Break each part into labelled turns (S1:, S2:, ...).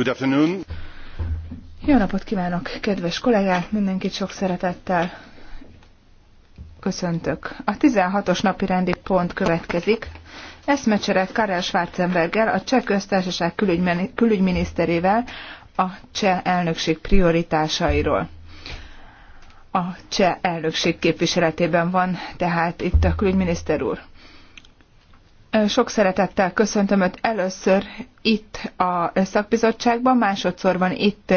S1: Good afternoon.
S2: Jó napot kívánok, kedves kollégák! Mindenkit sok szeretettel köszöntök. A 16-os napi rendi pont következik. Eszmecsere Karel Schwarzenberger, a Cseh Köztársaság külügyminiszterével a Cseh elnökség prioritásairól. A Cseh elnökség képviseletében van tehát itt a külügyminiszter úr. Sok szeretettel köszöntöm Öt először itt a szakbizottságban, másodszor van itt,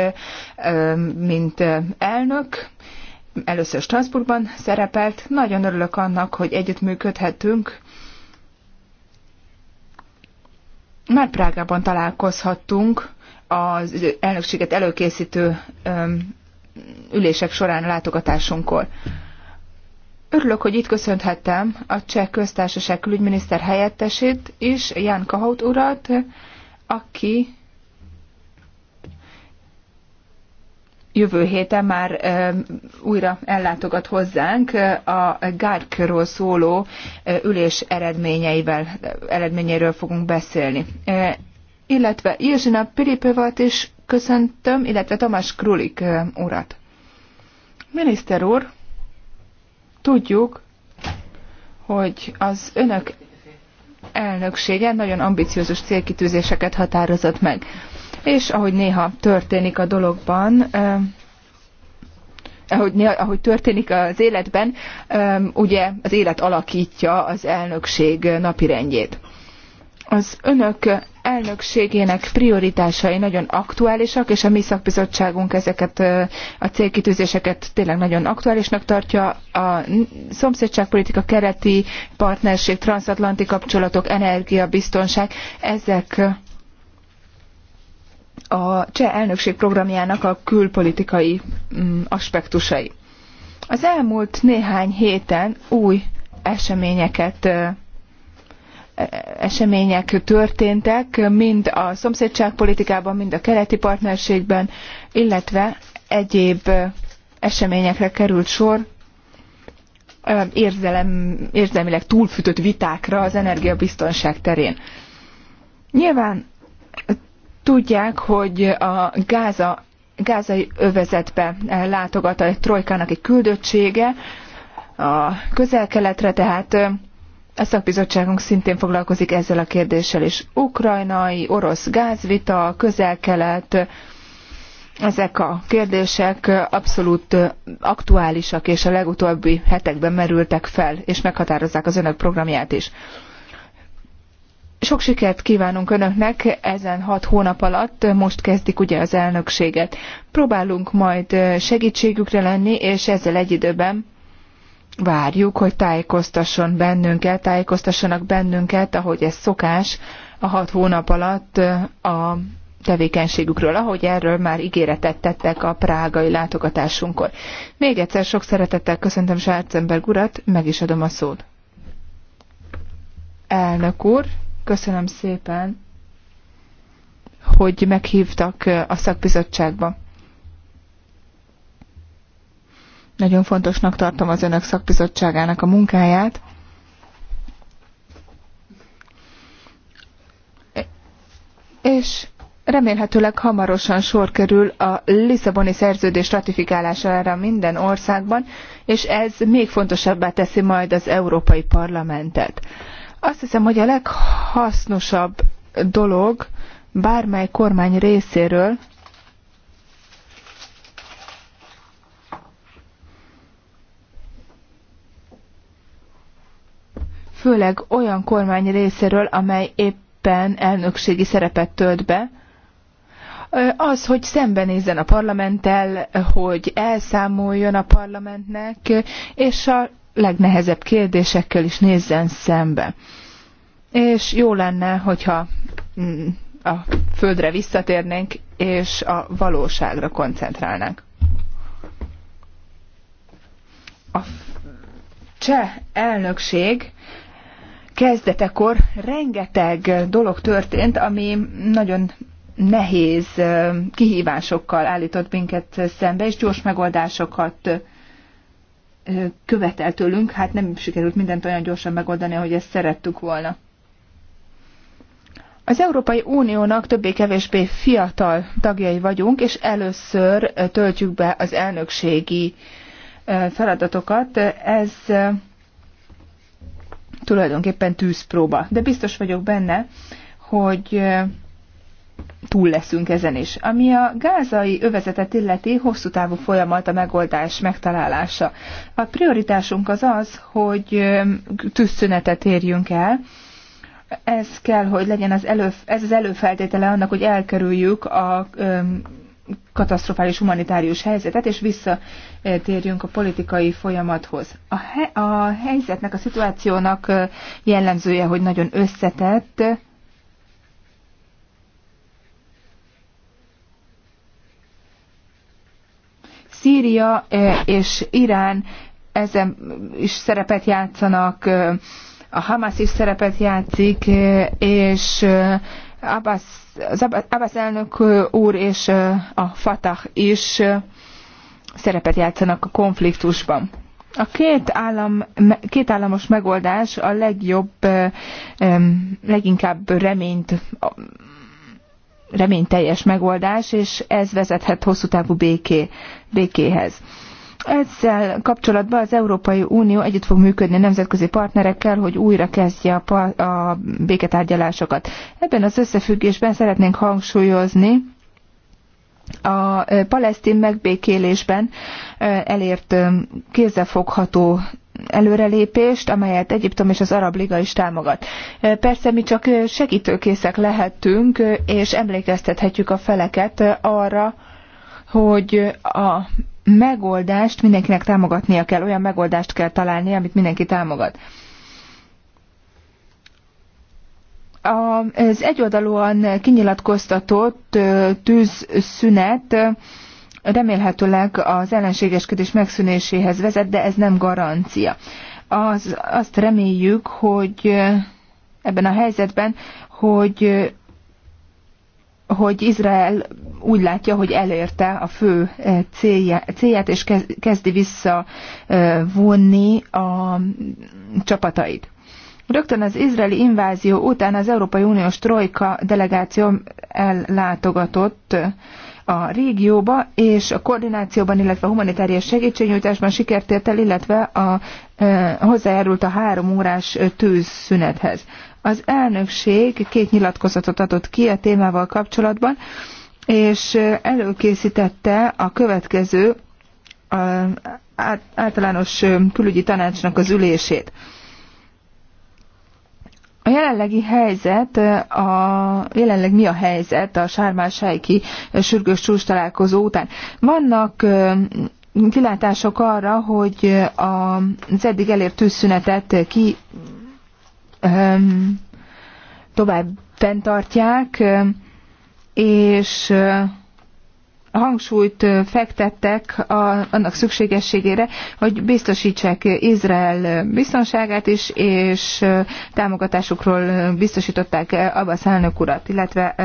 S2: mint elnök. Először Strasbourgban szerepelt. Nagyon örülök annak, hogy együttműködhetünk. Már Prágában találkozhattunk az elnökséget előkészítő ülések során látogatásunkkor. Örülök, hogy itt köszönhettem a Cseh Köztársaság külügyminiszter helyettesét és Ján Kahaut urat, aki jövő héten már újra ellátogat hozzánk a Gárkról szóló ülés eredményeivel, eredményeiről fogunk beszélni. Illetve Jézsina Piripövat is köszöntöm, illetve Tamás Krulik urat. Miniszter úr, Tudjuk, hogy az önök elnöksége nagyon ambiciózus célkitűzéseket határozott meg. És ahogy néha történik a dologban, eh, ahogy, ahogy történik az életben, eh, ugye az élet alakítja az elnökség napirendjét. Az önök elnökségének prioritásai nagyon aktuálisak, és a mi szakbizottságunk ezeket a célkitűzéseket tényleg nagyon aktuálisnak tartja. A szomszédságpolitika kereti partnerség, transatlanti kapcsolatok, energiabiztonság, ezek a cseh elnökség programjának a külpolitikai mm, aspektusai. Az elmúlt néhány héten új eseményeket események történtek, mind a szomszédságpolitikában, mind a keleti partnerségben, illetve egyéb eseményekre került sor, érzelem, érzelmileg túlfűtött vitákra az energiabiztonság terén. Nyilván tudják, hogy a Gáza, gázai övezetbe látogat a trojkának egy küldöttsége, a közel-keletre, tehát a szakbizottságunk szintén foglalkozik ezzel a kérdéssel is. Ukrajnai, orosz gázvita, közel-kelet, ezek a kérdések abszolút aktuálisak, és a legutóbbi hetekben merültek fel, és meghatározzák az önök programját is. Sok sikert kívánunk önöknek ezen hat hónap alatt, most kezdik ugye az elnökséget. Próbálunk majd segítségükre lenni, és ezzel egy időben várjuk, hogy tájékoztasson bennünket, tájékoztassanak bennünket, ahogy ez szokás, a hat hónap alatt a tevékenységükről, ahogy erről már ígéretet tettek a prágai látogatásunkkor. Még egyszer sok szeretettel köszöntöm Sárcemberg urat, meg is adom a szót. Elnök úr, köszönöm szépen, hogy meghívtak a szakbizottságba. Nagyon fontosnak tartom az önök szakbizottságának a munkáját. És remélhetőleg hamarosan sor kerül a Lisszaboni szerződés ratifikálására minden országban, és ez még fontosabbá teszi majd az Európai Parlamentet. Azt hiszem, hogy a leghasznosabb dolog bármely kormány részéről, főleg olyan kormány részéről, amely éppen elnökségi szerepet tölt be, az, hogy szembenézzen a parlamenttel, hogy elszámoljon a parlamentnek, és a legnehezebb kérdésekkel is nézzen szembe. És jó lenne, hogyha mm, a földre visszatérnénk, és a valóságra koncentrálnánk. A cseh elnökség kezdetekor rengeteg dolog történt, ami nagyon nehéz kihívásokkal állított minket szembe, és gyors megoldásokat követelt tőlünk. Hát nem sikerült mindent olyan gyorsan megoldani, ahogy ezt szerettük volna. Az Európai Uniónak többé-kevésbé fiatal tagjai vagyunk, és először töltjük be az elnökségi feladatokat. Ez tulajdonképpen tűzpróba. De biztos vagyok benne, hogy túl leszünk ezen is. Ami a gázai övezetet illeti, hosszú távú folyamat a megoldás megtalálása. A prioritásunk az az, hogy tűzszünetet érjünk el, ez kell, hogy legyen az elő, ez az előfeltétele annak, hogy elkerüljük a katasztrofális humanitárius helyzetet, és visszatérjünk a politikai folyamathoz. A, he- a helyzetnek, a szituációnak jellemzője, hogy nagyon összetett, Szíria és Irán ezen is szerepet játszanak, a Hamas is szerepet játszik, és Abbas, az Abbas elnök úr és a Fatah is szerepet játszanak a konfliktusban. A két, állam, két államos megoldás a legjobb, leginkább reményt, reményteljes megoldás, és ez vezethet hosszú távú béké, békéhez. Ezzel kapcsolatban az Európai Unió együtt fog működni a nemzetközi partnerekkel, hogy újra kezdje a, a béketárgyalásokat. Ebben az összefüggésben szeretnénk hangsúlyozni a palesztin megbékélésben elért kézzelfogható előrelépést, amelyet Egyiptom és az Arab Liga is támogat. Persze mi csak segítőkészek lehetünk, és emlékeztethetjük a feleket arra, hogy a megoldást mindenkinek támogatnia kell, olyan megoldást kell találni, amit mindenki támogat. Az egyoldalúan kinyilatkoztatott tűzszünet remélhetőleg az ellenségeskedés megszűnéséhez vezet, de ez nem garancia. Az, azt reméljük, hogy ebben a helyzetben, hogy hogy Izrael úgy látja, hogy elérte a fő eh, célját, és kezdi visszavonni eh, a csapatait. Rögtön az izraeli invázió után az Európai Uniós Trojka delegáció ellátogatott eh, a régióba, és a koordinációban, illetve a humanitárius segítségnyújtásban sikert ért el, illetve a, e, hozzájárult a három órás tűzszünethez. Az elnökség két nyilatkozatot adott ki a témával kapcsolatban, és előkészítette a következő általános külügyi tanácsnak az ülését. A jelenlegi helyzet, a, jelenleg mi a helyzet a sármássági sürgős csúcs találkozó után? Vannak kilátások arra, hogy az eddig elért tűzszünetet ki tovább fenntartják, és hangsúlyt fektettek a, annak szükségességére, hogy biztosítsák Izrael biztonságát is, és támogatásukról biztosították Abbas elnök urat, illetve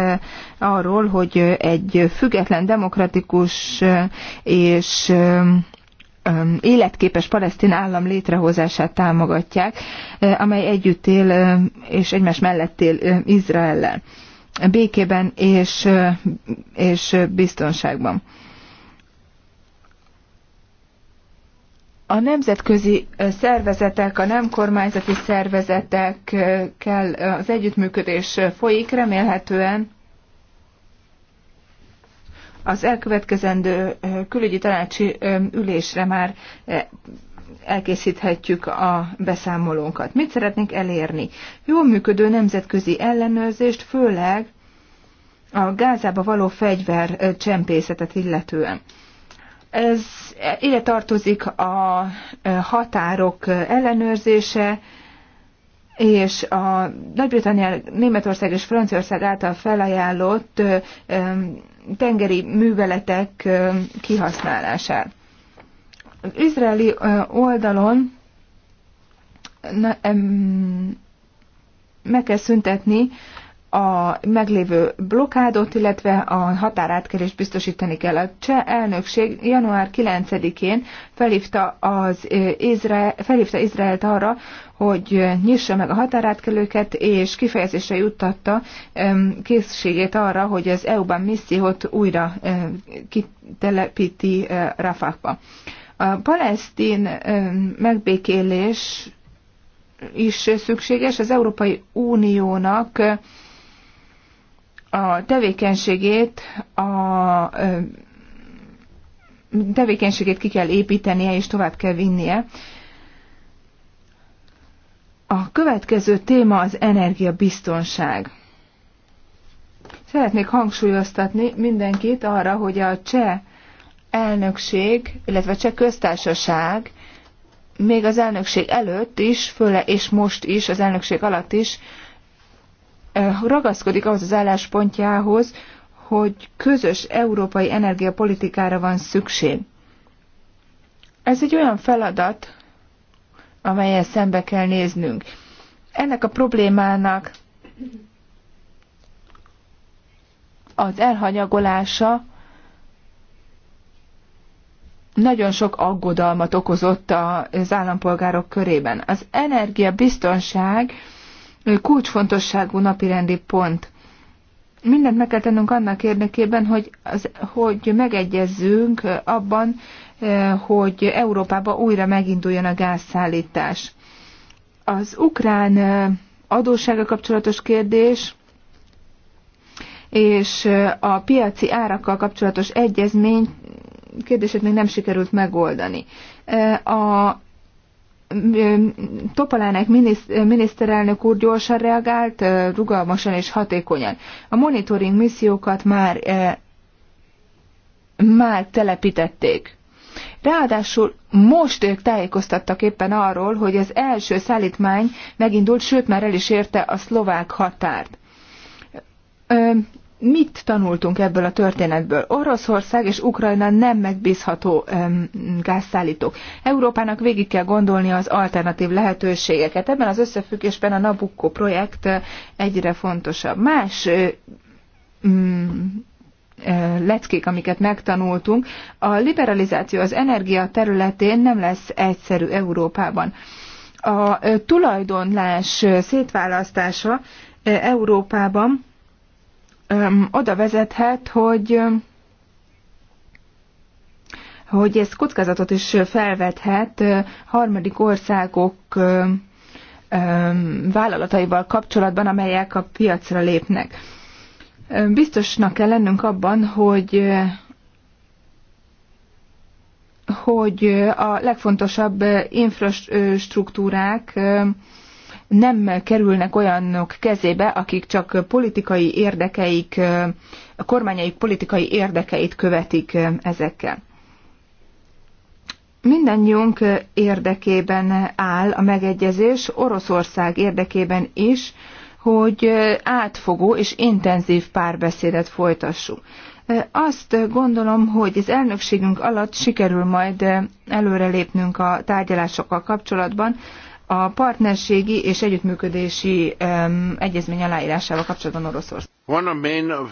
S2: arról, hogy egy független, demokratikus és Um, életképes palesztin állam létrehozását támogatják, eh, amely együtt él eh, és egymás mellett él eh, Izraellel. Békében és, és biztonságban. A nemzetközi szervezetek, a nem kormányzati szervezetekkel az együttműködés folyik, remélhetően az elkövetkezendő külügyi tanácsi ülésre már elkészíthetjük a beszámolónkat. Mit szeretnénk elérni? Jól működő nemzetközi ellenőrzést, főleg a Gázába való fegyver csempészetet illetően. Ez ide tartozik a határok ellenőrzése, és a Nagy-Britannia, Németország és Franciaország által felajánlott tengeri műveletek kihasználását. Az izraeli oldalon meg kell szüntetni a meglévő blokádot, illetve a határátkelést biztosítani kell. A cseh elnökség január 9-én felhívta, az Izrael, felhívta Izraelt arra, hogy nyissa meg a határátkelőket, és kifejezésre juttatta készségét arra, hogy az EU-ban missziót újra kitelepíti Rafahba. A palesztin megbékélés is szükséges. Az Európai Uniónak a tevékenységét a tevékenységét ki kell építenie és tovább kell vinnie a következő téma az energiabiztonság. Szeretnék hangsúlyoztatni mindenkit arra, hogy a cseh elnökség, illetve cseh köztársaság még az elnökség előtt is, főle és most is, az elnökség alatt is ragaszkodik ahhoz az álláspontjához, hogy közös európai energiapolitikára van szükség. Ez egy olyan feladat, amelyel szembe kell néznünk. Ennek a problémának az elhanyagolása nagyon sok aggodalmat okozott az állampolgárok körében. Az energiabiztonság kulcsfontosságú napirendi pont. Mindent meg kell tennünk annak érdekében, hogy, az, hogy megegyezzünk abban, hogy Európába újra meginduljon a gázszállítás. Az ukrán adóssága kapcsolatos kérdés és a piaci árakkal kapcsolatos egyezmény kérdését még nem sikerült megoldani. A Topalának miniszterelnök úr gyorsan reagált, rugalmasan és hatékonyan. A monitoring missziókat már, már telepítették. Ráadásul most ők tájékoztattak éppen arról, hogy az első szállítmány megindult, sőt már el is érte a szlovák határt. Ö, mit tanultunk ebből a történetből? Oroszország és Ukrajna nem megbízható ö, gázszállítók. Európának végig kell gondolni az alternatív lehetőségeket. Ebben az összefüggésben a Nabucco projekt egyre fontosabb. Más ö, mm, leckék, amiket megtanultunk. A liberalizáció az energia területén nem lesz egyszerű Európában. A tulajdonlás szétválasztása Európában oda vezethet, hogy hogy ez kockázatot is felvethet harmadik országok vállalataival kapcsolatban, amelyek a piacra lépnek. Biztosnak kell lennünk abban, hogy hogy a legfontosabb infrastruktúrák nem kerülnek olyanok kezébe, akik csak politikai érdekeik, a kormányaik politikai érdekeit követik ezekkel. Mindennyiunk érdekében áll a megegyezés, Oroszország érdekében is, hogy átfogó és intenzív párbeszédet folytassuk. Azt gondolom, hogy az elnökségünk alatt sikerül majd előrelépnünk a tárgyalásokkal kapcsolatban, a partnerségi és együttműködési um, egyezmény aláírásával kapcsolatban Oroszország.
S1: Uh,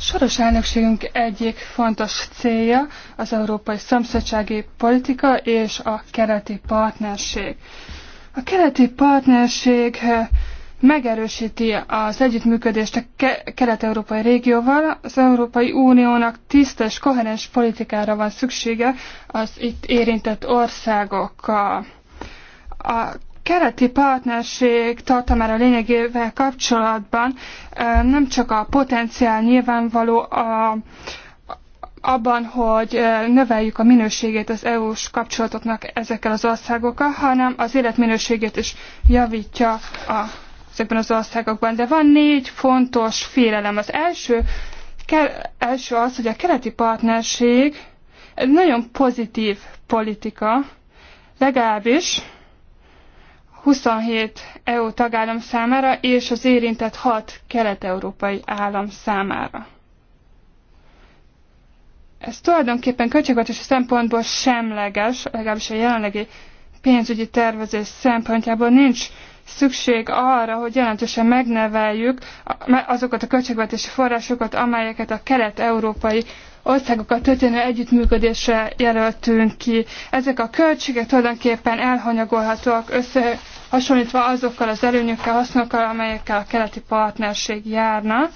S3: Soros elnökségünk egyik fontos célja az európai szomszédsági politika és a kereti partnerség. A keleti partnerség eh, megerősíti az együttműködést a ke kelet-európai régióval. Az Európai Uniónak tisztes, koherens politikára van szüksége az itt érintett országokkal. A keleti partnerség tartalmára lényegével kapcsolatban eh, nem csak a potenciál nyilvánvaló a abban, hogy növeljük a minőségét az EU-s kapcsolatoknak ezekkel az országokkal, hanem az életminőségét is javítja a, ezekben az országokban. De van négy fontos félelem. Az első, kell, első az, hogy a keleti partnerség egy nagyon pozitív politika, legalábbis 27 EU tagállam számára és az érintett 6 kelet-európai állam számára. Ez tulajdonképpen költségvetési szempontból semleges, legalábbis a jelenlegi pénzügyi tervezés szempontjából nincs szükség arra, hogy jelentősen megneveljük azokat a költségvetési forrásokat, amelyeket a kelet-európai országokkal történő együttműködésre jelöltünk ki. Ezek a költségek tulajdonképpen elhanyagolhatóak összehasonlítva azokkal az előnyökkel, hasznokkal, amelyekkel a keleti partnerség járna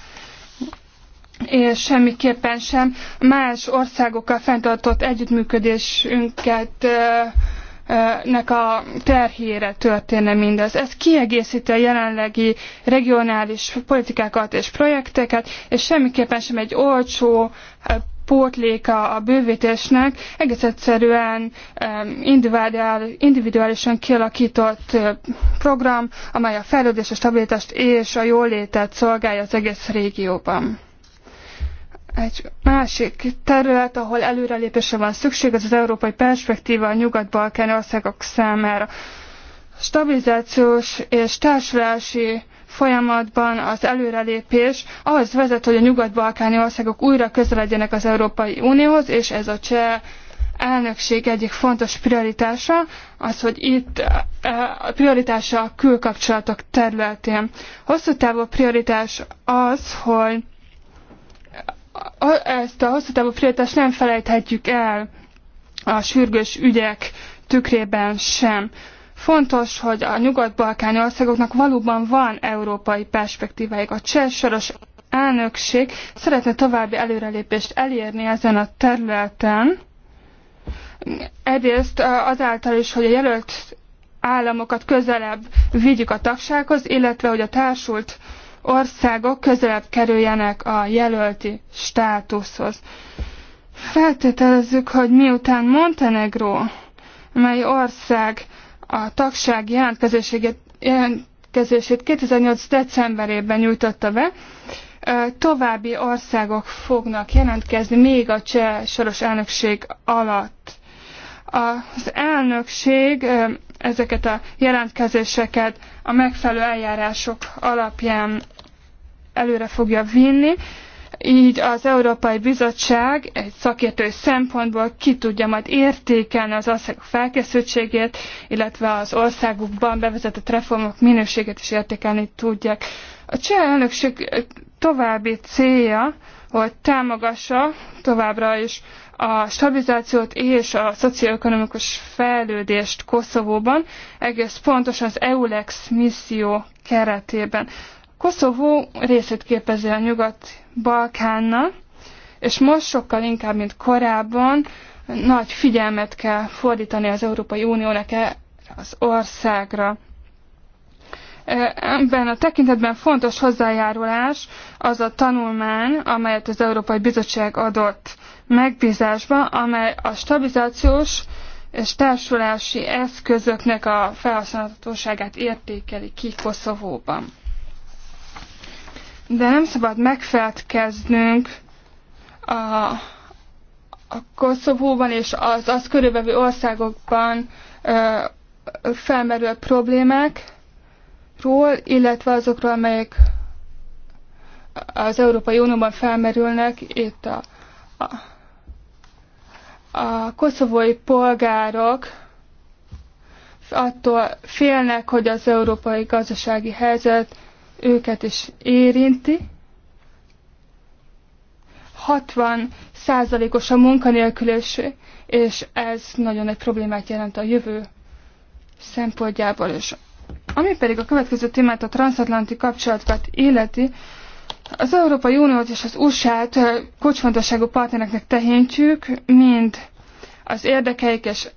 S3: és semmiképpen sem más országokkal fenntartott együttműködésünket nek a terhére történne mindez. Ez kiegészíti a jelenlegi regionális politikákat és projekteket, és semmiképpen sem egy olcsó pótléka a bővítésnek, egész egyszerűen individuálisan kialakított program, amely a fejlődés, a stabilitást és a jólétet szolgálja az egész régióban. Egy másik terület, ahol előrelépésre van szükség, az az európai perspektíva a nyugat-balkáni országok számára. Stabilizációs és társulási folyamatban az előrelépés ahhoz vezet, hogy a nyugat-balkáni országok újra közeledjenek az Európai Unióhoz, és ez a cseh elnökség egyik fontos prioritása az, hogy itt eh, a prioritása a külkapcsolatok területén. Hosszú távú prioritás az, hogy ezt a hosszú távú prioritást nem felejthetjük el a sürgős ügyek tükrében sem. Fontos, hogy a nyugat-balkáni országoknak valóban van európai perspektíváik. A cseh soros elnökség szeretne további előrelépést elérni ezen a területen. Egyrészt azáltal is, hogy a jelölt államokat közelebb vigyük a tagsághoz, illetve hogy a társult országok közelebb kerüljenek a jelölti státuszhoz. Feltételezzük, hogy miután Montenegró, mely ország a tagság jelentkezését, jelentkezését 2008. decemberében nyújtotta be, további országok fognak jelentkezni még a cseh soros elnökség alatt. Az elnökség ezeket a jelentkezéseket a megfelelő eljárások alapján előre fogja vinni. Így az Európai Bizottság egy szakértői szempontból ki tudja majd értékelni az országok felkészültségét, illetve az országukban bevezetett reformok minőségét is értékelni tudják. A cseh elnökség további célja, hogy támogassa továbbra is a stabilizációt és a szocioekonomikus fejlődést Koszovóban, egész pontosan az EULEX misszió keretében. Koszovó részét képezi a nyugat Balkánna, és most sokkal inkább, mint korábban, nagy figyelmet kell fordítani az Európai Uniónak az országra. Ebben a tekintetben fontos hozzájárulás az a tanulmány, amelyet az Európai Bizottság adott megbízásba, amely a stabilizációs és társulási eszközöknek a felhasználhatóságát értékeli ki Koszovóban. De nem szabad megfeltkeznünk a, a Koszovóban és az az körülbelül országokban ö, felmerülő problémák ról, illetve azokról, amelyek az Európai Unióban felmerülnek, itt a, a, a koszovói polgárok attól félnek, hogy az európai gazdasági helyzet őket is érinti. 60 százalékos a munkanélküliség, és ez nagyon egy problémát jelent a jövő szempontjából, is. Ami pedig a következő témát, a transatlanti kapcsolatokat illeti, az Európai Uniót és az USA-t kocsfontosságú partnereknek tehintjük, mind az érdekeik és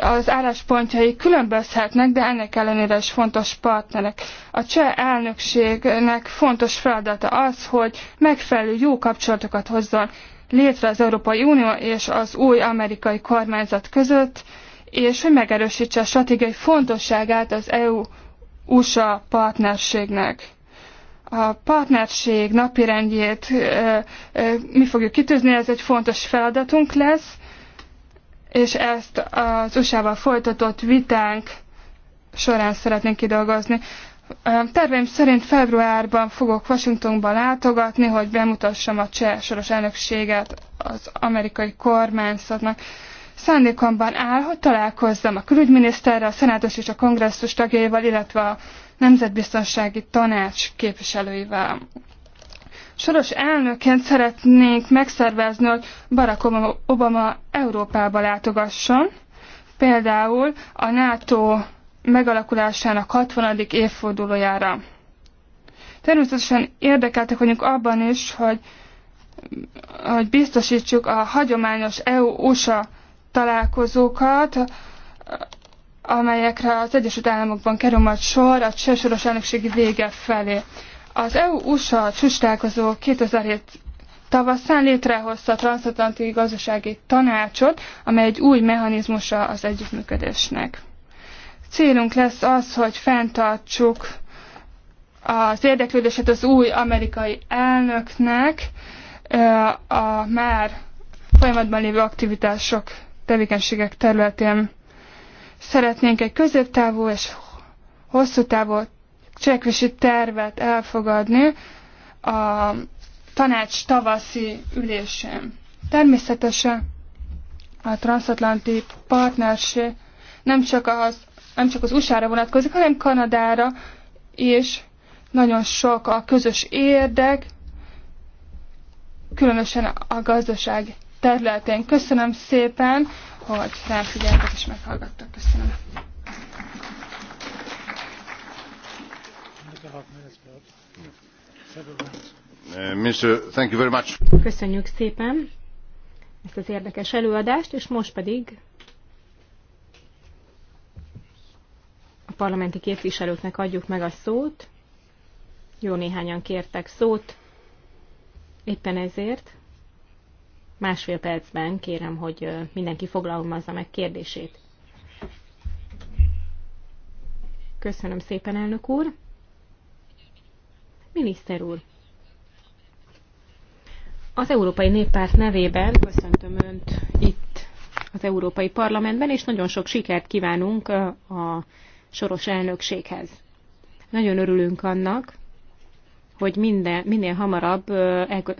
S3: az álláspontjai különbözhetnek, de ennek ellenére is fontos partnerek. A cseh elnökségnek fontos feladata az, hogy megfelelő jó kapcsolatokat hozzon létre az Európai Unió és az új amerikai kormányzat között, és hogy megerősítse a stratégiai fontosságát az EU-USA partnerségnek. A partnerség napirendjét mi fogjuk kitűzni, ez egy fontos feladatunk lesz, és ezt az USA-val folytatott vitánk során szeretnénk kidolgozni. Terveim szerint februárban fogok Washingtonban látogatni, hogy bemutassam a cseh soros elnökséget az amerikai kormányzatnak szándékomban áll, hogy találkozzam a külügyminiszterrel, a szenátus és a kongresszus tagjaival, illetve a Nemzetbiztonsági Tanács képviselőivel. Soros elnökként szeretnénk megszervezni, hogy Barack Obama Európába látogasson, például a NATO megalakulásának 60. évfordulójára. Természetesen érdekeltek vagyunk abban is, hogy, hogy biztosítsuk a hagyományos EU-USA találkozókat, amelyekre az Egyesült Államokban kerül majd sor a csősoros elnökségi vége felé. Az EU-USA csústálkozó 2007 tavaszán létrehozta a Transatlanti Gazdasági Tanácsot, amely egy új mechanizmusa az együttműködésnek. Célunk lesz az, hogy fenntartsuk az érdeklődését az új amerikai elnöknek a már folyamatban lévő aktivitások tevékenységek területén szeretnénk egy középtávú és hosszú távú cselekvési tervet elfogadni a tanács tavaszi ülésén. Természetesen a transatlanti partnerség nem csak az, nem csak az USA-ra vonatkozik, hanem Kanadára és nagyon sok a közös érdek, különösen a gazdaság területén. Köszönöm szépen, hogy felfigyeltek és meghallgattak. Köszönöm. Eh,
S4: Köszönjük szépen ezt az érdekes előadást, és most pedig a parlamenti képviselőknek adjuk meg a szót. Jó néhányan kértek szót, éppen ezért Másfél percben kérem, hogy mindenki foglalmazza meg kérdését. Köszönöm szépen, elnök úr. Miniszter úr, az Európai Néppárt nevében köszöntöm Önt itt az Európai Parlamentben, és nagyon sok sikert kívánunk a soros elnökséghez. Nagyon örülünk annak, hogy minden, minél hamarabb,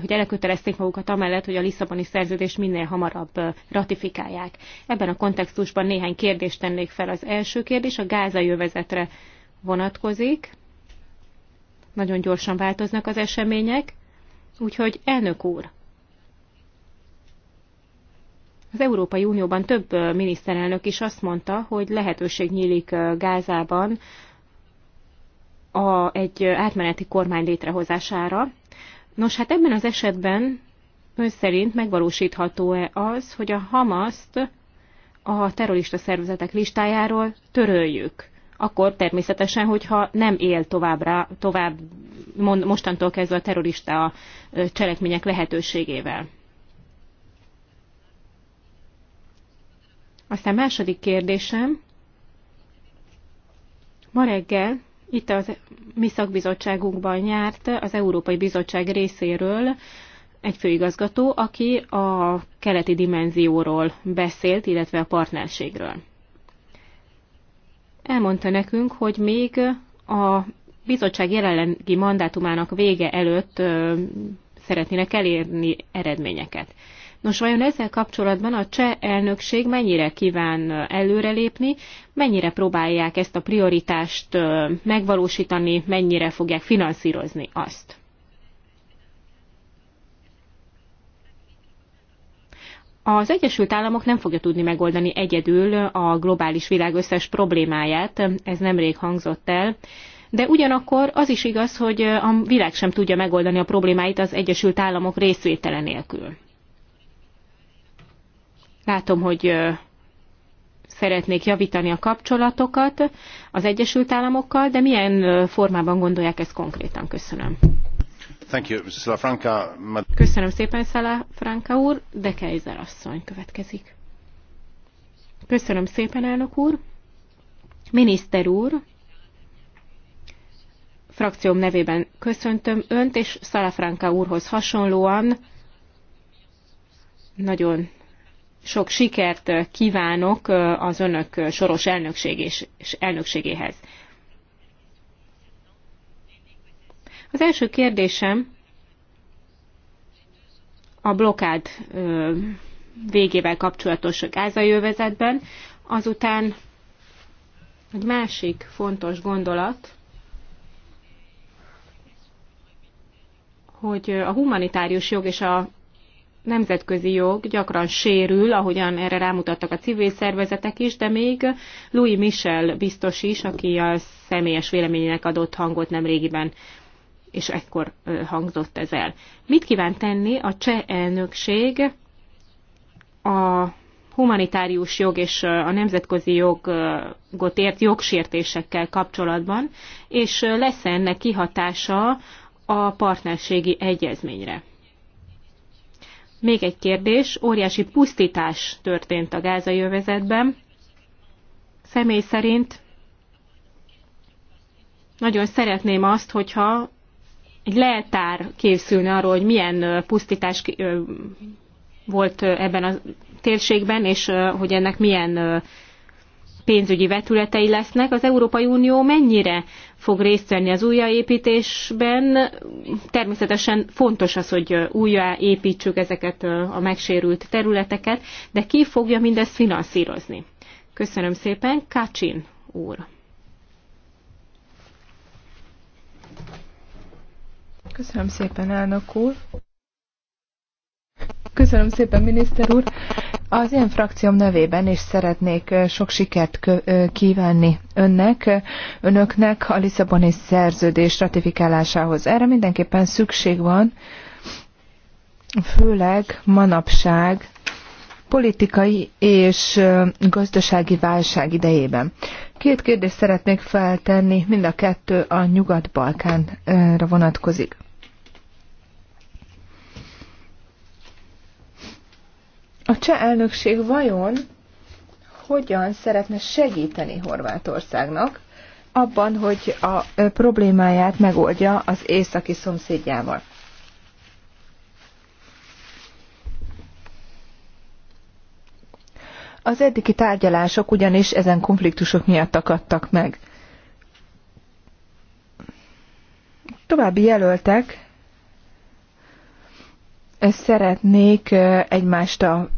S4: hogy elkötelezték magukat amellett, hogy a Lisszaboni szerződést minél hamarabb ratifikálják. Ebben a kontextusban néhány kérdést tennék fel. Az első kérdés a gázai övezetre vonatkozik. Nagyon gyorsan változnak az események. Úgyhogy, elnök úr, az Európai Unióban több miniszterelnök is azt mondta, hogy lehetőség nyílik Gázában a, egy átmeneti kormány létrehozására. Nos, hát ebben az esetben ön szerint megvalósítható-e az, hogy a Hamaszt a terrorista szervezetek listájáról töröljük? Akkor természetesen, hogyha nem él továbbra, tovább mostantól kezdve a terrorista cselekmények lehetőségével. Aztán második kérdésem. Ma reggel itt az mi szakbizottságunkban járt az Európai Bizottság részéről egy főigazgató, aki a keleti dimenzióról beszélt, illetve a partnerségről. Elmondta nekünk, hogy még a bizottság jelenlegi mandátumának vége előtt szeretnének elérni eredményeket. Nos, vajon ezzel kapcsolatban a cseh elnökség mennyire kíván előrelépni, mennyire próbálják ezt a prioritást megvalósítani, mennyire fogják finanszírozni azt? Az Egyesült Államok nem fogja tudni megoldani egyedül a globális világ összes problémáját, ez nemrég hangzott el, de ugyanakkor az is igaz, hogy a világ sem tudja megoldani a problémáit az Egyesült Államok részvétele nélkül. Látom, hogy szeretnék javítani a kapcsolatokat az Egyesült Államokkal, de milyen formában gondolják ezt konkrétan? Köszönöm.
S1: Thank you, Franca. Köszönöm
S4: szépen, Szala Franka úr, de Kejzer asszony következik. Köszönöm szépen, elnök úr. Miniszter úr, frakcióm nevében köszöntöm önt, és Szalafranka úrhoz hasonlóan nagyon sok sikert kívánok az önök soros elnökség és elnökségéhez. Az első kérdésem a blokád végével kapcsolatos gázai övezetben, azután egy másik fontos gondolat, hogy a humanitárius jog és a nemzetközi jog gyakran sérül, ahogyan erre rámutattak a civil szervezetek is, de még Louis Michel biztos is, aki a személyes véleményének adott hangot nem régiben, és ekkor hangzott ez el. Mit kíván tenni a cseh elnökség a humanitárius jog és a nemzetközi jogot ért jogsértésekkel kapcsolatban, és lesz ennek kihatása a partnerségi egyezményre? Még egy kérdés, óriási pusztítás történt a gázai övezetben. Személy szerint nagyon szeretném azt, hogyha egy leltár készülne arról, hogy milyen pusztítás volt ebben a térségben, és hogy ennek milyen pénzügyi vetületei lesznek. Az Európai Unió mennyire fog részt venni az újjáépítésben? Természetesen fontos az, hogy újjáépítsük ezeket a megsérült területeket, de ki fogja mindezt finanszírozni? Köszönöm
S2: szépen, Kacsin úr. Köszönöm szépen, elnök úr. Köszönöm szépen, miniszter úr. Az én frakcióm nevében is szeretnék sok sikert kívánni önnek, önöknek a Lisszaboni szerződés ratifikálásához. Erre mindenképpen szükség van, főleg manapság politikai és gazdasági válság idejében. Két kérdést szeretnék feltenni, mind a kettő a Nyugat-Balkánra vonatkozik. a cseh elnökség vajon hogyan szeretne segíteni Horvátországnak abban, hogy a problémáját megoldja az északi szomszédjával? Az eddigi tárgyalások ugyanis ezen konfliktusok miatt akadtak meg. További jelöltek szeretnék egymást a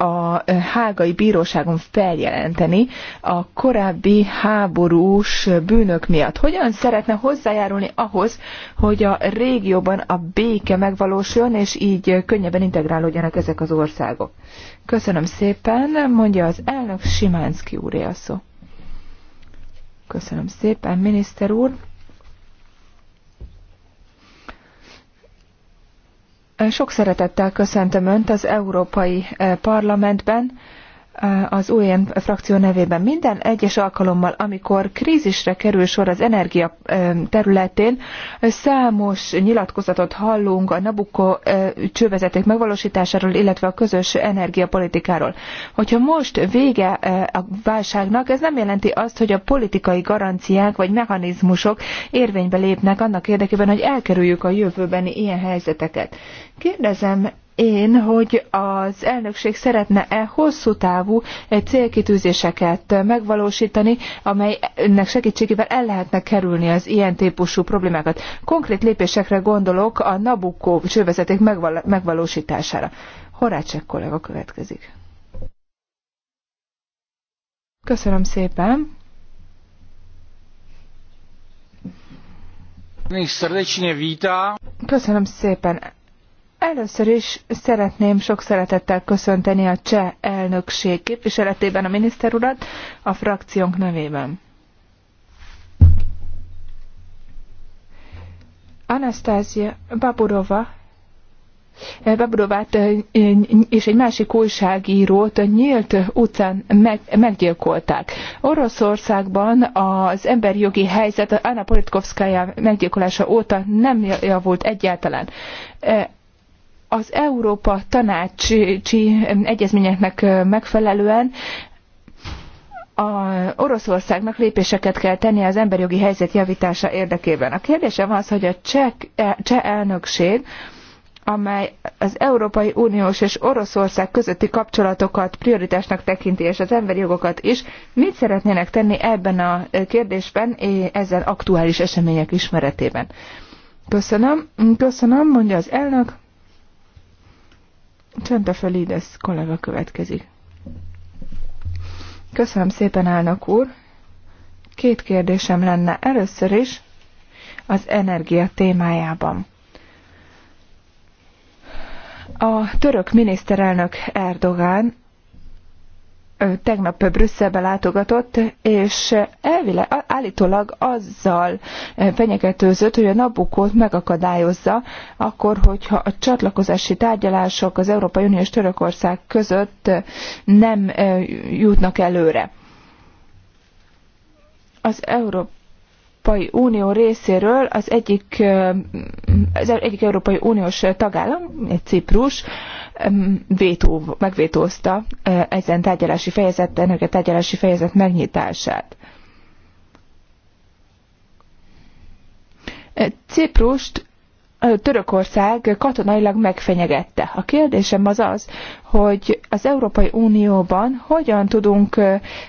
S2: a hágai bíróságon feljelenteni a korábbi háborús bűnök miatt. Hogyan szeretne hozzájárulni ahhoz, hogy a régióban a béke megvalósuljon, és így könnyebben integrálódjanak ezek az országok? Köszönöm szépen, mondja az elnök Simánszki úr szó. Köszönöm szépen, miniszter úr. Sok szeretettel köszöntöm Önt az Európai eh, Parlamentben az UN e frakció nevében minden egyes alkalommal, amikor krízisre kerül sor az energia területén, számos nyilatkozatot hallunk a Nabucco csővezeték megvalósításáról, illetve a közös energiapolitikáról. Hogyha most vége a válságnak, ez nem jelenti azt, hogy a politikai garanciák vagy mechanizmusok érvénybe lépnek annak érdekében, hogy elkerüljük a jövőbeni ilyen helyzeteket. Kérdezem én, hogy az elnökség szeretne-e hosszú távú eh, célkitűzéseket megvalósítani, amelynek segítségével el lehetne kerülni az ilyen típusú problémákat. Konkrét lépésekre gondolok a nabukó csővezeték megval- megvalósítására. Horácsek kollega következik. Köszönöm szépen. Köszönöm szépen, Először is szeretném sok szeretettel köszönteni a cseh elnökség képviseletében a miniszter urat a frakciónk nevében. Anasztázia Baburova eh, Babrovát eh, és egy másik újságírót a nyílt utcán meg, meggyilkolták. Oroszországban az emberi jogi helyzet Anna Politkovskája meggyilkolása óta nem javult egyáltalán. Eh, az Európa tanácsi egyezményeknek megfelelően a Oroszországnak lépéseket kell tennie az emberjogi helyzet javítása érdekében. A kérdésem az, hogy a cseh, e, cseh elnökség, amely az Európai Uniós és Oroszország közötti kapcsolatokat prioritásnak tekinti, és az emberi jogokat is, mit szeretnének tenni ebben a kérdésben, ezen aktuális események ismeretében? Köszönöm, köszönöm, mondja az elnök. Csanta Felides kollega következik. Köszönöm szépen, elnök úr. Két kérdésem lenne először is az energia témájában. A török miniszterelnök Erdogán tegnap Brüsszelbe látogatott, és elvileg, állítólag azzal fenyegetőzött, hogy a Nabukót megakadályozza, akkor, hogyha a csatlakozási tárgyalások az Európai Unió és Törökország között nem jutnak előre. Az Európai Európai Unió részéről az egyik, az egyik Európai Uniós tagállam, egy Ciprus, vétó, megvétózta e, ezen tárgyalási fejezet, ennek a tárgyalási fejezet megnyitását. E, Ciprust e, Törökország katonailag megfenyegette. A kérdésem az az, hogy az Európai Unióban hogyan tudunk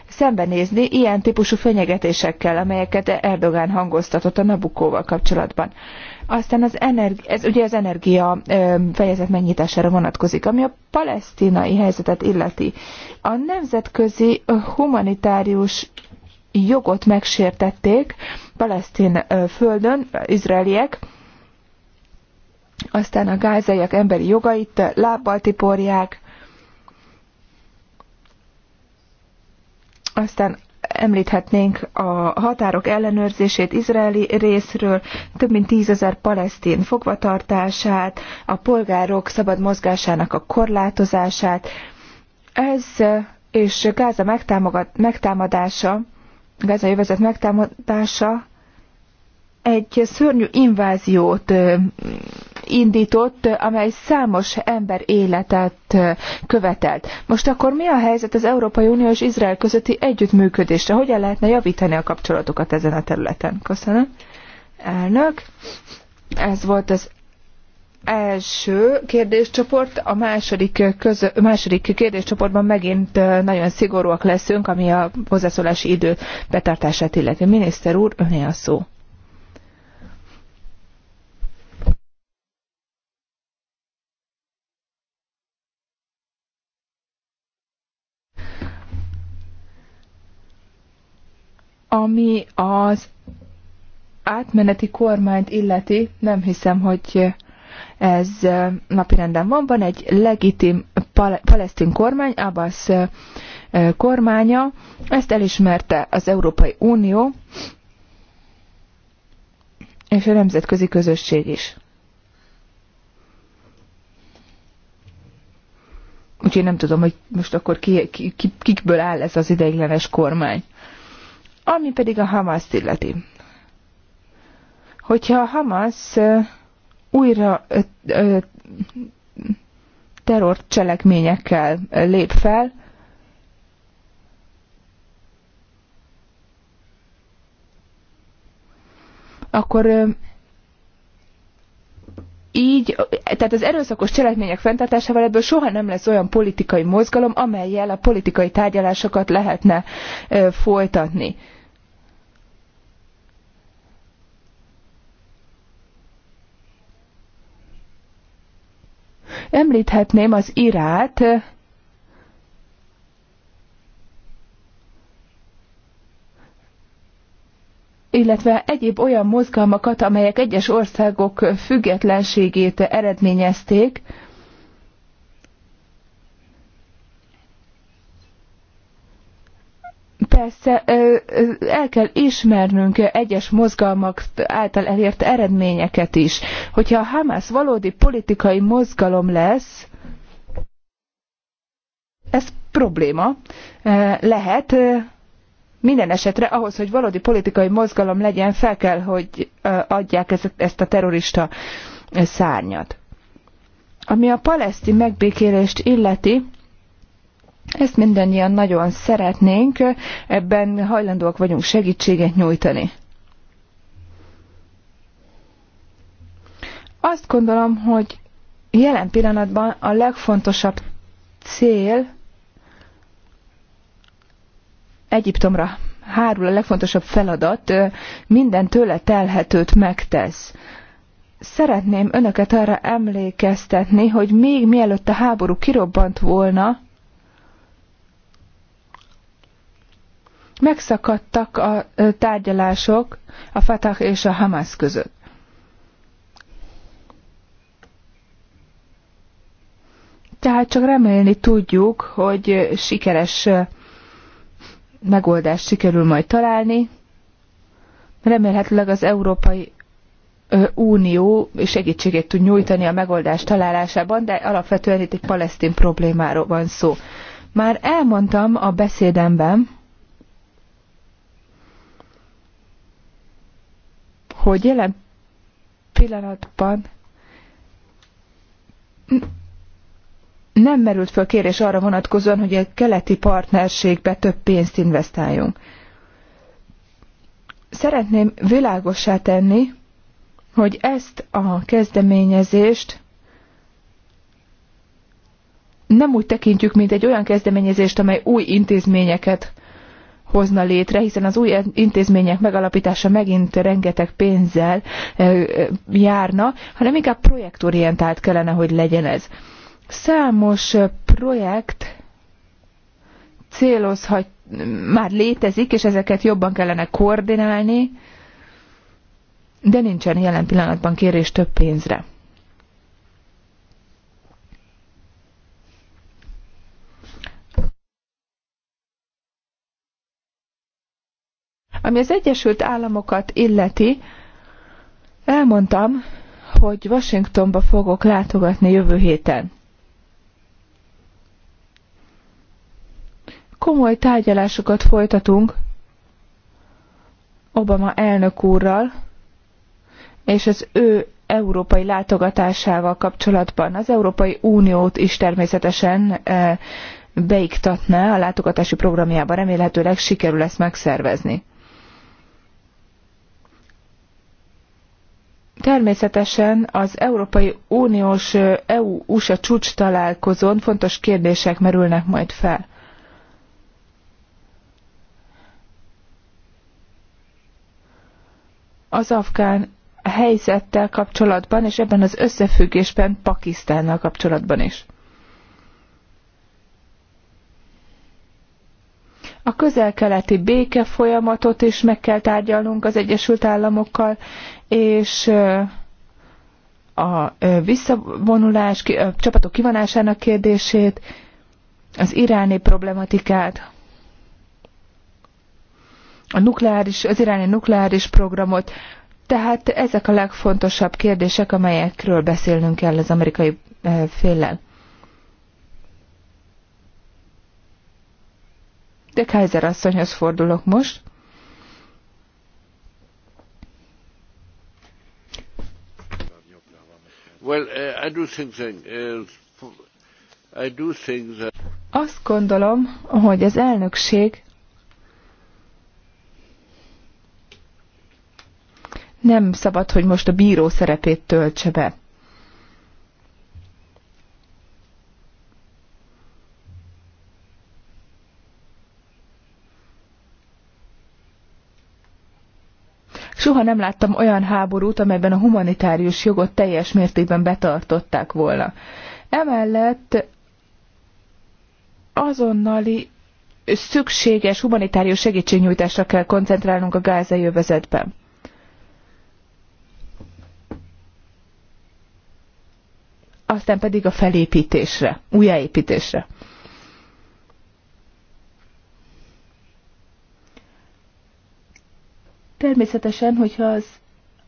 S2: szembenézni ilyen típusú fenyegetésekkel, amelyeket Erdogán hangoztatott a Nabukóval kapcsolatban. Aztán az energi- ez ugye az energia fejezet megnyitására vonatkozik, ami a palesztinai helyzetet illeti. A nemzetközi humanitárius jogot megsértették palesztin földön, izraeliek, aztán a gázaiak emberi jogait lábbal tiporják, aztán Említhetnénk a határok ellenőrzését izraeli részről, több mint tízezer palesztin fogvatartását, a polgárok szabad mozgásának a korlátozását. Ez és Gáza megtámadása, Gáza jövezet megtámadása egy szörnyű inváziót indított, amely számos ember életet követelt. Most akkor mi a helyzet az Európai Unió és Izrael közötti együttműködésre? Hogyan lehetne javítani a kapcsolatokat ezen a területen? Köszönöm. Elnök, ez volt az első kérdéscsoport, a második, közö, második kérdéscsoportban megint nagyon szigorúak leszünk, ami a hozzászólási idő betartását illeti. Miniszter úr, öné a szó. Ami az átmeneti kormányt illeti, nem hiszem, hogy ez napirenden van. Van egy legitim pal- palesztin kormány, Abbas kormánya, ezt elismerte az Európai Unió és a nemzetközi közösség is. Úgyhogy nem tudom, hogy most akkor ki, ki, ki, kikből áll ez az ideiglenes kormány. Ami pedig a Hamas illeti. Hogyha a Hamas újra terrorcselekményekkel lép fel, akkor így, tehát az erőszakos cselekmények fenntartásával ebből soha nem lesz olyan politikai mozgalom, amelyel a politikai tárgyalásokat lehetne folytatni. Említhetném az Irát, illetve egyéb olyan mozgalmakat, amelyek egyes országok függetlenségét eredményezték, persze el kell ismernünk egyes mozgalmak által elért eredményeket is. Hogyha a Hamász valódi politikai mozgalom lesz, ez probléma lehet, minden esetre ahhoz, hogy valódi politikai mozgalom legyen, fel kell, hogy adják ezt a terrorista szárnyat. Ami a palesztin megbékélést illeti, ezt mindannyian nagyon szeretnénk, ebben hajlandóak vagyunk segítséget nyújtani. Azt gondolom, hogy jelen pillanatban a legfontosabb cél Egyiptomra hárul a legfontosabb feladat, minden tőle telhetőt megtesz. Szeretném önöket arra emlékeztetni, hogy még mielőtt a háború kirobbant volna, megszakadtak a tárgyalások a Fatah és a Hamas között. Tehát csak remélni tudjuk, hogy sikeres megoldást sikerül majd találni. Remélhetőleg az Európai Unió segítségét tud nyújtani a megoldás találásában, de alapvetően itt egy palesztin problémáról van szó. Már elmondtam a beszédemben, hogy jelen pillanatban nem merült föl kérés arra vonatkozóan, hogy a keleti partnerségbe több pénzt investáljunk. Szeretném világossá tenni, hogy ezt a kezdeményezést nem úgy tekintjük, mint egy olyan kezdeményezést, amely új intézményeket hozna létre, hiszen az új intézmények megalapítása megint rengeteg pénzzel járna, hanem inkább projektorientált kellene, hogy legyen ez. Számos projekt célozhat, már létezik, és ezeket jobban kellene koordinálni, de nincsen jelen pillanatban kérés több pénzre. Ami az Egyesült Államokat illeti, elmondtam, hogy Washingtonba fogok látogatni jövő héten. komoly tárgyalásokat folytatunk Obama elnök úrral, és az ő európai látogatásával kapcsolatban az Európai Uniót is természetesen e, beiktatná a látogatási programjába, remélhetőleg sikerül ezt megszervezni. Természetesen az Európai Uniós e, EU-USA csúcs találkozón fontos kérdések merülnek majd fel. az afgán helyzettel kapcsolatban, és ebben az összefüggésben Pakisztánnal kapcsolatban is. A közel-keleti béke folyamatot is meg kell tárgyalnunk az Egyesült Államokkal, és a visszavonulás, a csapatok kivonásának kérdését, az iráni problematikát, a nukleáris, az iráni nukleáris programot. Tehát ezek a legfontosabb kérdések, amelyekről beszélnünk kell az amerikai eh, féllel. De Kaiser asszonyhoz fordulok most.
S1: Well, eh, I do think that, eh, I do think that...
S2: Azt gondolom, hogy az elnökség nem szabad, hogy most a bíró szerepét töltse be. Soha nem láttam olyan háborút, amelyben a humanitárius jogot teljes mértékben betartották volna. Emellett azonnali szükséges humanitárius segítségnyújtásra kell koncentrálnunk a gázai övezetben. aztán pedig a felépítésre, újjáépítésre. Természetesen, hogyha az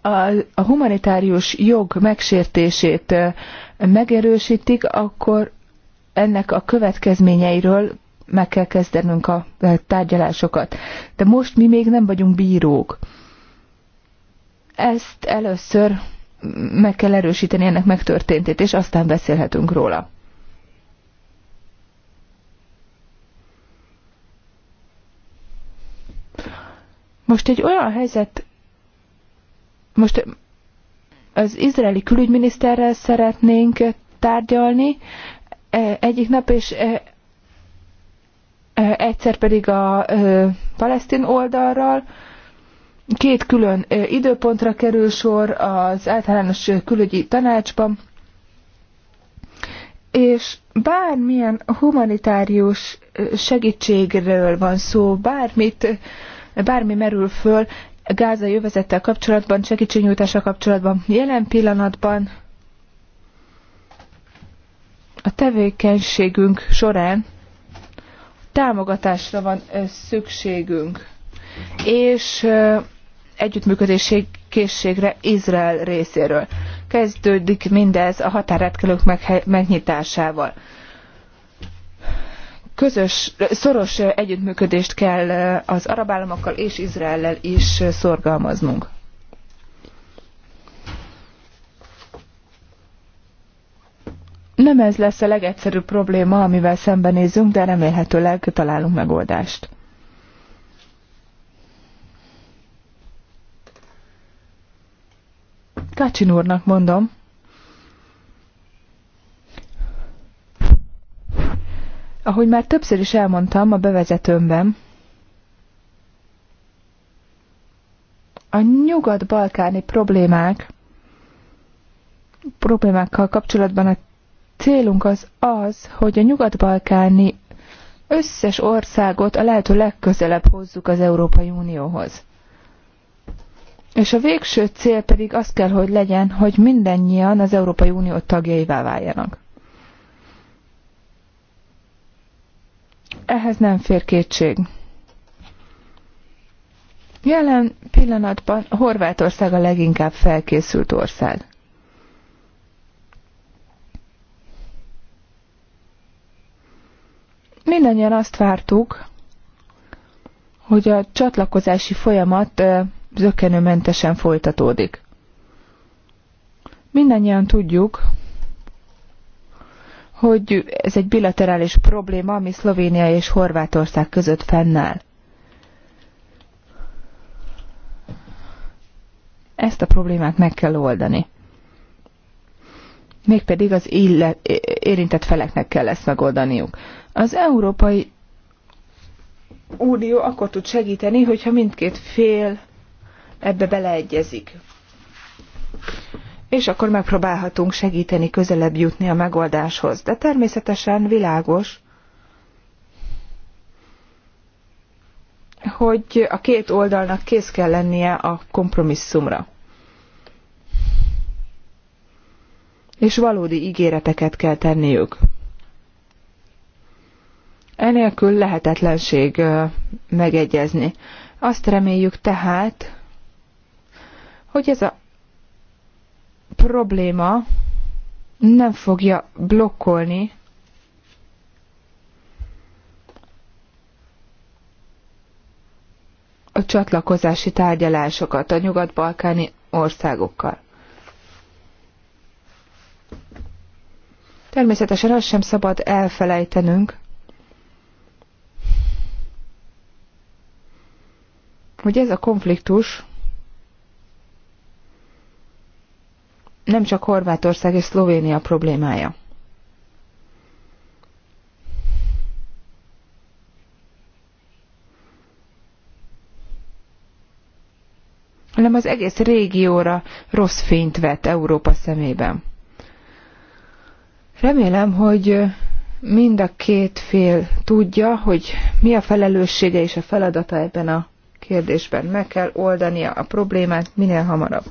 S2: a, a humanitárius jog megsértését megerősítik, akkor ennek a következményeiről meg kell kezdenünk a tárgyalásokat. De most mi még nem vagyunk bírók. Ezt először meg kell erősíteni ennek megtörténtét, és aztán beszélhetünk róla. Most egy olyan helyzet, most az izraeli külügyminiszterrel szeretnénk tárgyalni e, egyik nap, és e, e, egyszer pedig a palesztin oldalral, Két külön időpontra kerül sor az általános külügyi tanácsban, és bármilyen humanitárius segítségről van szó, bármit, bármi merül föl gázai övezettel kapcsolatban, segítségnyújtása kapcsolatban, jelen pillanatban a tevékenységünk során támogatásra van szükségünk. És együttműködési készségre Izrael részéről. Kezdődik mindez a határátkelők megnyitásával. Közös, szoros együttműködést kell az arab államokkal és Izraellel is szorgalmaznunk. Nem ez lesz a legegyszerűbb probléma, amivel szembenézünk, de remélhetőleg találunk megoldást. Kacsin úrnak mondom. Ahogy már többször is elmondtam a bevezetőmben, a nyugat-balkáni problémák problémákkal kapcsolatban a célunk az az, hogy a nyugat-balkáni összes országot a lehető legközelebb hozzuk az Európai Unióhoz. És a végső cél pedig az kell, hogy legyen, hogy mindannyian az Európai Unió tagjaivá váljanak. Ehhez nem fér kétség. Jelen pillanatban Horvátország a leginkább felkészült ország. Mindannyian azt vártuk, hogy a csatlakozási folyamat zökenőmentesen folytatódik. Mindannyian tudjuk, hogy ez egy bilaterális probléma, ami Szlovénia és Horvátország között fennáll. Ezt a problémát meg kell oldani. Mégpedig az illet, érintett feleknek kell ezt megoldaniuk. Az Európai Unió akkor tud segíteni, hogyha mindkét fél ebbe beleegyezik. És akkor megpróbálhatunk segíteni közelebb jutni a megoldáshoz. De természetesen világos, hogy a két oldalnak kész kell lennie a kompromisszumra. És valódi ígéreteket kell tenniük. Enélkül lehetetlenség megegyezni. Azt reméljük tehát, hogy ez a probléma nem fogja blokkolni a csatlakozási tárgyalásokat a nyugat-balkáni országokkal. Természetesen azt sem szabad elfelejtenünk, hogy ez a konfliktus nem csak Horvátország és Szlovénia problémája. hanem az egész régióra rossz fényt vett Európa szemében. Remélem, hogy mind a két fél tudja, hogy mi a felelőssége és a feladata ebben a kérdésben. Meg kell oldania a problémát minél hamarabb.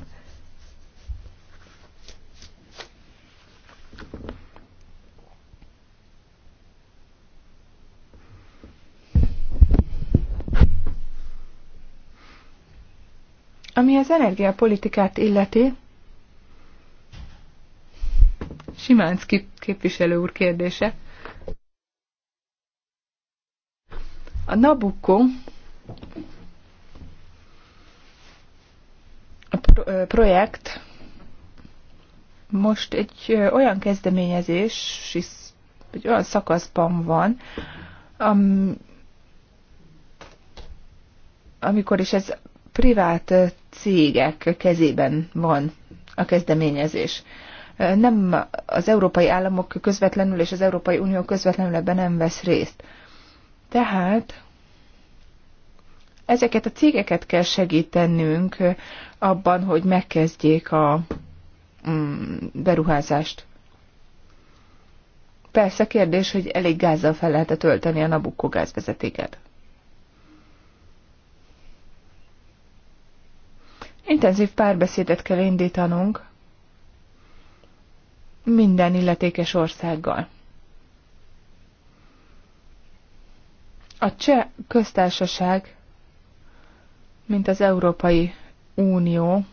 S2: Ami az energiapolitikát illeti, Simánszki képviselő úr kérdése. A Nabucco a projekt most egy olyan kezdeményezés, egy olyan szakaszban van, am, amikor is ez privát cégek kezében van a kezdeményezés. Nem az európai államok közvetlenül és az Európai Unió közvetlenül ebben nem vesz részt. Tehát ezeket a cégeket kell segítenünk abban, hogy megkezdjék a mm, beruházást. Persze kérdés, hogy elég gázzal fel lehet -e tölteni a Nabukko gázvezetéket. Intenzív párbeszédet kell indítanunk minden illetékes országgal. A cseh köztársaság, mint az Európai Unió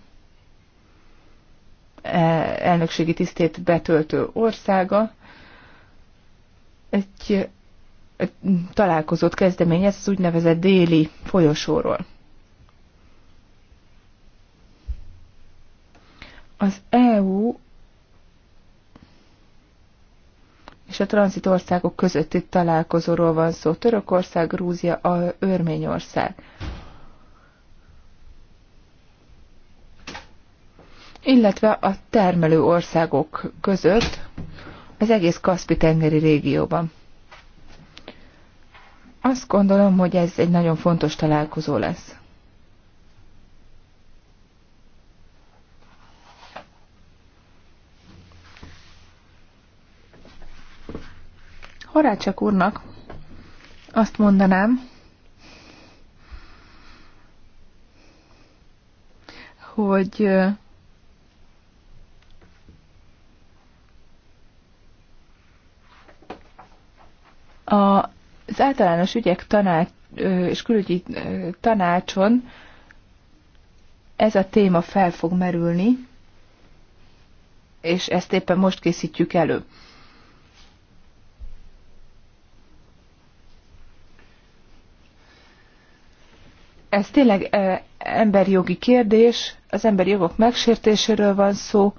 S2: e, elnökségi tisztét betöltő országa, egy találkozót kezdeményez az úgynevezett déli folyosóról. Az EU és a országok közötti találkozóról van szó. Törökország, Grúzia, a Örményország. Illetve a termelő országok között az egész Kaspi-tengeri régióban. Azt gondolom, hogy ez egy nagyon fontos találkozó lesz. Horácsak úrnak azt mondanám, hogy az általános ügyek tanács és külügyi tanácson ez a téma fel fog merülni, és ezt éppen most készítjük elő. ez tényleg emberjogi kérdés, az emberi jogok megsértéséről van szó,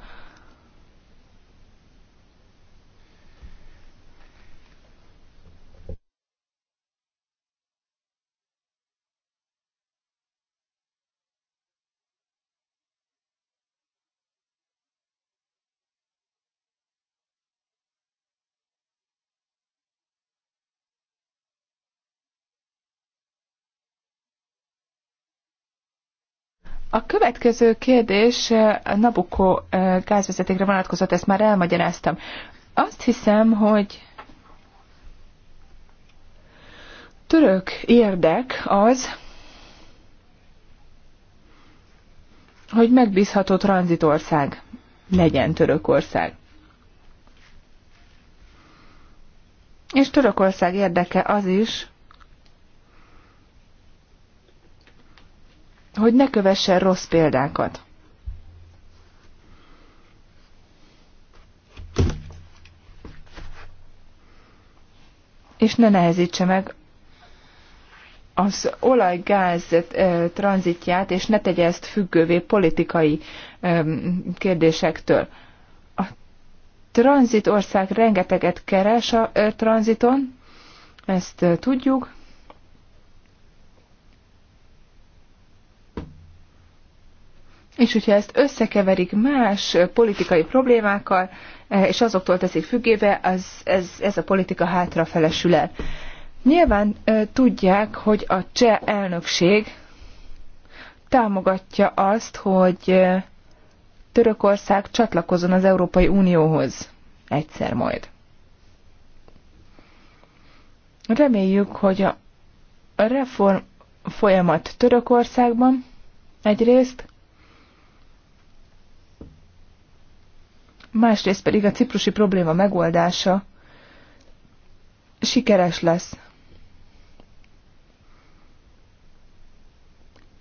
S3: A következő kérdés eh,
S2: a Nabucco eh, gázvezetékre vonatkozott, ezt már elmagyaráztam. Azt hiszem, hogy török érdek az, hogy megbízható tranzitország legyen Törökország. És Törökország érdeke az is, hogy ne kövessen rossz példákat. És ne nehezítse meg az olaj-gáz eh, tranzitját, és ne tegye ezt függővé politikai eh, kérdésektől. A tranzitország rengeteget keres a eh, tranziton, ezt tudjuk, És hogyha ezt összekeverik más politikai problémákkal, eh, és azoktól teszik függébe, az, ez, ez a politika hátra felesül el. Nyilván eh, tudják, hogy a cseh elnökség támogatja azt, hogy eh, Törökország csatlakozon az Európai Unióhoz egyszer majd. Reméljük, hogy a reform folyamat Törökországban egyrészt, másrészt pedig a ciprusi probléma megoldása sikeres lesz.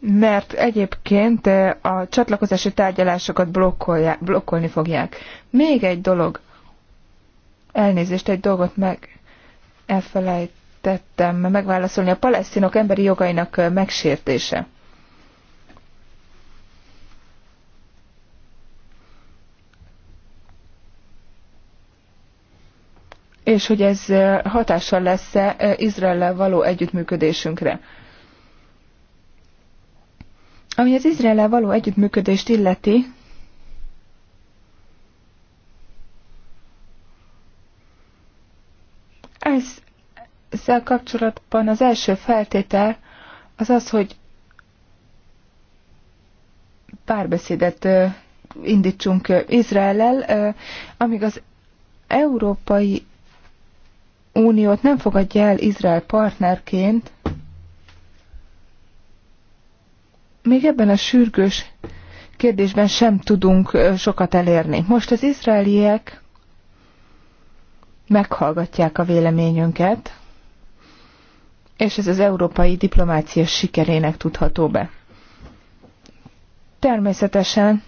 S2: mert egyébként eh, a csatlakozási tárgyalásokat blokkolják, blokkolni fogják. Még egy dolog, elnézést, egy dolgot meg elfelejtettem megválaszolni, a palesztinok emberi jogainak eh, megsértése. és hogy ez hatással lesz-e Izraellel való együttműködésünkre. Ami az Izraellel való együttműködést illeti, ez, ezzel kapcsolatban az első feltétel az az, hogy párbeszédet indítsunk Izraellel, amíg az európai Uniót nem fogadja el Izrael partnerként, még ebben a sürgős kérdésben sem tudunk sokat elérni. Most az izraeliek meghallgatják a véleményünket, és ez az európai diplomácia sikerének tudható be. Természetesen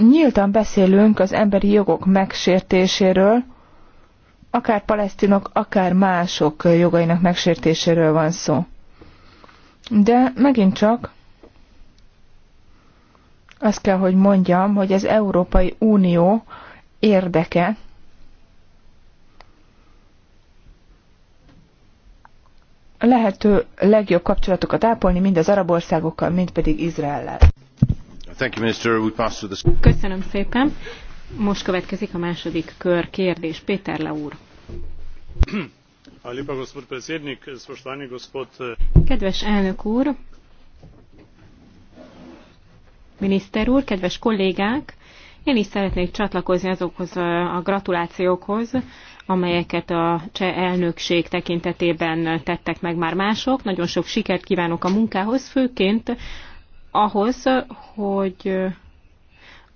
S2: nyíltan beszélünk az emberi jogok megsértéséről, akár palesztinok, akár mások jogainak megsértéséről van szó. De megint csak azt kell, hogy mondjam, hogy az Európai Unió érdeke, lehető legjobb kapcsolatokat ápolni mind az arab országokkal, mind pedig Izraellel. Köszönöm szépen. Most következik
S4: a második kör kérdés. Péter Le úr.
S1: Eh,
S4: kedves elnök úr, miniszter úr, kedves kollégák! Én is szeretnék csatlakozni azokhoz a gratulációkhoz, amelyeket a cseh elnökség tekintetében tettek meg már mások. Nagyon sok sikert kívánok a munkához, főként ahhoz, hogy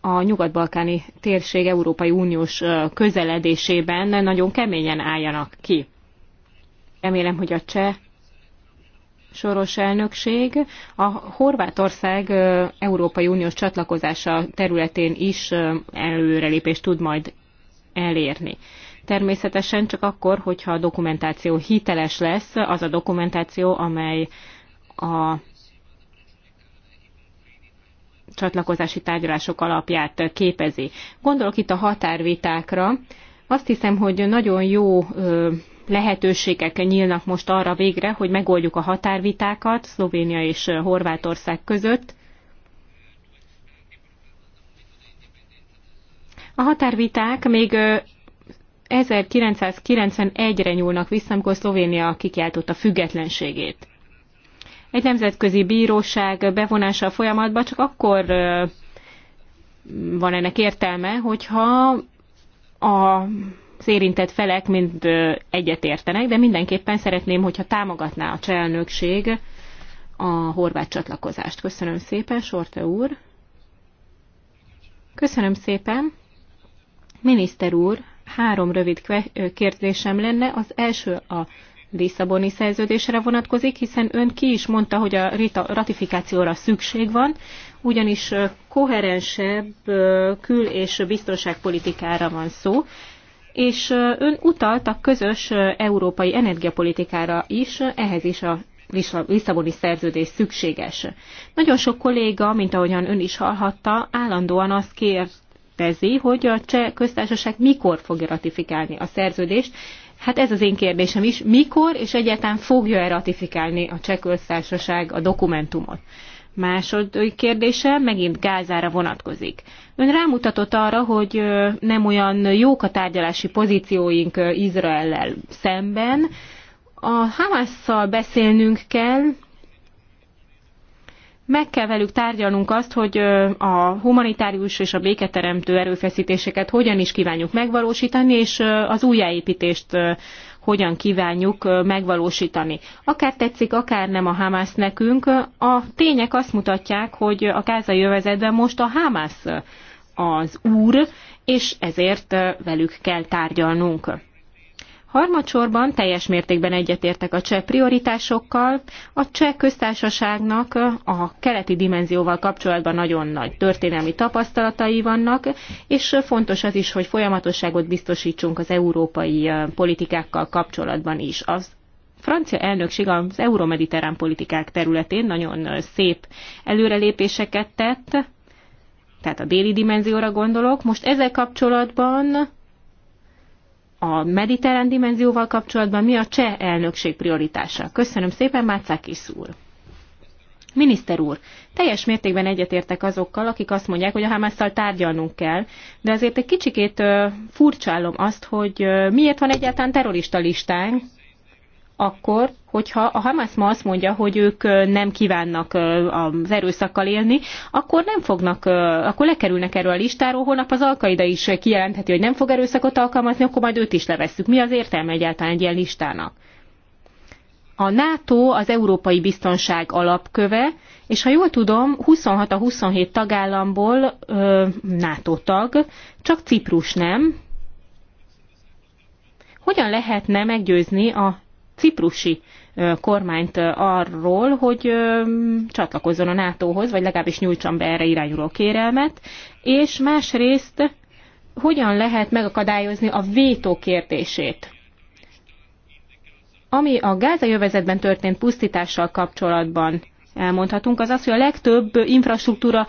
S4: a nyugat-balkáni térség Európai Uniós közeledésében nagyon keményen álljanak ki. Remélem, hogy a cseh soros elnökség a Horvátország Európai Uniós csatlakozása területén is előrelépést tud majd elérni. Természetesen csak akkor, hogyha a dokumentáció hiteles lesz, az a dokumentáció, amely a csatlakozási tárgyalások alapját képezi. Gondolok itt a határvitákra. Azt hiszem, hogy nagyon jó lehetőségek nyílnak most arra végre, hogy megoldjuk a határvitákat Szlovénia és Horvátország között. A határviták még 1991-re nyúlnak vissza, amikor Szlovénia kikiáltotta függetlenségét. Egy nemzetközi bíróság bevonása a folyamatba csak akkor van ennek értelme, hogyha a az érintett felek mind egyetértenek, de mindenképpen szeretném, hogyha támogatná a cselnökség a horvát csatlakozást. Köszönöm szépen, Sorte úr. Köszönöm szépen. Miniszter úr, három rövid kérdésem lenne. Az első a Lisszaboni szerződésre vonatkozik, hiszen ön ki is mondta, hogy a ratifikációra szükség van, ugyanis koherensebb kül- és biztonságpolitikára van szó, és ön utalt a közös európai energiapolitikára is, ehhez is a Lisszaboni szerződés szükséges. Nagyon sok kolléga, mint ahogyan ön is hallhatta, állandóan azt kér, kérdezi, hogy a cseh köztársaság mikor fogja ratifikálni a szerződést. Hát ez az én kérdésem is, mikor és egyáltalán fogja-e ratifikálni a cseh köztársaság a dokumentumot. Második kérdése megint Gázára vonatkozik. Ön rámutatott arra, hogy nem olyan jók a tárgyalási pozícióink Izraellel szemben. A Hamasszal beszélnünk kell, meg kell velük tárgyalnunk azt, hogy a humanitárius és a béketeremtő erőfeszítéseket hogyan is kívánjuk megvalósítani, és az újjáépítést hogyan kívánjuk megvalósítani. Akár tetszik, akár nem a Hamász nekünk, a tények azt mutatják, hogy a gázai övezetben most a Hamász az úr, és ezért velük kell tárgyalnunk. Harmadsorban teljes mértékben egyetértek a cseh prioritásokkal. A cseh köztársaságnak a keleti dimenzióval kapcsolatban nagyon nagy történelmi tapasztalatai vannak, és fontos az is, hogy folyamatosságot biztosítsunk az európai politikákkal kapcsolatban is. Az francia elnökség az euromediterrán politikák területén nagyon szép előrelépéseket tett, tehát a déli dimenzióra gondolok. Most ezzel kapcsolatban a mediterrán dimenzióval kapcsolatban mi a cseh elnökség prioritása? Köszönöm szépen, Mácákis úr. Miniszter úr, teljes mértékben egyetértek azokkal, akik azt mondják, hogy a Hamásszal tárgyalnunk kell, de azért egy kicsikét furcsálom azt, hogy miért van egyáltalán terrorista listánk, akkor, hogyha a Hamas ma azt mondja, hogy ők nem kívánnak az erőszakkal élni, akkor nem fognak, akkor lekerülnek erről a listáról, holnap az Alkaida is kijelentheti, hogy nem fog erőszakot alkalmazni, akkor majd őt is levesszük. Mi az értelme egyáltalán egy ilyen listának? A NATO az európai biztonság alapköve, és ha jól tudom, 26 a 27 tagállamból ö, NATO tag, csak Ciprus nem. Hogyan lehetne meggyőzni a ciprusi kormányt arról, hogy csatlakozzon a NATO-hoz, vagy legalábbis nyújtson be erre irányuló kérelmet, és másrészt hogyan lehet megakadályozni a vétó kérdését. Ami a gázajövezetben történt pusztítással kapcsolatban elmondhatunk, az az, hogy a legtöbb infrastruktúra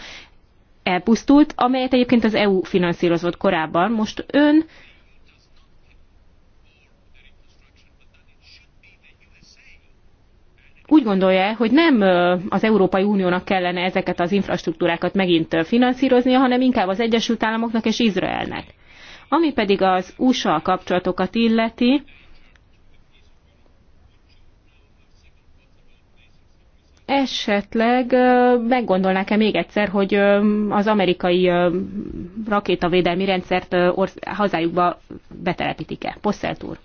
S4: elpusztult, amelyet egyébként az EU finanszírozott korábban. Most ön úgy gondolja, hogy nem az Európai Uniónak kellene ezeket az infrastruktúrákat megint finanszíroznia, hanem inkább az Egyesült Államoknak és Izraelnek. Ami pedig az USA kapcsolatokat illeti, esetleg meggondolnák-e még egyszer, hogy az amerikai rakétavédelmi rendszert hazájukba betelepítik-e? Posselt úr.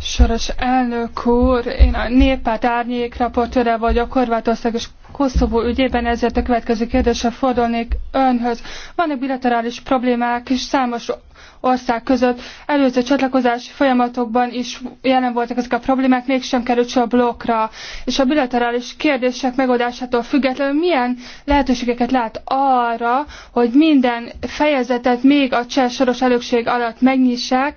S3: Soros elnök úr, én a néppárt árnyék raportőre vagyok, Horvátország és Koszovó ügyében, ezért a következő kérdésre fordulnék önhöz. Vannak bilaterális problémák és számos ország között. Előző csatlakozási folyamatokban is jelen voltak ezek a problémák, mégsem került a blokkra. És a bilaterális kérdések megoldásától függetlenül milyen lehetőségeket lát arra, hogy minden fejezetet még a cseh soros elnökség alatt megnyissák,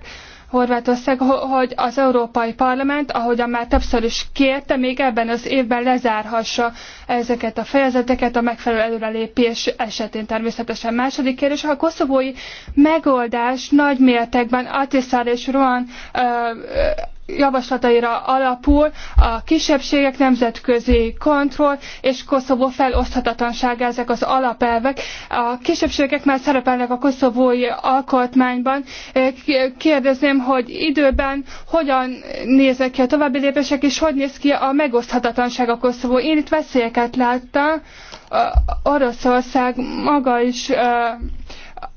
S3: Horvátország, hogy az Európai Parlament, ahogyan már többször is kérte, még ebben az évben lezárhassa ezeket a fejezeteket a megfelelő előrelépés esetén természetesen. Második kérdés, a koszovói megoldás nagy mértékben Atisztár és Rohan javaslataira alapul a kisebbségek nemzetközi kontroll és Koszovó feloszthatatlansága, ezek az alapelvek. A kisebbségek már szerepelnek a koszovói alkotmányban. Kérdezném, hogy időben hogyan néznek ki a további lépések, és hogy néz ki a megoszthatatlanság a Koszovó. Én itt veszélyek képeket láttam. Oroszország maga is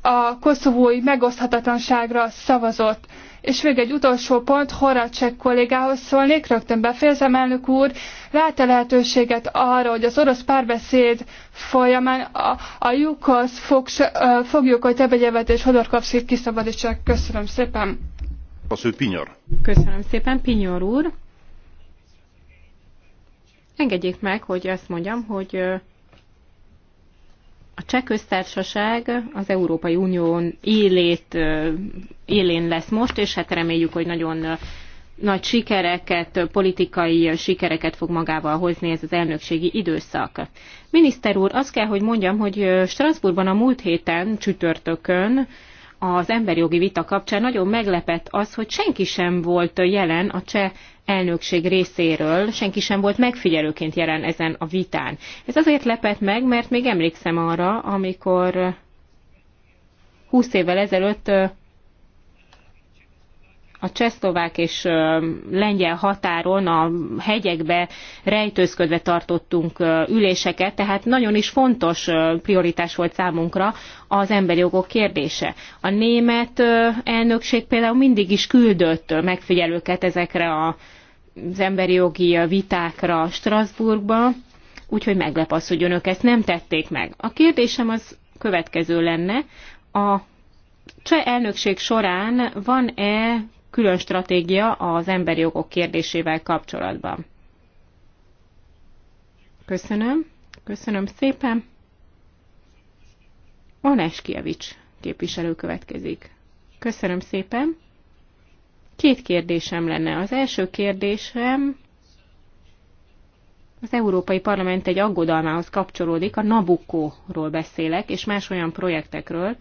S3: a koszovói megoszthatatlanságra szavazott. És még egy utolsó pont, Horacek kollégához szólnék, rögtön befejezem, elnök úr, lát-e lehetőséget arra, hogy az orosz párbeszéd folyamán a, a lyukhoz fog, fogjuk, hogy Tebegyevet és Hodorkovszkit kiszabadítsák. Köszönöm szépen. Köszönöm szépen, Pinyor
S4: úr. Engedjék meg, hogy azt mondjam, hogy a cseh köztársaság az Európai Unión élét, élén lesz most, és hát reméljük, hogy nagyon nagy sikereket, politikai sikereket fog magával hozni ez az elnökségi időszak. Miniszter úr, azt kell, hogy mondjam, hogy Strasbourgban a múlt héten csütörtökön az emberjogi vita kapcsán nagyon meglepett az, hogy senki sem volt jelen a cseh elnökség részéről senki sem volt megfigyelőként jelen ezen a vitán. Ez azért lepett meg, mert még emlékszem arra, amikor 20 évvel ezelőtt a csehszlovák és lengyel határon a hegyekbe rejtőzködve tartottunk üléseket, tehát nagyon is fontos prioritás volt számunkra az emberi jogok kérdése. A német elnökség például mindig is küldött megfigyelőket ezekre a az emberi jogi vitákra Strasbourgba, úgyhogy meglep az, hogy önök ezt nem tették meg. A kérdésem az következő lenne, a cseh elnökség során van-e külön stratégia az emberi jogok kérdésével kapcsolatban? Köszönöm. Köszönöm szépen. Oneskiewicz képviselő következik. Köszönöm szépen. Két kérdésem lenne. Az első kérdésem az Európai Parlament egy aggodalmához kapcsolódik, a Nabucco-ról beszélek, és más olyan projektekről,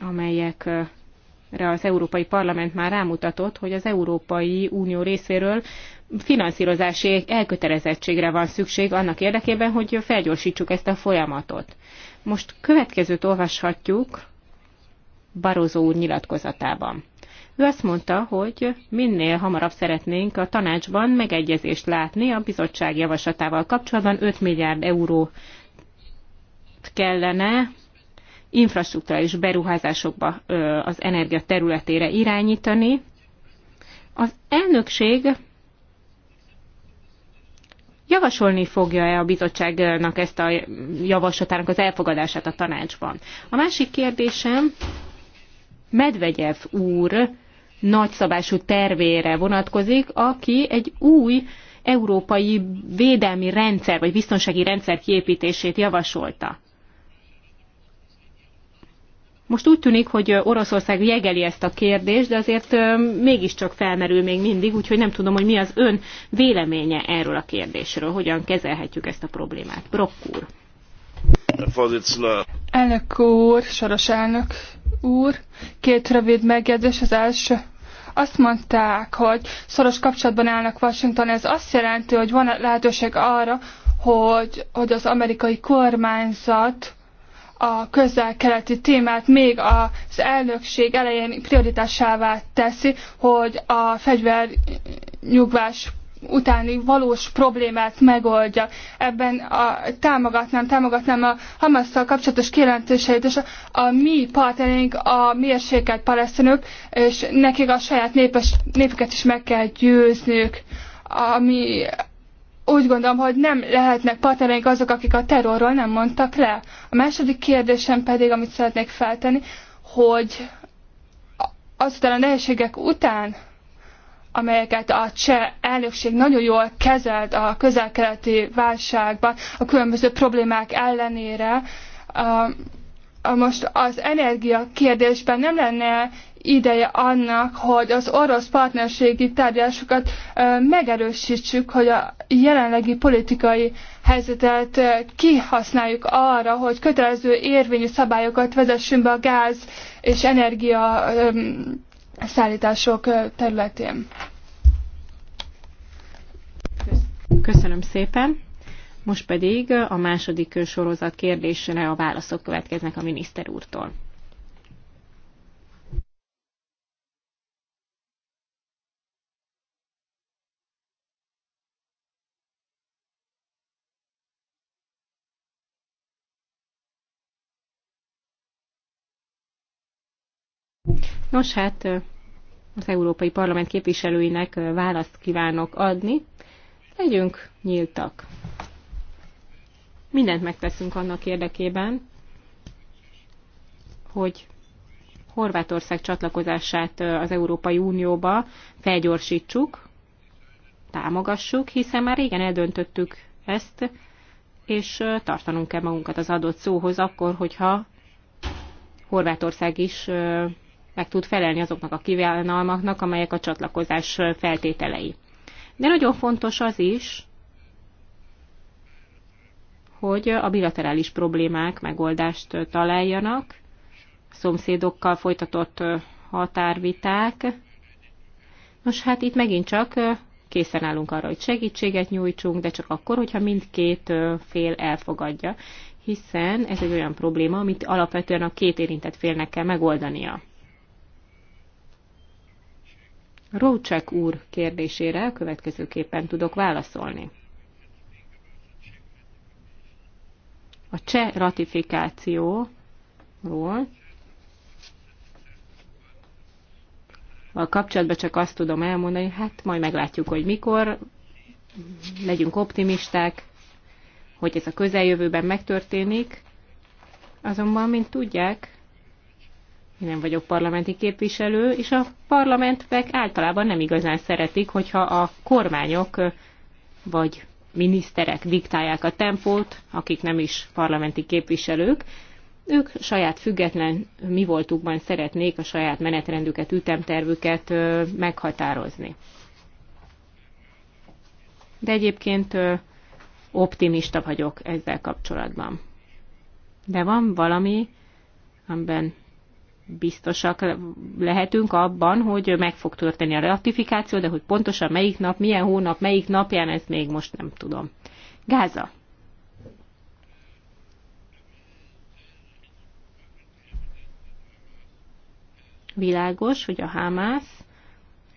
S4: amelyekre az Európai Parlament már rámutatott, hogy az Európai Unió részéről finanszírozási elkötelezettségre van szükség annak érdekében, hogy felgyorsítsuk ezt a folyamatot. Most következőt olvashatjuk Barozó úr nyilatkozatában. Ő azt mondta, hogy minél hamarabb szeretnénk a tanácsban megegyezést látni a bizottság javaslatával kapcsolatban 5 milliárd euró kellene infrastruktúrális beruházásokba az energia területére irányítani. Az elnökség javasolni fogja-e a bizottságnak ezt a javaslatának az elfogadását a tanácsban? A másik kérdésem Medvegyev úr nagyszabású tervére vonatkozik, aki egy új európai védelmi rendszer vagy biztonsági rendszer kiépítését javasolta. Most úgy tűnik, hogy Oroszország jegeli ezt a kérdést, de azért mégiscsak felmerül még mindig, úgyhogy nem tudom, hogy mi az ön véleménye erről a kérdésről, hogyan kezelhetjük ezt a problémát. Brokkúr.
S3: Elnök úr, soros elnök úr, két rövid megjegyzés. Az első, azt mondták, hogy szoros kapcsolatban állnak Washington, ez azt jelenti, hogy van lehetőség arra, hogy, hogy az amerikai kormányzat a közel-keleti témát még az elnökség elején prioritásává teszi, hogy a fegyvernyugvás utáni valós problémát megoldja. Ebben a, támogatnám, támogatnám a Hamasszal kapcsolatos kijelentéseit, és a, a mi partnereink a mérsékelt palesztinok, és nekik a saját népes, népüket is meg kell győznünk, ami úgy gondolom, hogy nem lehetnek partnereink azok, akik a terrorról nem mondtak le. A második kérdésem pedig, amit szeretnék feltenni, hogy azután a nehézségek után amelyeket a cseh elnökség nagyon jól kezelt a közel-keleti válságban, a különböző problémák ellenére. Most az energia kérdésben nem lenne ideje annak, hogy az orosz partnerségi tárgyalásokat megerősítsük, hogy a jelenlegi politikai helyzetet kihasználjuk arra, hogy kötelező érvényű szabályokat vezessünk be a gáz és energia szállítások területén.
S4: Köszönöm szépen. Most pedig a második sorozat kérdésre a válaszok következnek a miniszter úrtól. Nos hát, az Európai Parlament képviselőinek választ kívánok adni. Legyünk nyíltak. Mindent megteszünk annak érdekében, hogy Horvátország csatlakozását az Európai Unióba felgyorsítsuk, támogassuk, hiszen már régen eldöntöttük ezt, és tartanunk kell magunkat az adott szóhoz akkor, hogyha Horvátország is meg tud felelni azoknak a kívánalmaknak, amelyek a csatlakozás feltételei. De nagyon fontos az is, hogy a bilaterális problémák megoldást találjanak, szomszédokkal folytatott határviták. Nos, hát itt megint csak készen állunk arra, hogy segítséget nyújtsunk, de csak akkor, hogyha mindkét fél elfogadja, hiszen ez egy olyan probléma, amit alapvetően a két érintett félnek kell megoldania. Rócsek úr kérdésére következőképpen tudok válaszolni. A cseh ratifikációról a kapcsolatban csak azt tudom elmondani, hát majd meglátjuk, hogy mikor, legyünk optimisták, hogy ez a közeljövőben megtörténik, azonban, mint tudják, én nem vagyok parlamenti képviselő, és a parlamentek általában nem igazán szeretik, hogyha a kormányok vagy miniszterek diktálják a tempót, akik nem is parlamenti képviselők, ők saját független mi voltukban szeretnék a saját menetrendüket, ütemtervüket meghatározni. De egyébként optimista vagyok ezzel kapcsolatban. De van valami, amiben biztosak lehetünk abban, hogy meg fog történni a ratifikáció, de hogy pontosan melyik nap, milyen hónap, melyik napján, ezt még most nem tudom. Gáza. Világos, hogy a Hamász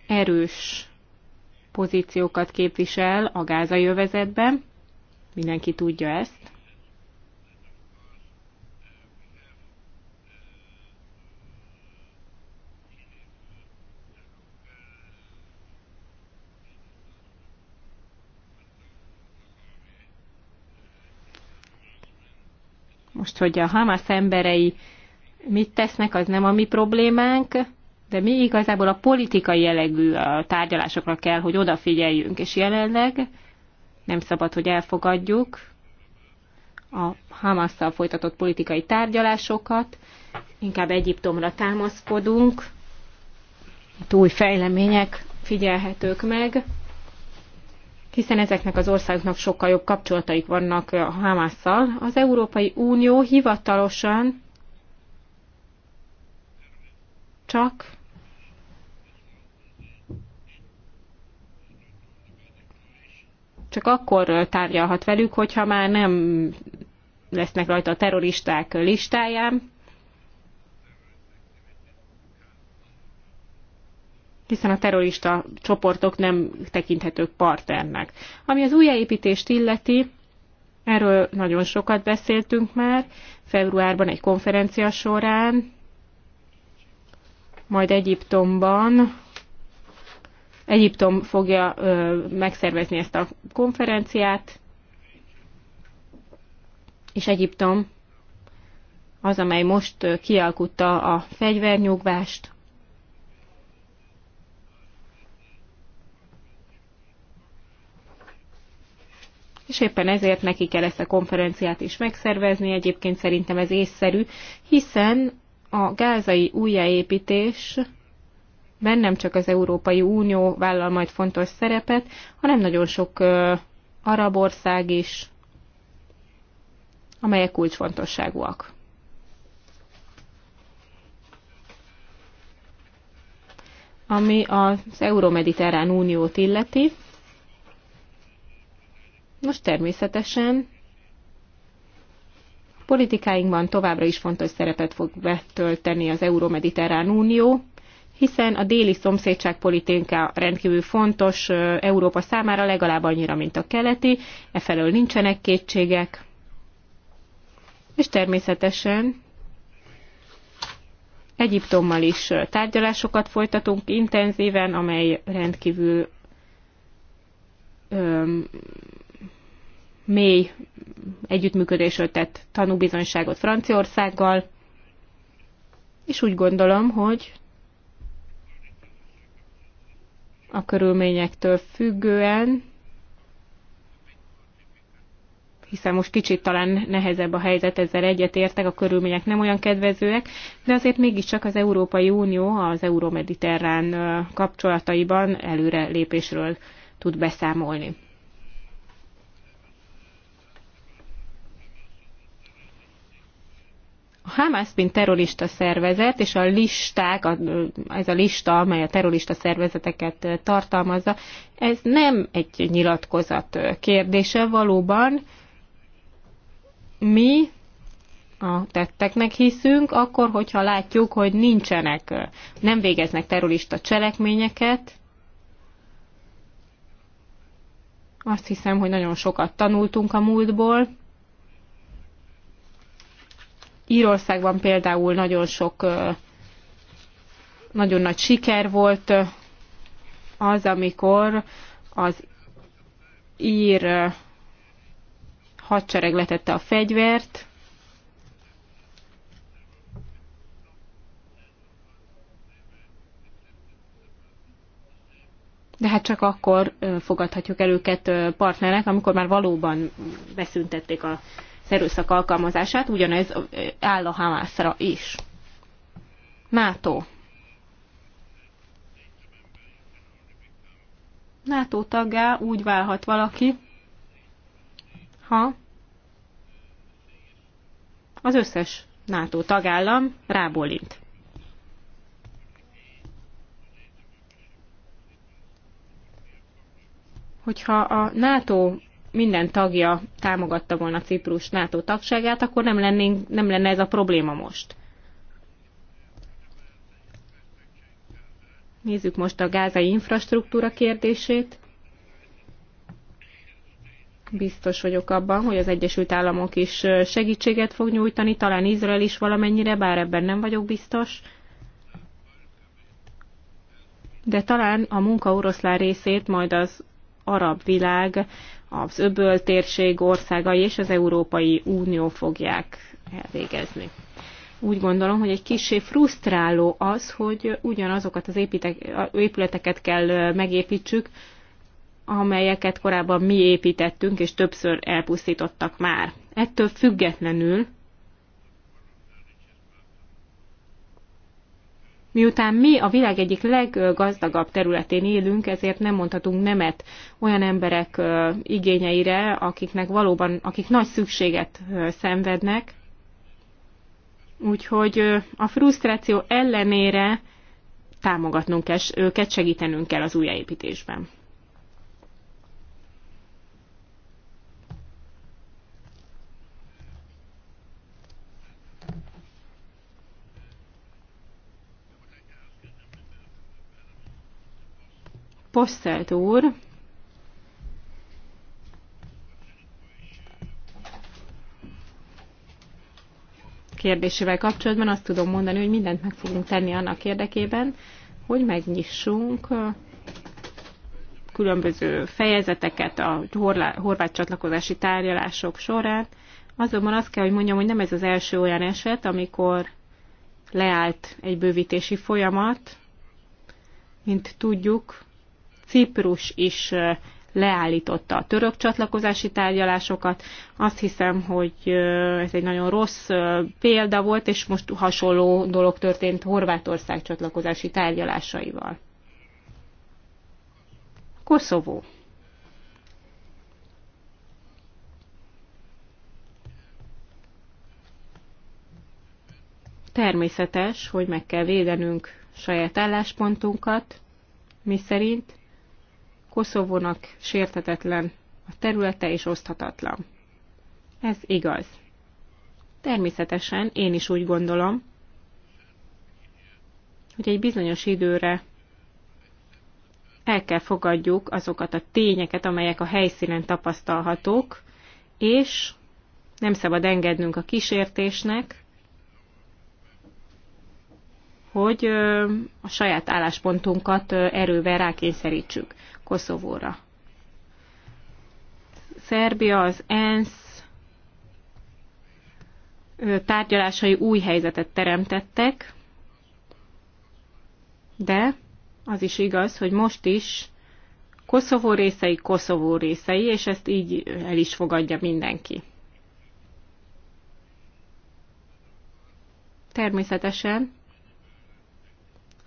S4: erős pozíciókat képvisel a gázai övezetben, mindenki tudja ezt. Most, hogy a Hamas emberei mit tesznek, az nem a mi problémánk, de mi igazából a politikai jellegű tárgyalásokra kell, hogy odafigyeljünk, és jelenleg nem szabad, hogy elfogadjuk a Hamasszal folytatott politikai tárgyalásokat, inkább Egyiptomra támaszkodunk, itt új fejlemények figyelhetők meg hiszen ezeknek az országoknak sokkal jobb kapcsolataik vannak eh, a Hamásszal. Az Európai Unió hivatalosan csak csak akkor eh, tárgyalhat velük, hogyha már nem lesznek rajta a terroristák listáján, hiszen a terrorista csoportok nem tekinthetők partnernek. Ami az újjáépítést illeti, erről nagyon sokat beszéltünk már, februárban egy konferencia során, majd Egyiptomban, Egyiptom fogja ö, megszervezni ezt a konferenciát, és Egyiptom az, amely most kialkutta a fegyvernyugvást, és éppen ezért neki kell ezt a konferenciát is megszervezni, egyébként szerintem ez észszerű, hiszen a gázai újjáépítés nem csak az Európai Unió vállal majd fontos szerepet, hanem nagyon sok ö, arab ország is, amelyek kulcsfontosságúak. Ami az Euró-Mediterrán Uniót illeti, most természetesen politikáinkban továbbra is fontos szerepet fog betölteni az Euró-Mediterrán Unió, hiszen a déli szomszédság politika rendkívül fontos Európa számára legalább annyira, mint a keleti, e felől nincsenek kétségek. És természetesen Egyiptommal is tárgyalásokat folytatunk intenzíven, amely rendkívül öm, mély együttműködésről tett tanúbizonyságot Franciaországgal, és úgy gondolom, hogy a körülményektől függően, hiszen most kicsit talán nehezebb a helyzet, ezzel egyetértek, a körülmények nem olyan kedvezőek, de azért mégiscsak az Európai Unió az euromediterrán kapcsolataiban előre lépésről tud beszámolni. A Hamas, mint terrorista szervezet, és a listák, a, ez a lista, amely a terrorista szervezeteket tartalmazza, ez nem egy nyilatkozat kérdése valóban. Mi a tetteknek hiszünk, akkor, hogyha látjuk, hogy nincsenek, nem végeznek terrorista cselekményeket, azt hiszem, hogy nagyon sokat tanultunk a múltból, Írországban például nagyon sok, nagyon nagy siker volt az, amikor az ír hadsereg letette a fegyvert, de hát csak akkor fogadhatjuk el őket partnerek, amikor már valóban beszüntették a az erőszak alkalmazását, ugyanez áll a Hamászra is. NATO. NATO taggá úgy válhat valaki, ha az összes NATO tagállam rábólint. Hogyha a NATO minden tagja támogatta volna Ciprus NATO tagságát, akkor nem, lennénk, nem lenne ez a probléma most. Nézzük most a gázai infrastruktúra kérdését. Biztos vagyok abban, hogy az Egyesült Államok is segítséget fog nyújtani, talán Izrael is valamennyire, bár ebben nem vagyok biztos. De talán a munka oroszlán részét majd az arab világ az öböl térség országai és az Európai Unió fogják elvégezni. Úgy gondolom, hogy egy kicsi frusztráló az, hogy ugyanazokat az épületeket kell megépítsük, amelyeket korábban mi építettünk, és többször elpusztítottak már. Ettől függetlenül Miután mi a világ egyik leggazdagabb területén élünk, ezért nem mondhatunk nemet olyan emberek igényeire, akiknek valóban, akik nagy szükséget szenvednek. Úgyhogy a frusztráció ellenére támogatnunk kell, őket segítenünk kell az újjáépítésben. posztelt úr kérdésével kapcsolatban azt tudom mondani, hogy mindent meg fogunk tenni annak érdekében, hogy megnyissunk különböző fejezeteket a horvát csatlakozási tárgyalások során. Azonban azt kell, hogy mondjam, hogy nem ez az első olyan eset, amikor leállt egy bővítési folyamat. Mint tudjuk, Ciprus is leállította a török csatlakozási tárgyalásokat. Azt hiszem, hogy ez egy nagyon rossz példa volt, és most hasonló dolog történt Horvátország csatlakozási tárgyalásaival. Koszovó. Természetes, hogy meg kell védenünk saját álláspontunkat, mi szerint Koszovónak sértetetlen, a területe és oszthatatlan. Ez igaz. Természetesen én is úgy gondolom, hogy egy bizonyos időre el kell fogadjuk azokat a tényeket, amelyek a helyszínen tapasztalhatók, és nem szabad engednünk a kísértésnek, hogy a saját álláspontunkat erővel rákényszerítsük. Koszovóra. Szerbia, az ENSZ tárgyalásai új helyzetet teremtettek, de az is igaz, hogy most is Koszovó részei Koszovó részei, és ezt így el is fogadja mindenki. Természetesen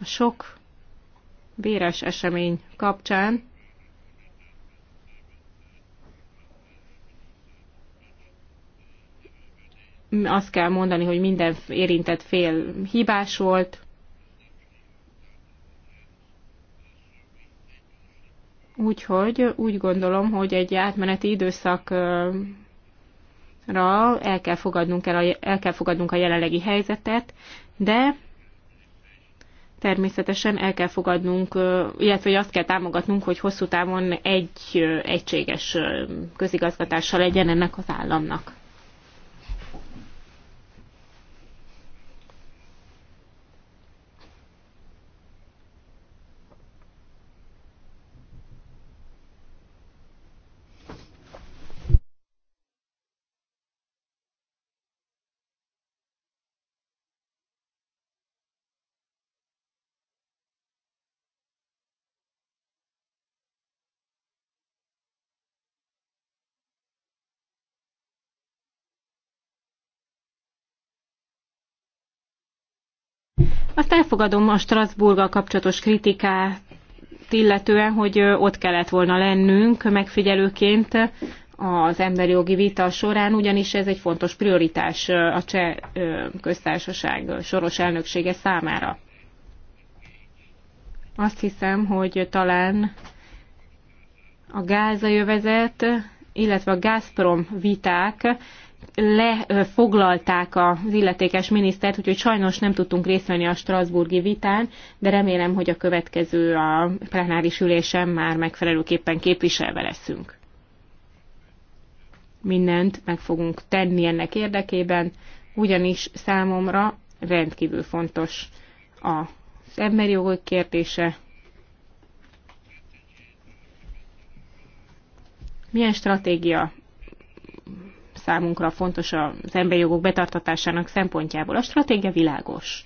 S4: a sok véres esemény kapcsán azt kell mondani, hogy minden érintett fél hibás volt. Úgyhogy úgy gondolom, hogy egy átmeneti időszakra el kell fogadnunk, el, el kell fogadnunk a jelenlegi helyzetet, de természetesen el kell fogadnunk, illetve hogy azt kell támogatnunk, hogy hosszú távon egy egységes közigazgatással legyen ennek az államnak. Azt elfogadom a Strasbourg kapcsolatos kritikát illetően, hogy ott kellett volna lennünk megfigyelőként az emberi jogi vita során, ugyanis ez egy fontos prioritás a cseh köztársaság soros elnöksége számára. Azt hiszem, hogy talán a gázajövezet, illetve a Gazprom viták lefoglalták az illetékes minisztert, úgyhogy sajnos nem tudtunk részt venni a Strasburgi vitán, de remélem, hogy a következő a plenáris ülésen már megfelelőképpen képviselve leszünk. Mindent meg fogunk tenni ennek érdekében, ugyanis számomra rendkívül fontos az emberi jogok kérdése, milyen stratégia számunkra fontos az emberi jogok betartatásának szempontjából. A stratégia világos.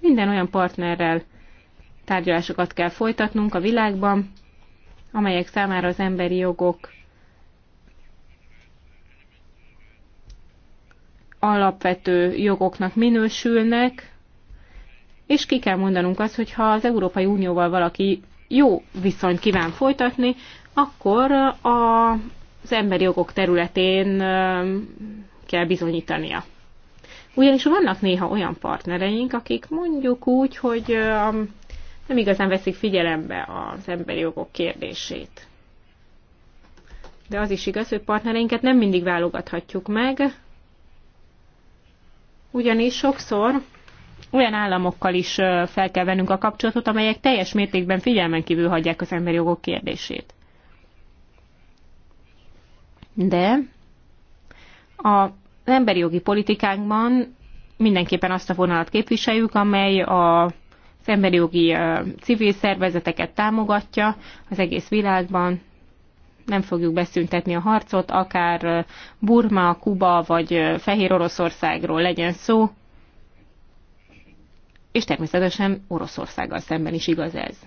S4: Minden olyan partnerrel tárgyalásokat kell folytatnunk a világban, amelyek számára az emberi jogok alapvető jogoknak minősülnek, és ki kell mondanunk azt, hogy ha az Európai Unióval valaki jó viszonyt kíván folytatni, akkor a, az emberi jogok területén kell bizonyítania. Ugyanis vannak néha olyan partnereink, akik mondjuk úgy, hogy nem igazán veszik figyelembe az emberi jogok kérdését. De az is igaz, hogy partnereinket nem mindig válogathatjuk meg, ugyanis sokszor olyan államokkal is fel kell vennünk a kapcsolatot, amelyek teljes mértékben figyelmen kívül hagyják az emberi jogok kérdését de az emberi jogi politikánkban mindenképpen azt a vonalat képviseljük, amely a az emberi jogi civil szervezeteket támogatja az egész világban. Nem fogjuk beszüntetni a harcot, akár Burma, Kuba vagy Fehér Oroszországról legyen szó. És természetesen Oroszországgal szemben is igaz ez.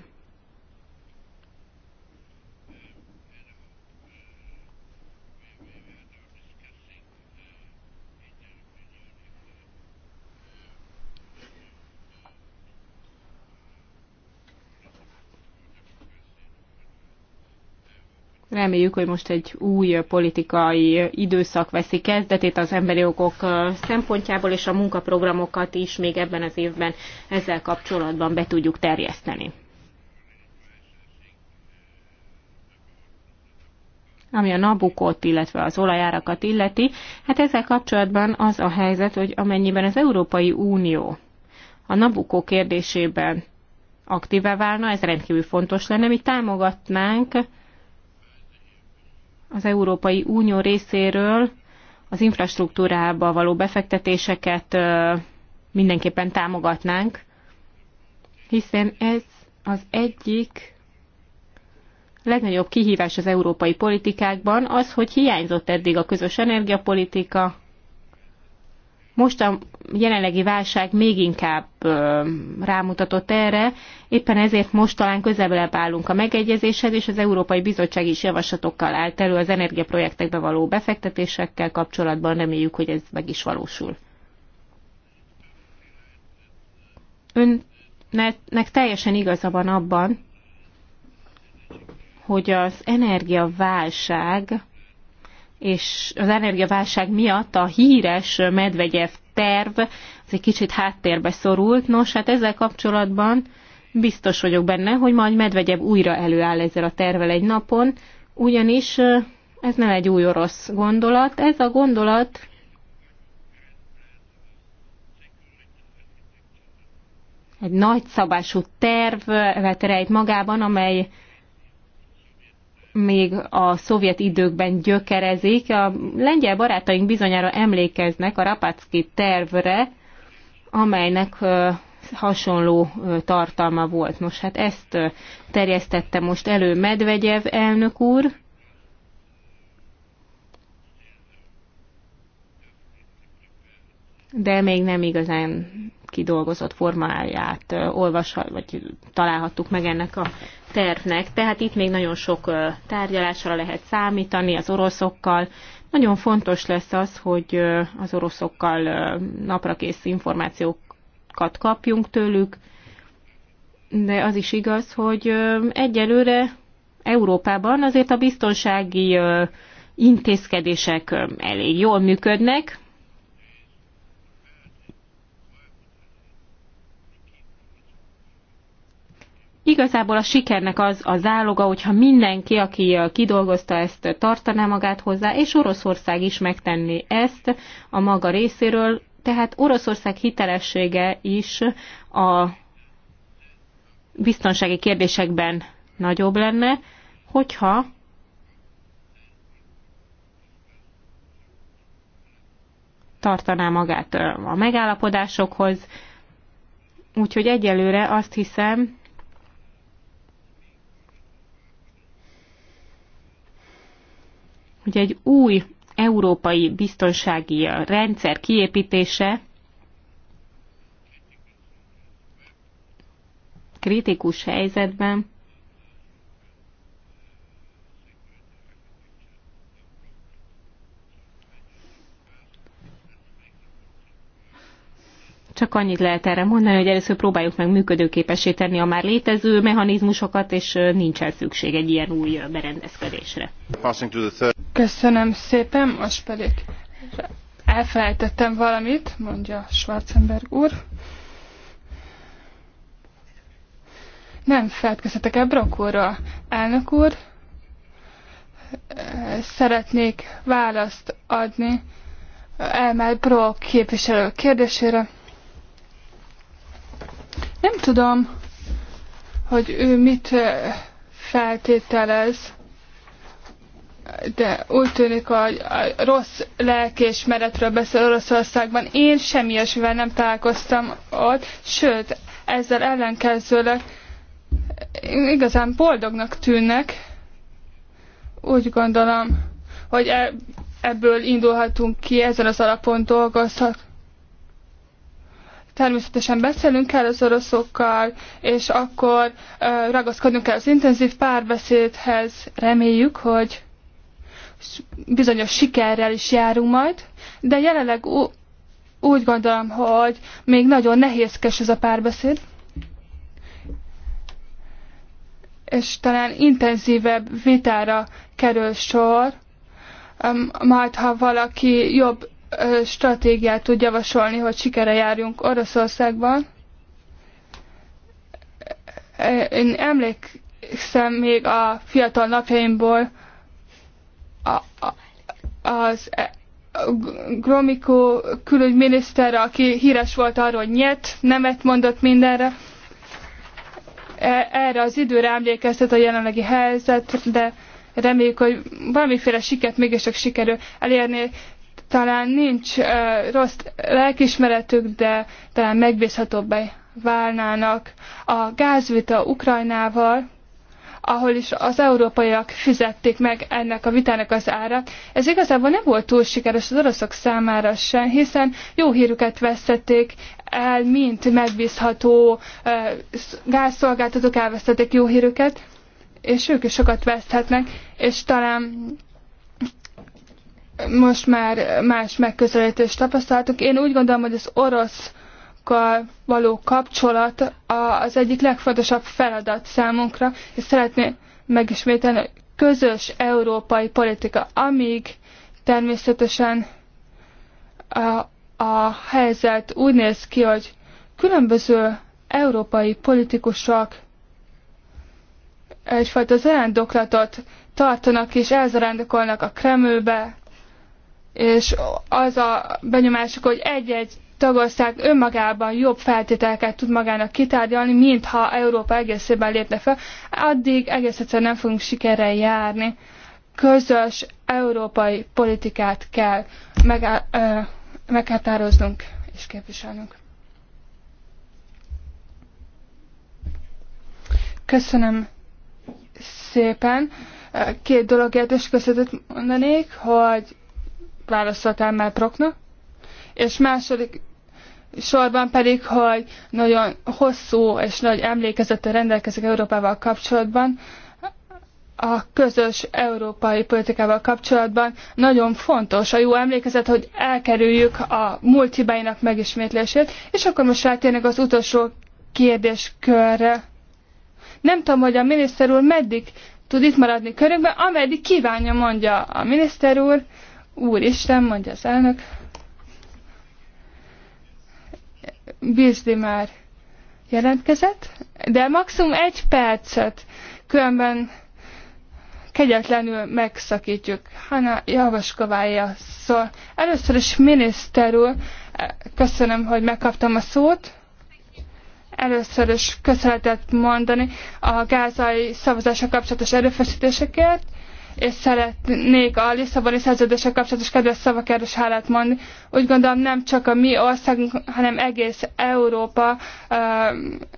S4: Reméljük, hogy most egy új politikai időszak veszi kezdetét az emberi jogok szempontjából, és a munkaprogramokat is még ebben az évben ezzel kapcsolatban be tudjuk terjeszteni. ami a Nabukot, illetve az olajárakat illeti, hát ezzel kapcsolatban az a helyzet, hogy amennyiben az Európai Unió a Nabukó kérdésében aktíve válna, ez rendkívül fontos lenne, mi támogatnánk az Európai Unió részéről az infrastruktúrába való befektetéseket mindenképpen támogatnánk, hiszen ez az egyik legnagyobb kihívás az európai politikákban, az, hogy hiányzott eddig a közös energiapolitika, most a jelenlegi válság még inkább ö, rámutatott erre, éppen ezért most talán közelebb állunk a megegyezéshez, és az Európai Bizottság is javaslatokkal állt elő az energiaprojektekbe való befektetésekkel kapcsolatban, reméljük, hogy ez meg is valósul. Önnek teljesen igaza van abban, hogy az energiaválság és az energiaválság miatt a híres Medvegyev terv az egy kicsit háttérbe szorult. Nos, hát ezzel kapcsolatban biztos vagyok benne, hogy majd Medvegyev újra előáll ezzel a tervel egy napon, ugyanis ez nem egy új orosz gondolat. Ez a gondolat egy nagyszabású terv, rejt magában, amely még a szovjet időkben gyökerezik. A lengyel barátaink bizonyára emlékeznek a Rapacki tervre, amelynek hasonló tartalma volt. Nos, hát ezt terjesztette most elő Medvegyev elnök úr. de még nem igazán kidolgozott formáját olvashat, vagy találhattuk meg ennek a tervnek, tehát itt még nagyon sok tárgyalásra lehet számítani az oroszokkal. Nagyon fontos lesz az, hogy az oroszokkal naprakész információkat kapjunk tőlük, de az is igaz, hogy egyelőre Európában azért a biztonsági intézkedések elég jól működnek, Igazából a sikernek az a záloga, hogyha mindenki, aki kidolgozta ezt, tartaná magát hozzá, és Oroszország is megtenné ezt a maga részéről, tehát Oroszország hitelessége is a biztonsági kérdésekben nagyobb lenne, hogyha tartaná magát a megállapodásokhoz. Úgyhogy egyelőre azt hiszem, hogy egy új európai biztonsági rendszer kiépítése kritikus helyzetben Csak annyit lehet erre mondani, hogy először próbáljuk meg működőképessé tenni a már létező mechanizmusokat, és nincsen szükség egy ilyen új berendezkedésre.
S3: Köszönöm szépen,
S4: most pedig
S3: elfelejtettem valamit, mondja Schwarzenberg úr. Nem feltkezhetek el Brokóra, elnök úr. Szeretnék választ adni Elmer Brok képviselő kérdésére. Nem tudom, hogy ő mit eh, feltételez, de úgy tűnik, hogy a rossz lelkiismeretről beszél Oroszországban. Én semmi ilyesmivel nem találkoztam ott, sőt, ezzel ellenkezőleg igazán boldognak tűnnek. Úgy gondolom, hogy e-, ebből indulhatunk ki, ezen az alapon dolgozhatunk természetesen beszélünk kell az oroszokkal, és akkor ragaszkodnunk kell az intenzív párbeszédhez. Reméljük, hogy bizonyos sikerrel is járunk majd, de jelenleg úgy gondolom, hogy még nagyon nehézkes ez a párbeszéd. És talán intenzívebb vitára kerül sor, majd ha valaki jobb stratégiát tud javasolni, hogy sikere járjunk Oroszországban. Én emlékszem még a fiatal napjaimból a, a, az e, Gromiko külügyminiszter, aki híres volt arról, hogy nyet, nemet mondott mindenre. E, erre az időre emlékeztet a jelenlegi helyzet, de reméljük, hogy valamiféle sikert mégiscsak sikerül elérni talán nincs uh, rossz lelkismeretük, de talán megbízhatóbbá válnának. A gázvita Ukrajnával, ahol is az európaiak fizették meg ennek a vitának az ára, Ez igazából nem volt túl sikeres az oroszok számára sem, hiszen jó hírüket vesztették el, mint megbízható gázszolgáltatók elvesztették jó hírüket, és ők is sokat veszthetnek, és talán most már más megközelítést tapasztaltuk. Én úgy gondolom, hogy az orosz való kapcsolat az egyik legfontosabb feladat számunkra, és szeretném megismételni, hogy közös európai politika, amíg természetesen a, a helyzet úgy néz ki, hogy különböző európai politikusok egyfajta zarándoklatot tartanak és elzarándokolnak a Kremlbe, és az a benyomásuk, hogy egy-egy tagország önmagában jobb feltételeket tud magának kitárgyalni, mintha Európa egészében lépne fel, addig egész egyszerűen nem fogunk sikerrel járni. Közös európai politikát kell meg, ö, meghatároznunk és képviselnünk. Köszönöm szépen. Két dologért is köszönetet mondanék, hogy válaszolt Elmer Proknak, és második sorban pedig, hogy nagyon hosszú és nagy emlékezettel rendelkezik Európával kapcsolatban, a közös európai politikával kapcsolatban nagyon fontos a jó emlékezet, hogy elkerüljük a múlt hibáinak megismétlését, és akkor most rátérnek az utolsó kérdéskörre. Nem tudom, hogy a miniszter úr meddig tud itt maradni körünkben, ameddig kívánja, mondja a miniszter úr, Úristen, mondja az elnök, Bizdi már jelentkezett, de maximum egy percet, különben kegyetlenül megszakítjuk. Hanna Javaskovája szól. Először is miniszter úr, köszönöm, hogy megkaptam a szót. Először is köszönetet mondani a gázai szavazása kapcsolatos erőfeszítésekért és szeretnék a Lisszaboni szerződéssel kapcsolatos kedves szavakért is hálát mondani. Úgy gondolom nem csak a mi országunk, hanem egész Európa,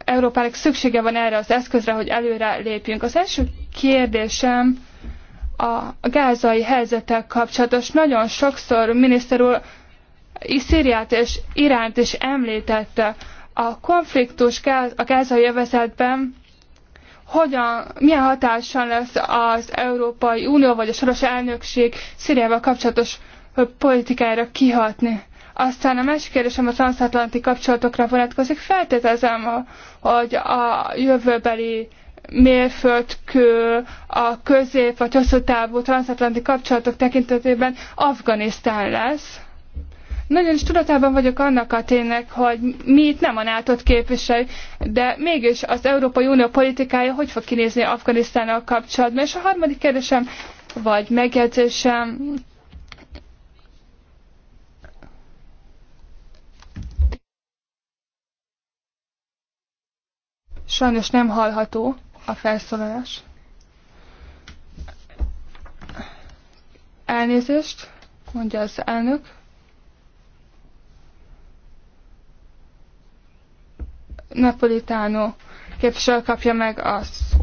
S3: Európának szüksége van erre az eszközre, hogy előre lépjünk. Az első kérdésem a gázai helyzetek kapcsolatos. Nagyon sokszor miniszter úr Szíriát és Iránt is említette. A konfliktus a gázai övezetben hogyan, milyen hatással lesz az Európai Unió vagy a soros elnökség Szíriával kapcsolatos politikára kihatni. Aztán a másik kérdésem a transatlanti kapcsolatokra vonatkozik. Feltételezem, hogy a jövőbeli mérföldkő a közép vagy hosszú távú transatlanti kapcsolatok tekintetében Afganisztán lesz nagyon is tudatában vagyok annak a ténynek, hogy mi itt nem a nato képviseljük, de mégis az Európai Unió politikája hogy fog kinézni Afganisztánnal kapcsolatban. És a harmadik kérdésem, vagy megjegyzésem, Sajnos nem hallható a felszólalás. Elnézést, mondja az elnök. Napolitano képviselő kapja meg azt.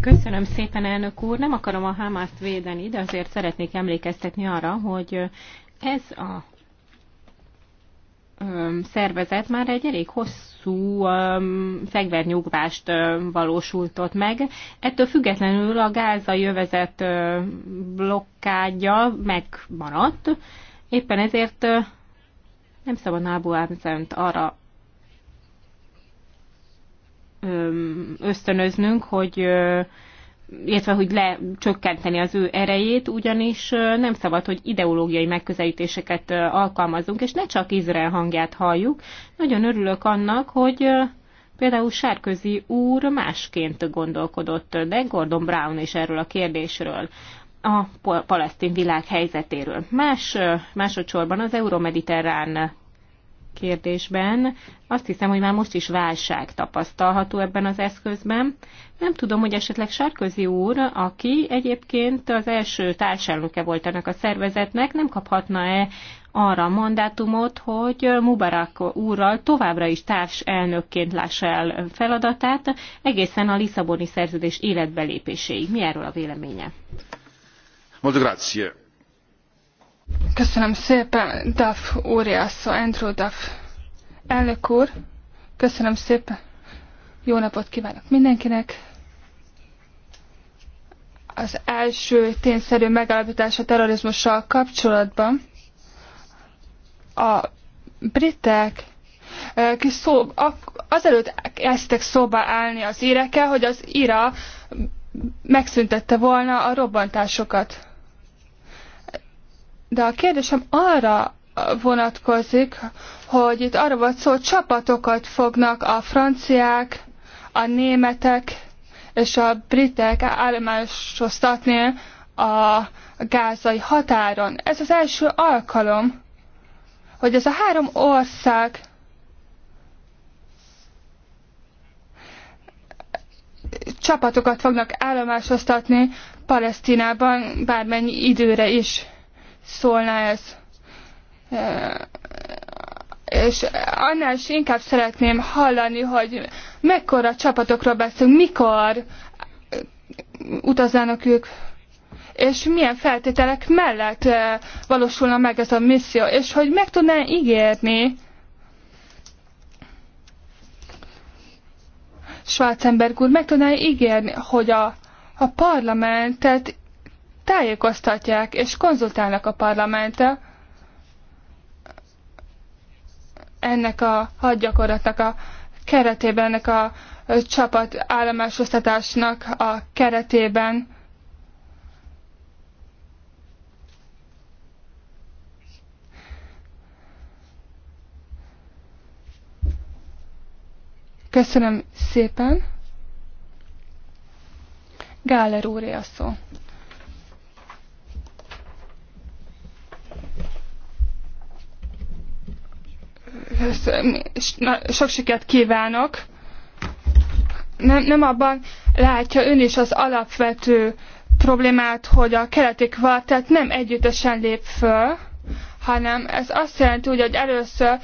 S3: Köszönöm
S4: szépen, elnök úr. Nem akarom a Hamászt védeni, de azért szeretnék emlékeztetni arra, hogy ez a szervezet már egy elég hosszú fegyvernyugvást valósultott meg. Ettől függetlenül a gázai övezet blokkádja megmaradt, éppen ezért nem szabad Nábu arra ösztönöznünk, hogy illetve hogy lecsökkenteni az ő erejét, ugyanis nem szabad, hogy ideológiai megközelítéseket alkalmazzunk, és ne csak Izrael hangját halljuk. Nagyon örülök annak, hogy például Sárközi úr másként gondolkodott, de Gordon Brown is erről a kérdésről a palesztin világ helyzetéről. Más, másodszorban az euromediterrán kérdésben. Azt hiszem, hogy már most is válság tapasztalható ebben az eszközben. Nem tudom, hogy esetleg Sarközi úr, aki egyébként az első társelnöke volt ennek a szervezetnek, nem kaphatna-e arra a mandátumot, hogy Mubarak úrral továbbra is társelnökként lássa el feladatát, egészen a Lisszaboni szerződés életbelépéséig.
S3: Mi erről a véleménye?
S1: Molto grazie.
S3: Köszönöm szépen, Duff óriászó, Andrew Duff. Elnök úr, köszönöm szépen. Jó napot kívánok mindenkinek. Az első tényszerű megállapítás a terrorizmussal kapcsolatban a britek eh, kis szó, azelőtt kezdtek szóba állni az írekkel, hogy az íra megszüntette volna a robbantásokat. De a kérdésem arra vonatkozik, hogy itt arra volt szó, hogy csapatokat fognak a franciák, a németek és a britek állomásosztatni a gázai határon. Ez az első alkalom, hogy ez a három ország csapatokat fognak állomásosztatni Palesztinában bármennyi időre is szólna ez. És annál is inkább szeretném hallani, hogy mekkora csapatokról beszélünk, mikor utaznának ők és milyen feltételek mellett valósulna meg ez a misszió, és hogy meg tudná ígérni Schwarzenberg úr, meg tudná ígérni, hogy a, a parlamentet tájékoztatják és konzultálnak a parlamenttel ennek a hadgyakorlatnak a keretében, ennek a csapat állomásosztatásnak a keretében. Köszönöm szépen. Gáler úr, a szó. sok sikert kívánok. Nem, nem abban látja ön is az alapvető problémát, hogy a keleti kvartett nem együttesen lép föl, hanem ez azt jelenti, hogy, hogy először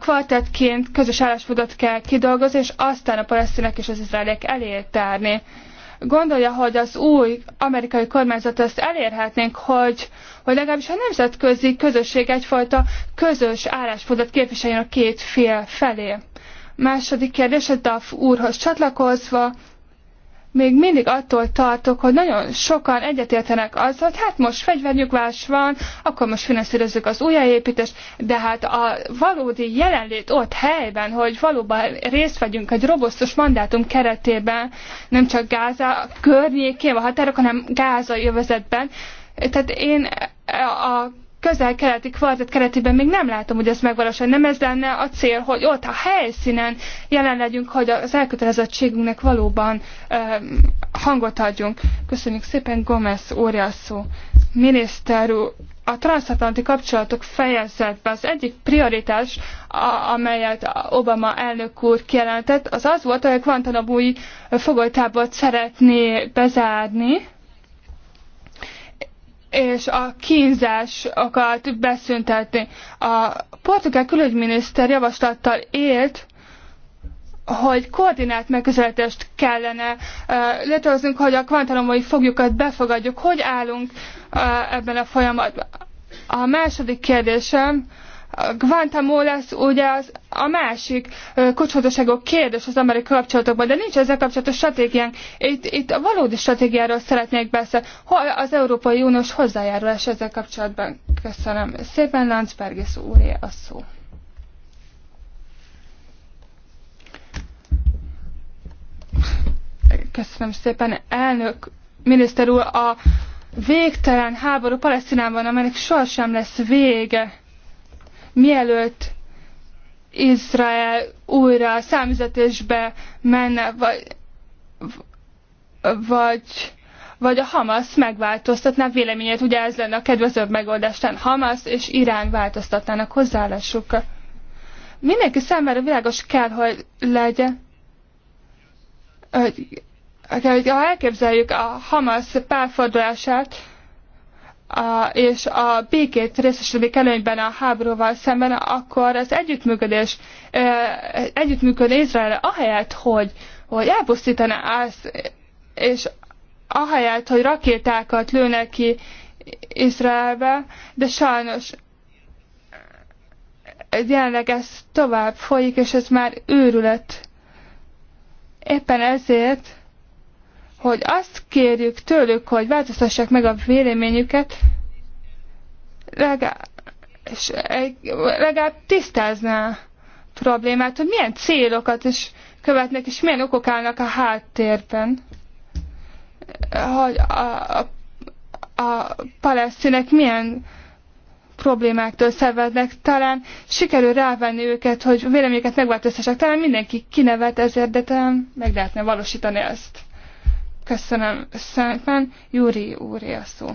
S3: kvartettként közös álláspontot kell kidolgozni, és aztán a palesztinek és az izraeliek elé tárni gondolja, hogy az új amerikai kormányzat ezt elérhetnénk, hogy, hogy legalábbis a nemzetközi közösség egyfajta közös álláspontot képviseljen a két fél felé. Második kérdés, a DAF úrhoz csatlakozva, még mindig attól tartok, hogy nagyon sokan egyetértenek azzal, hogy hát most fegyvernyugvás van, akkor most finanszírozzuk az újjáépítést, de hát a valódi jelenlét ott helyben, hogy valóban részt vegyünk egy robosztus mandátum keretében, nem csak Gáza környékén, a határok, hanem Gáza jövezetben. Tehát én a közel-keleti kvartett keretében még nem látom, hogy ez megvalósul. Nem ez lenne a cél, hogy ott a helyszínen jelen legyünk, hogy az elkötelezettségünknek valóban ö, hangot adjunk. Köszönjük szépen, Gomez óriás Miniszter úr, a transatlanti kapcsolatok fejezetben az egyik prioritás, a, amelyet Obama elnök úr kijelentett, az az volt, hogy a Guantanamo-i fogolytábort szeretné bezárni, és a kínzásokat beszüntetni. A portugál külügyminiszter javaslattal élt, hogy koordinált megközelítést kellene létrehoznunk, hogy a kvantalomai fogjukat befogadjuk. Hogy állunk ebben a folyamatban? A második kérdésem Guantanamo lesz ugye az, a másik kocshatóságok kérdés az amerikai kapcsolatokban, de nincs ezzel kapcsolatos stratégiánk. Itt, itt a valódi stratégiáról szeretnék beszélni. Hol az Európai Uniós hozzájárulás ezzel kapcsolatban? Köszönöm. Szépen Landsbergis úré a szó. Köszönöm szépen, elnök miniszter úr, a végtelen háború Palesztinában, amelynek sohasem lesz vége mielőtt Izrael újra számüzetésbe menne, vagy, vagy, vagy a Hamas megváltoztatná véleményét, ugye ez lenne a kedvezőbb megoldás, tehát Hamas és Irán változtatnának hozzáállásuk. Mindenki számára világos kell, hogy legyen, hogy, hogy ha elképzeljük a Hamas párfordulását, a, és a békét részesülik előnyben a háborúval szemben, akkor az együttműködés, együttműködés Izrael ahelyett, hogy, hogy elpusztítaná azt, és ahelyett, hogy rakétákat lőne ki Izraelbe, de sajnos jelenleg ez tovább folyik, és ez már őrület. Éppen ezért hogy azt kérjük tőlük, hogy változtassák meg a véleményüket, legalább, és legalább tisztázná a problémát, hogy milyen célokat is követnek, és milyen okok állnak a háttérben. Hogy a, a, a palesztinek milyen problémáktól szenvednek, talán sikerül rávenni őket, hogy véleményeket megváltoztassák, talán mindenki kinevet ezért, de talán meg lehetne valósítani ezt. Köszönöm szépen. Júri úré a szó.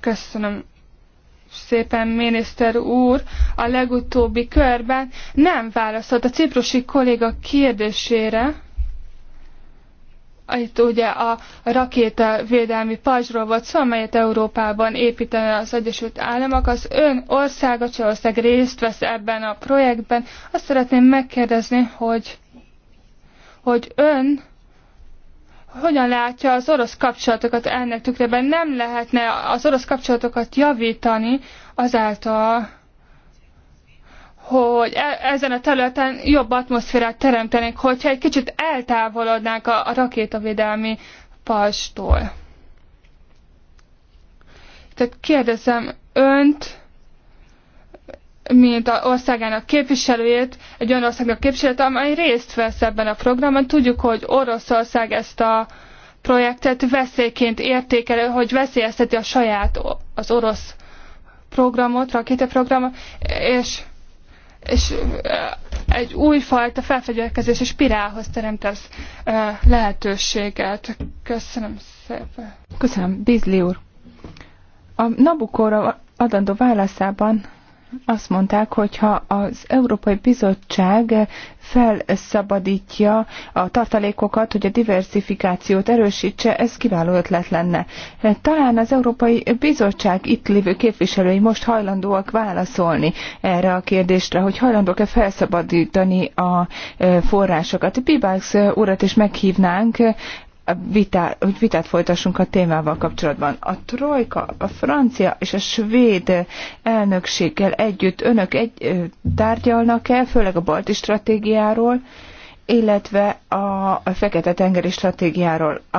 S3: Köszönöm szépen, miniszter úr. A legutóbbi körben nem válaszolt a ciprusi kolléga kérdésére itt ugye a rakétavédelmi pajzsról volt szó, amelyet Európában építene az Egyesült Államok. Az ön országa, Csehország részt vesz ebben a projektben. Azt szeretném megkérdezni, hogy, hogy ön hogyan látja az orosz kapcsolatokat ennek tükrében? Nem lehetne az orosz kapcsolatokat javítani azáltal, hogy e, ezen a területen jobb atmoszférát teremtenénk, hogyha egy kicsit eltávolodnánk a, a rakétavédelmi pastól. Tehát kérdezem önt, mint a országának képviselőjét, egy olyan országnak képviselőjét, amely részt vesz ebben a programban. Tudjuk, hogy Oroszország ezt a projektet veszélyként értékelő, hogy veszélyezteti a saját az orosz programot, rakétaprogramot, és és egy újfajta felfegyelkezési spirálhoz teremtesz lehetőséget. Köszönöm szépen.
S2: Köszönöm, Bízli úr. A Nabukóra adandó válaszában azt mondták, ha az Európai Bizottság felszabadítja a tartalékokat, hogy a diversifikációt erősítse, ez kiváló ötlet lenne. Talán az Európai Bizottság itt lévő képviselői most hajlandóak válaszolni erre a kérdésre, hogy hajlandók-e felszabadítani a forrásokat. Pibax urat is meghívnánk vitá, hogy vitát folytassunk a témával kapcsolatban. A trojka, a francia és a svéd elnökséggel együtt önök egy, tárgyalnak-e, főleg a balti stratégiáról, illetve a Fekete-tengeri stratégiáról. A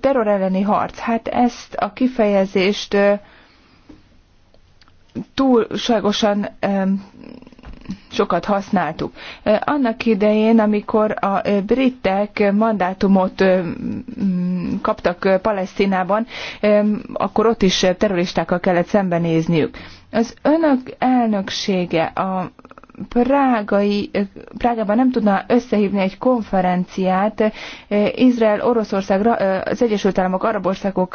S2: terror elleni harc, hát ezt a kifejezést túlságosan sokat használtuk. Annak idején, amikor a britek mandátumot kaptak Palesztinában, akkor ott is terroristákkal kellett szembenézniük. Az önök elnöksége a Prágai, Prágában nem tudna összehívni egy konferenciát Izrael, Oroszország, az Egyesült Államok, arab országok,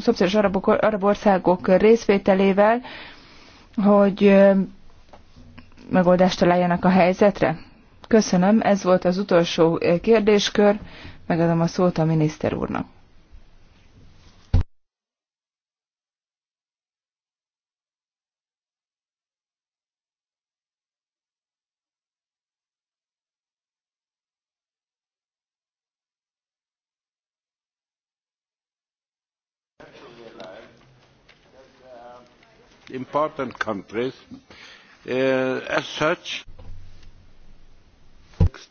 S2: szomszédos arab, arab országok részvételével, hogy megoldást találjanak a helyzetre? Köszönöm, ez volt az utolsó eh, kérdéskör, megadom a szót a miniszter úrnak.
S1: important countries Uh, as such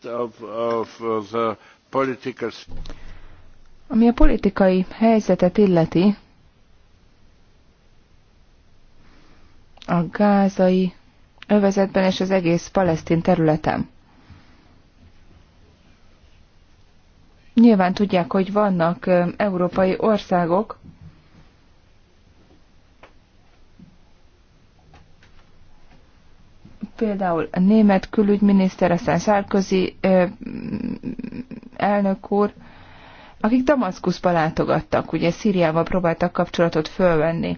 S1: uh,
S2: Ami a politikai helyzetet illeti, a gázai övezetben és az egész palesztin területen. Nyilván tudják, hogy vannak európai országok, Például a német külügyminiszter, aztán Sárközi elnök úr, akik Damaszkuszba látogattak, ugye Szíriával próbáltak kapcsolatot fölvenni.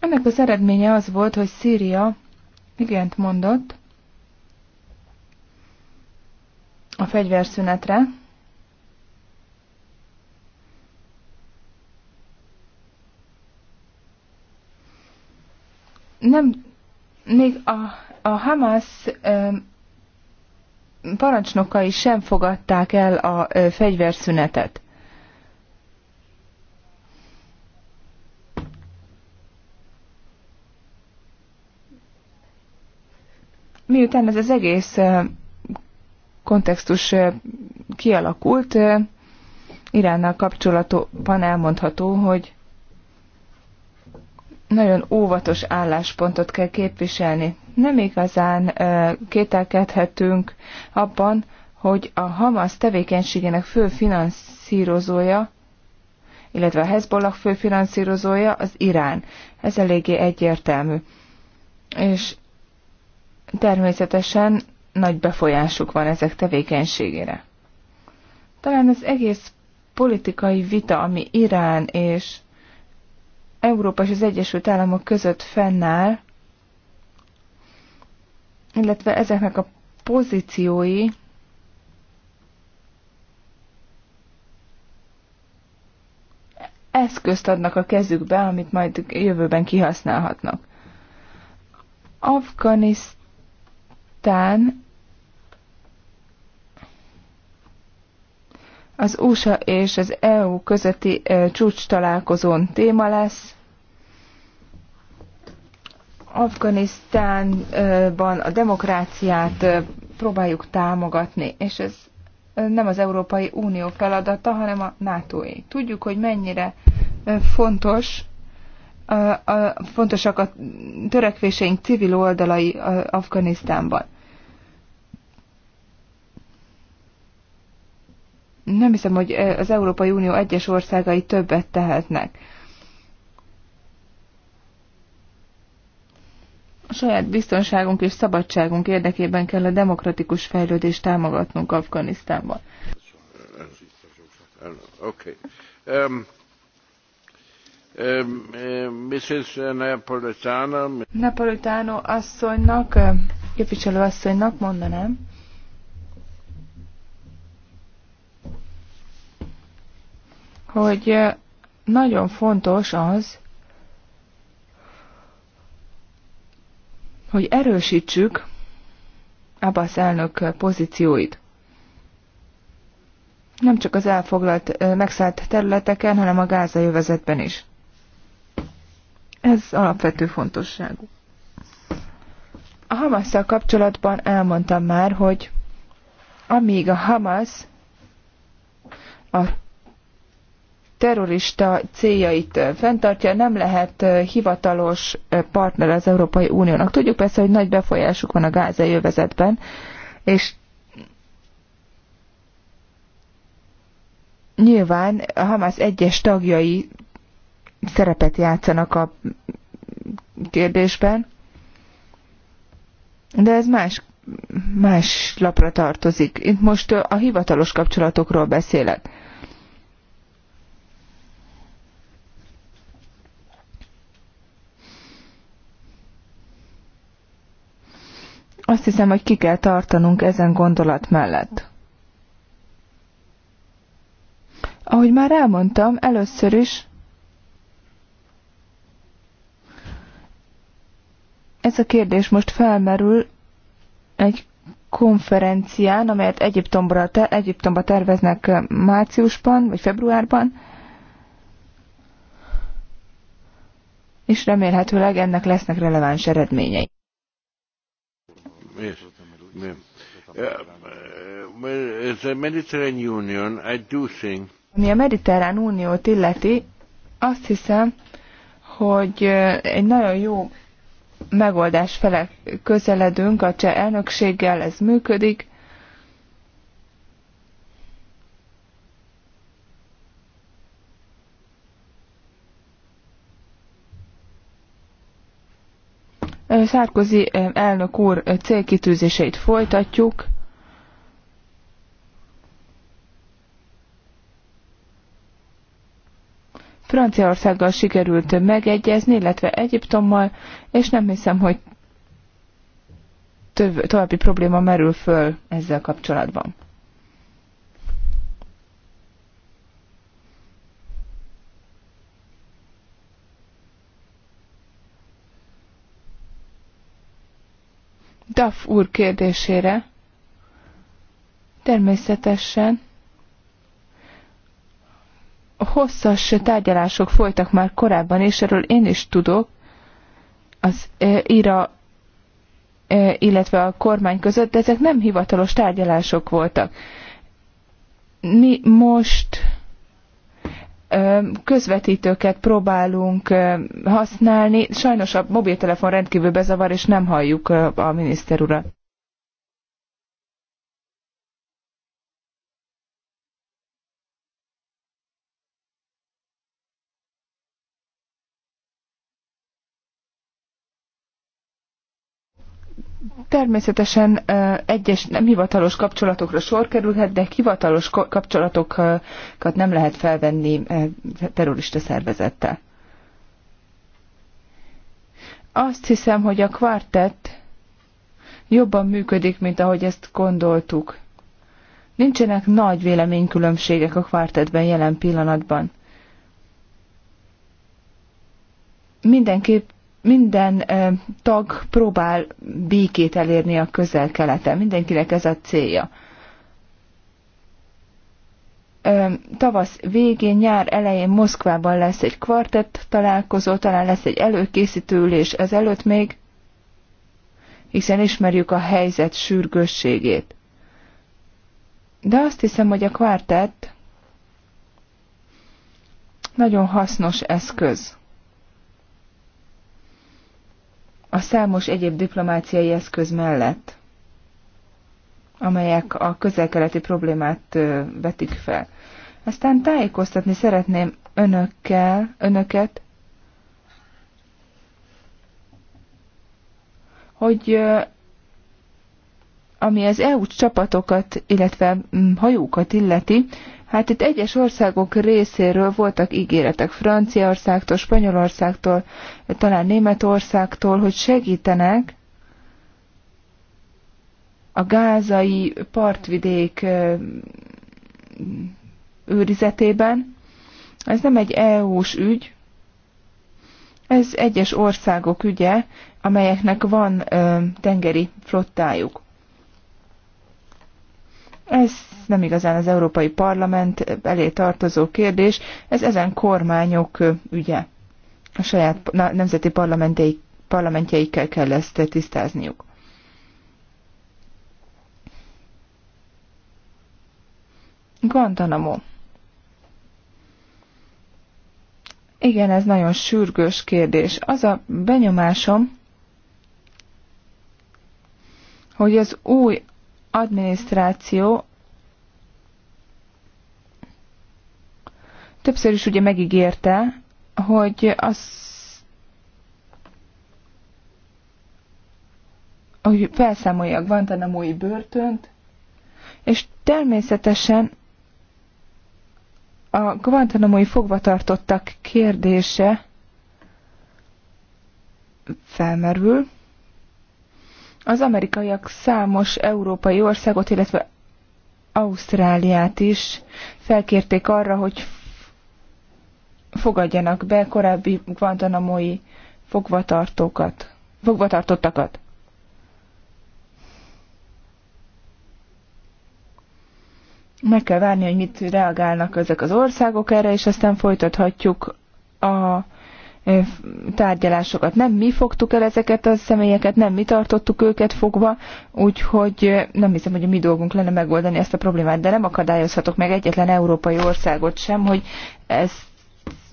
S2: Ennek az eredménye az volt, hogy Szíria igent mondott a fegyverszünetre, nem, még a, a Hamas parancsnokai sem fogadták el a fegyverszünetet. Miután ez az egész kontextus kialakult, Iránnal kapcsolatban elmondható, hogy nagyon óvatos álláspontot kell képviselni. Nem igazán kételkedhetünk abban, hogy a Hamas tevékenységének fő finanszírozója, illetve a Hezbollah fő finanszírozója az Irán. Ez eléggé egyértelmű. És természetesen nagy befolyásuk van ezek tevékenységére. Talán az egész politikai vita, ami Irán és Európa és az Egyesült Államok között fennáll, illetve ezeknek a pozíciói eszközt adnak a kezükbe, amit majd jövőben kihasználhatnak. Afganisztán Az USA és az EU közötti e, csúcs találkozón téma lesz. Afganisztánban a demokráciát e, próbáljuk támogatni, és ez e, nem az Európai Unió feladata, hanem a NATO-é. Tudjuk, hogy mennyire fontos, fontosak a törekvéseink civil oldalai Afganisztánban. nem hiszem, hogy eh, az Európai Unió egyes országai többet tehetnek. A saját biztonságunk és szabadságunk érdekében kell a demokratikus fejlődést támogatnunk Afganisztánban.
S1: Okay. Um, Mrs. Napolitano.
S2: Napolitano asszonynak, eh, képviselő asszonynak mondanám, hogy nagyon fontos az, hogy erősítsük Abbas elnök pozícióit. Nem csak az elfoglalt, megszállt területeken, hanem a gázai övezetben is. Ez alapvető fontosságú. A Hamasszal kapcsolatban elmondtam már, hogy amíg a Hamas a terrorista céljait fenntartja, nem lehet hivatalos partner az Európai Uniónak. Tudjuk persze, hogy nagy befolyásuk van a gázai övezetben, és nyilván a Hamász egyes tagjai szerepet játszanak a kérdésben, de ez más, más lapra tartozik. Itt most a hivatalos kapcsolatokról beszélek Azt hiszem, hogy ki kell tartanunk ezen gondolat mellett. Ahogy már elmondtam, először is ez a kérdés most felmerül egy konferencián, amelyet Egyiptomba, te, Egyiptomba terveznek eh, márciusban, vagy februárban, és remélhetőleg ennek lesznek releváns eredményei. Ami a Mediterrán Uniót illeti, azt hiszem, hogy uh, egy nagyon jó megoldás felek közeledünk a cseh elnökséggel, ez működik. Szárkozi eh, elnök úr eh, célkitűzéseit folytatjuk. Franciaországgal sikerült megegyezni, illetve Egyiptommal, és nem hiszem, hogy több, további probléma merül föl ezzel kapcsolatban. Duff úr kérdésére. Természetesen hosszas tárgyalások folytak már korábban, és erről én is tudok, az IRA, e, e, illetve a kormány között, de ezek nem hivatalos tárgyalások voltak. Mi most közvetítőket próbálunk használni. Sajnos a mobiltelefon rendkívül bezavar, és nem halljuk a miniszter urat. Természetesen egyes nem hivatalos kapcsolatokra sor kerülhet, de hivatalos kapcsolatokat nem lehet felvenni terrorista szervezettel. Azt hiszem, hogy a kvartett jobban működik, mint ahogy ezt gondoltuk. Nincsenek nagy véleménykülönbségek a kvártetben jelen pillanatban. Mindenképp minden tag próbál békét elérni a közel-keleten. Mindenkinek ez a célja. Tavasz végén, nyár elején Moszkvában lesz egy kvartett találkozó, talán lesz egy előkészítő ülés ezelőtt még, hiszen ismerjük a helyzet sürgősségét. De azt hiszem, hogy a kvartett nagyon hasznos eszköz. a számos egyéb diplomáciai eszköz mellett, amelyek a közelkeleti problémát vetik fel. Aztán tájékoztatni szeretném önökkel, önöket, hogy ami az EU csapatokat, illetve mm, hajókat illeti, Hát itt egyes országok részéről voltak ígéretek Franciaországtól, Spanyolországtól, talán Németországtól, hogy segítenek a gázai partvidék őrizetében. Ez nem egy EU-s ügy, ez egyes országok ügye, amelyeknek van ö, tengeri flottájuk. Ez nem igazán az Európai Parlament elé tartozó kérdés, ez ezen kormányok ügye. A saját nemzeti parlamentjeikkel kell ezt tisztázniuk. Guantanamo. Igen, ez nagyon sürgős kérdés. Az a benyomásom, hogy az új adminisztráció többször is ugye megígérte, hogy az hogy felszámolja a Guantanamo-i börtönt, és természetesen a Guantanamo-i fogvatartottak kérdése felmerül. Az amerikaiak számos európai országot, illetve Ausztráliát is felkérték arra, hogy fogadjanak be korábbi Guantanamo-i fogvatartókat, fogvatartottakat. Meg kell várni, hogy mit reagálnak ezek az országok erre, és aztán folytathatjuk a tárgyalásokat. Nem mi fogtuk el ezeket a személyeket, nem mi tartottuk őket fogva, úgyhogy nem hiszem, hogy a mi dolgunk lenne megoldani ezt a problémát, de nem akadályozhatok meg egyetlen európai országot sem, hogy ez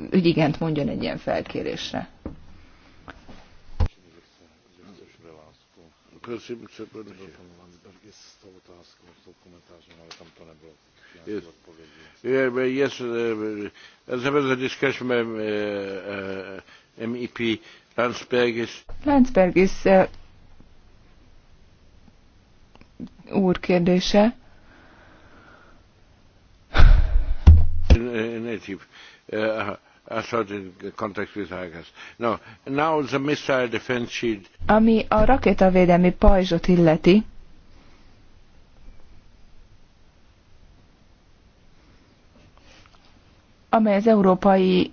S2: hogy igent mondjon egy ilyen felkérésre.
S1: Köszönöm szépen yes, there was a discussion by MEP Landsbergis.
S2: Landsbergis úr kérdése.
S1: Native. Uh, I thought in contact with Hagas. No, now the missile defense shield.
S2: Ami a rakétavédelmi pajzsot illeti, amely az európai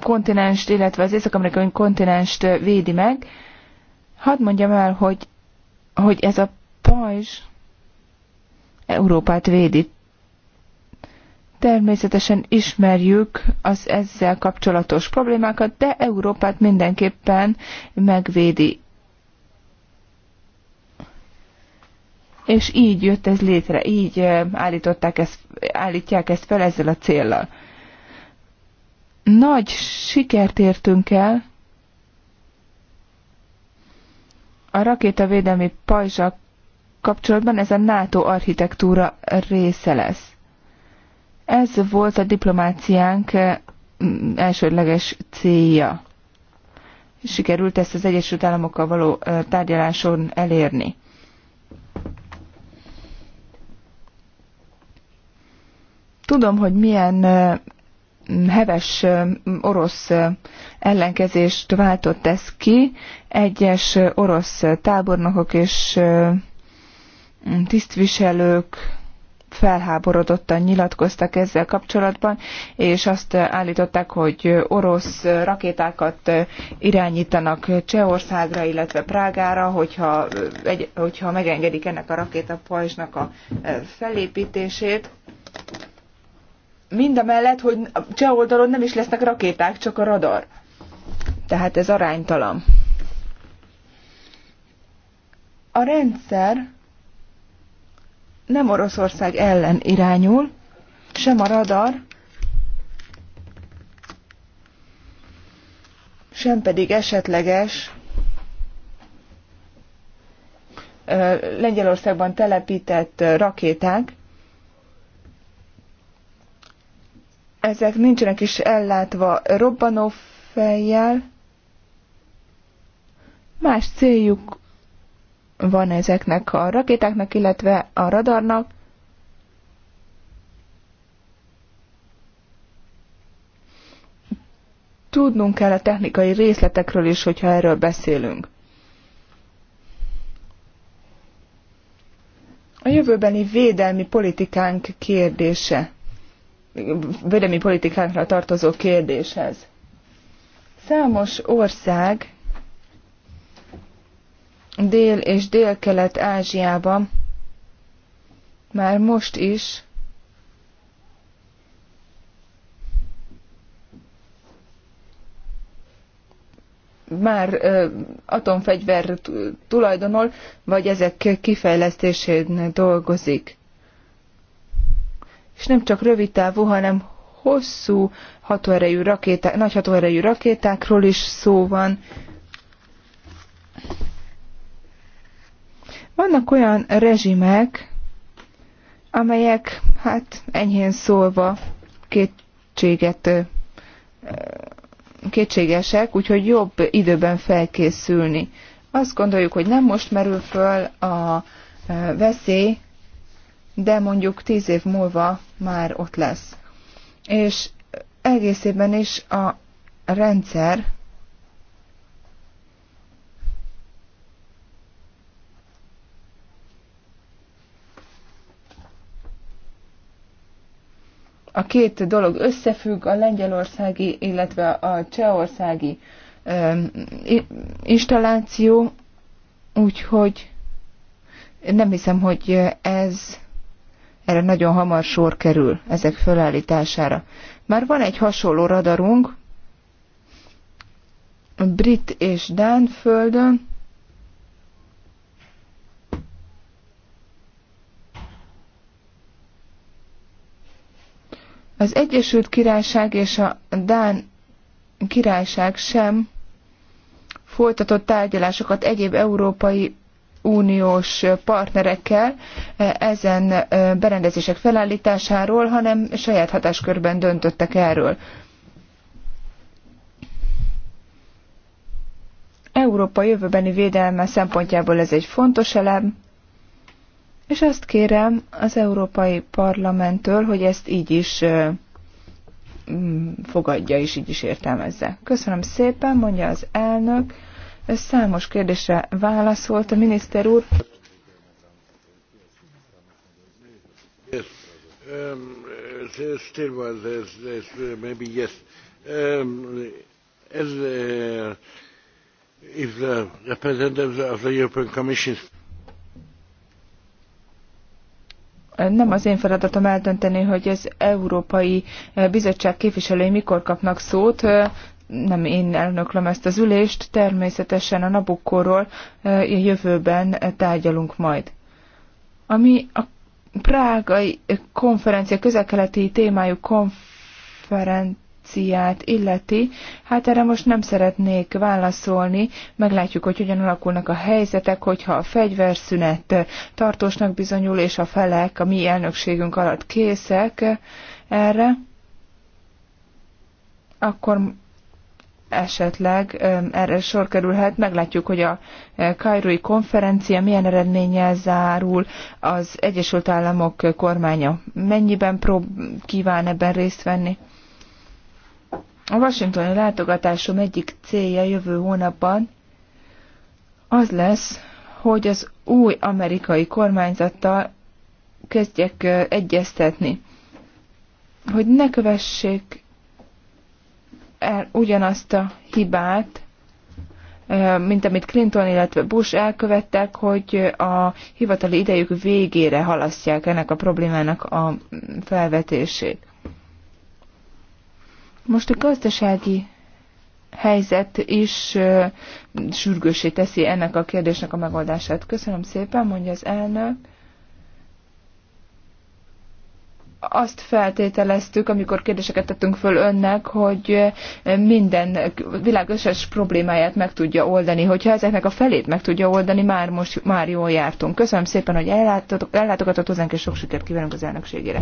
S2: kontinenst, illetve az észak-amerikai kontinenst védi meg. Hadd mondjam el, hogy, hogy ez a pajzs Európát védi. Természetesen ismerjük az ezzel kapcsolatos problémákat, de Európát mindenképpen megvédi és így jött ez létre, így állították ezt, állítják ezt fel ezzel a céllal. Nagy sikert értünk el, a rakétavédelmi pajzsak kapcsolatban ez a NATO architektúra része lesz. Ez volt a diplomáciánk elsődleges célja. Sikerült ezt az Egyesült Államokkal való tárgyaláson elérni. Tudom, hogy milyen heves orosz ellenkezést váltott ez ki. Egyes orosz tábornokok és tisztviselők felháborodottan nyilatkoztak ezzel kapcsolatban, és azt állították, hogy orosz rakétákat irányítanak Csehországra, illetve Prágára, hogyha, egy, hogyha megengedik ennek a rakétapajzsnak a felépítését mind a mellett, hogy cseh oldalon nem is lesznek rakéták, csak a radar. Tehát ez aránytalan. A rendszer nem Oroszország ellen irányul, sem a radar, sem pedig esetleges Lengyelországban telepített rakéták ezek nincsenek is ellátva robbanó fejjel. Más céljuk van ezeknek a rakétáknak, illetve a radarnak. Tudnunk kell a technikai részletekről is, hogyha erről beszélünk. A jövőbeni védelmi politikánk kérdése védelmi politikánkra tartozó kérdéshez. Számos ország Dél- és délkelet ázsiában már most is már ö, atomfegyver tulajdonol, vagy ezek kifejlesztésén dolgozik és nem csak rövid távú, hanem hosszú hatóerejű rakéták, nagy hatóerejű rakétákról is szó van. Vannak olyan rezsimek, amelyek, hát enyhén szólva, kétséget, kétségesek, úgyhogy jobb időben felkészülni. Azt gondoljuk, hogy nem most merül föl a veszély, de mondjuk tíz év múlva már ott lesz. És egészében is a rendszer a két dolog összefügg, a lengyelországi, illetve a csehországi installáció, úgyhogy nem hiszem, hogy ez erre nagyon hamar sor kerül, ezek fölállítására. Már van egy hasonló radarunk, brit és dán földön, Az Egyesült Királyság és a Dán Királyság sem folytatott tárgyalásokat egyéb európai uniós partnerekkel eh, ezen eh, berendezések felállításáról, hanem saját hatáskörben döntöttek erről. Európa jövőbeni védelme szempontjából ez egy fontos elem, és azt kérem az Európai Parlamenttől, hogy ezt így is eh, mm, fogadja és így is értelmezze. Köszönöm szépen, mondja az elnök. Számos kérdésre válaszolt a miniszter úr.
S1: Um, maybe yes. Um, uh, if the representatives of the European Commission
S2: nem az én feladatom eldönteni, hogy az Európai Bizottság képviselői mikor kapnak szót, nem én elnöklöm ezt az ülést, természetesen a Nabukkóról jövőben tárgyalunk majd. Ami a prágai konferencia, közelkeleti témájú konferenciát illeti, hát erre most nem szeretnék válaszolni, meglátjuk, hogy hogyan alakulnak a helyzetek, hogyha a fegyverszünet tartósnak bizonyul, és a felek a mi elnökségünk alatt készek erre, akkor esetleg erre sor kerülhet. Meglátjuk, hogy a kairói konferencia milyen eredménnyel zárul, az Egyesült Államok kormánya mennyiben prób- kíván ebben részt venni. A washingtoni látogatásom egyik célja jövő hónapban az lesz, hogy az új amerikai kormányzattal kezdjek egyeztetni, hogy ne kövessék ugyanazt a hibát, mint amit Clinton, illetve Bush elkövettek, hogy a hivatali idejük végére halasztják ennek a problémának a felvetését. Most a gazdasági helyzet is sürgősé teszi ennek a kérdésnek a megoldását. Köszönöm szépen, mondja az elnök. azt feltételeztük, amikor kérdéseket tettünk föl önnek, hogy minden világ összes problémáját meg tudja oldani. Hogyha ezeknek a felét meg tudja oldani, már most már jól jártunk. Köszönöm szépen, hogy ellátogatott hozzánk, és sok sikert kívánunk az elnökségére.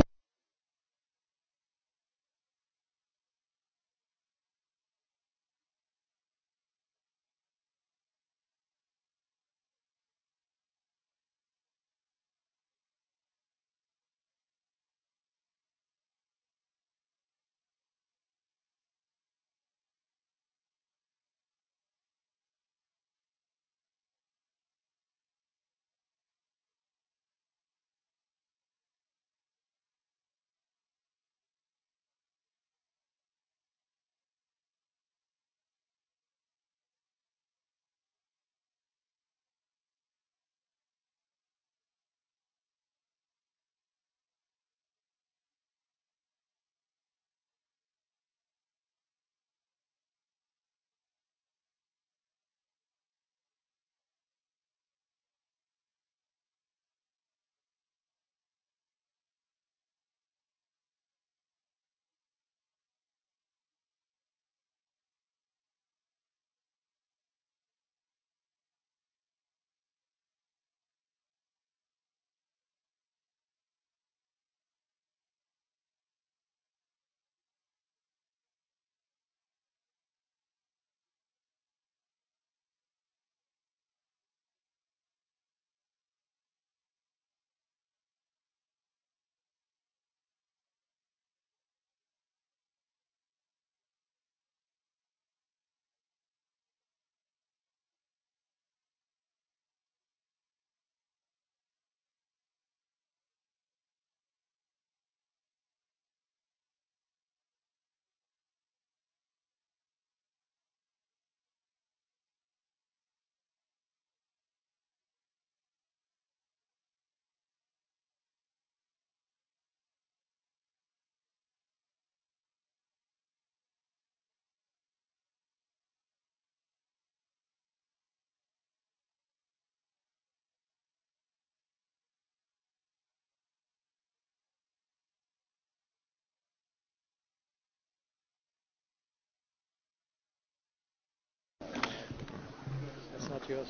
S1: yours?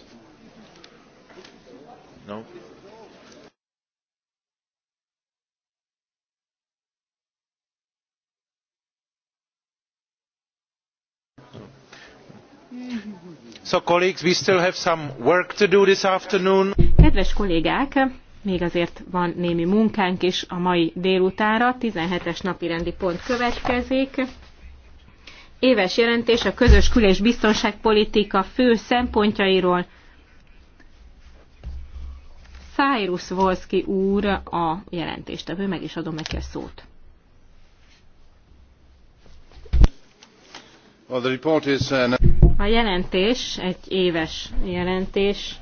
S1: No. So, colleagues, we still have some work to do this afternoon.
S4: Kedves kollégák, még azért van némi munkánk is a mai délutára. 17-es napi rendi pont következik éves jelentés a közös kül- és biztonságpolitika fő szempontjairól. Cyrus Volski úr a jelentéstevő, meg is adom neki a szót. Uh, a jelentés egy éves jelentés,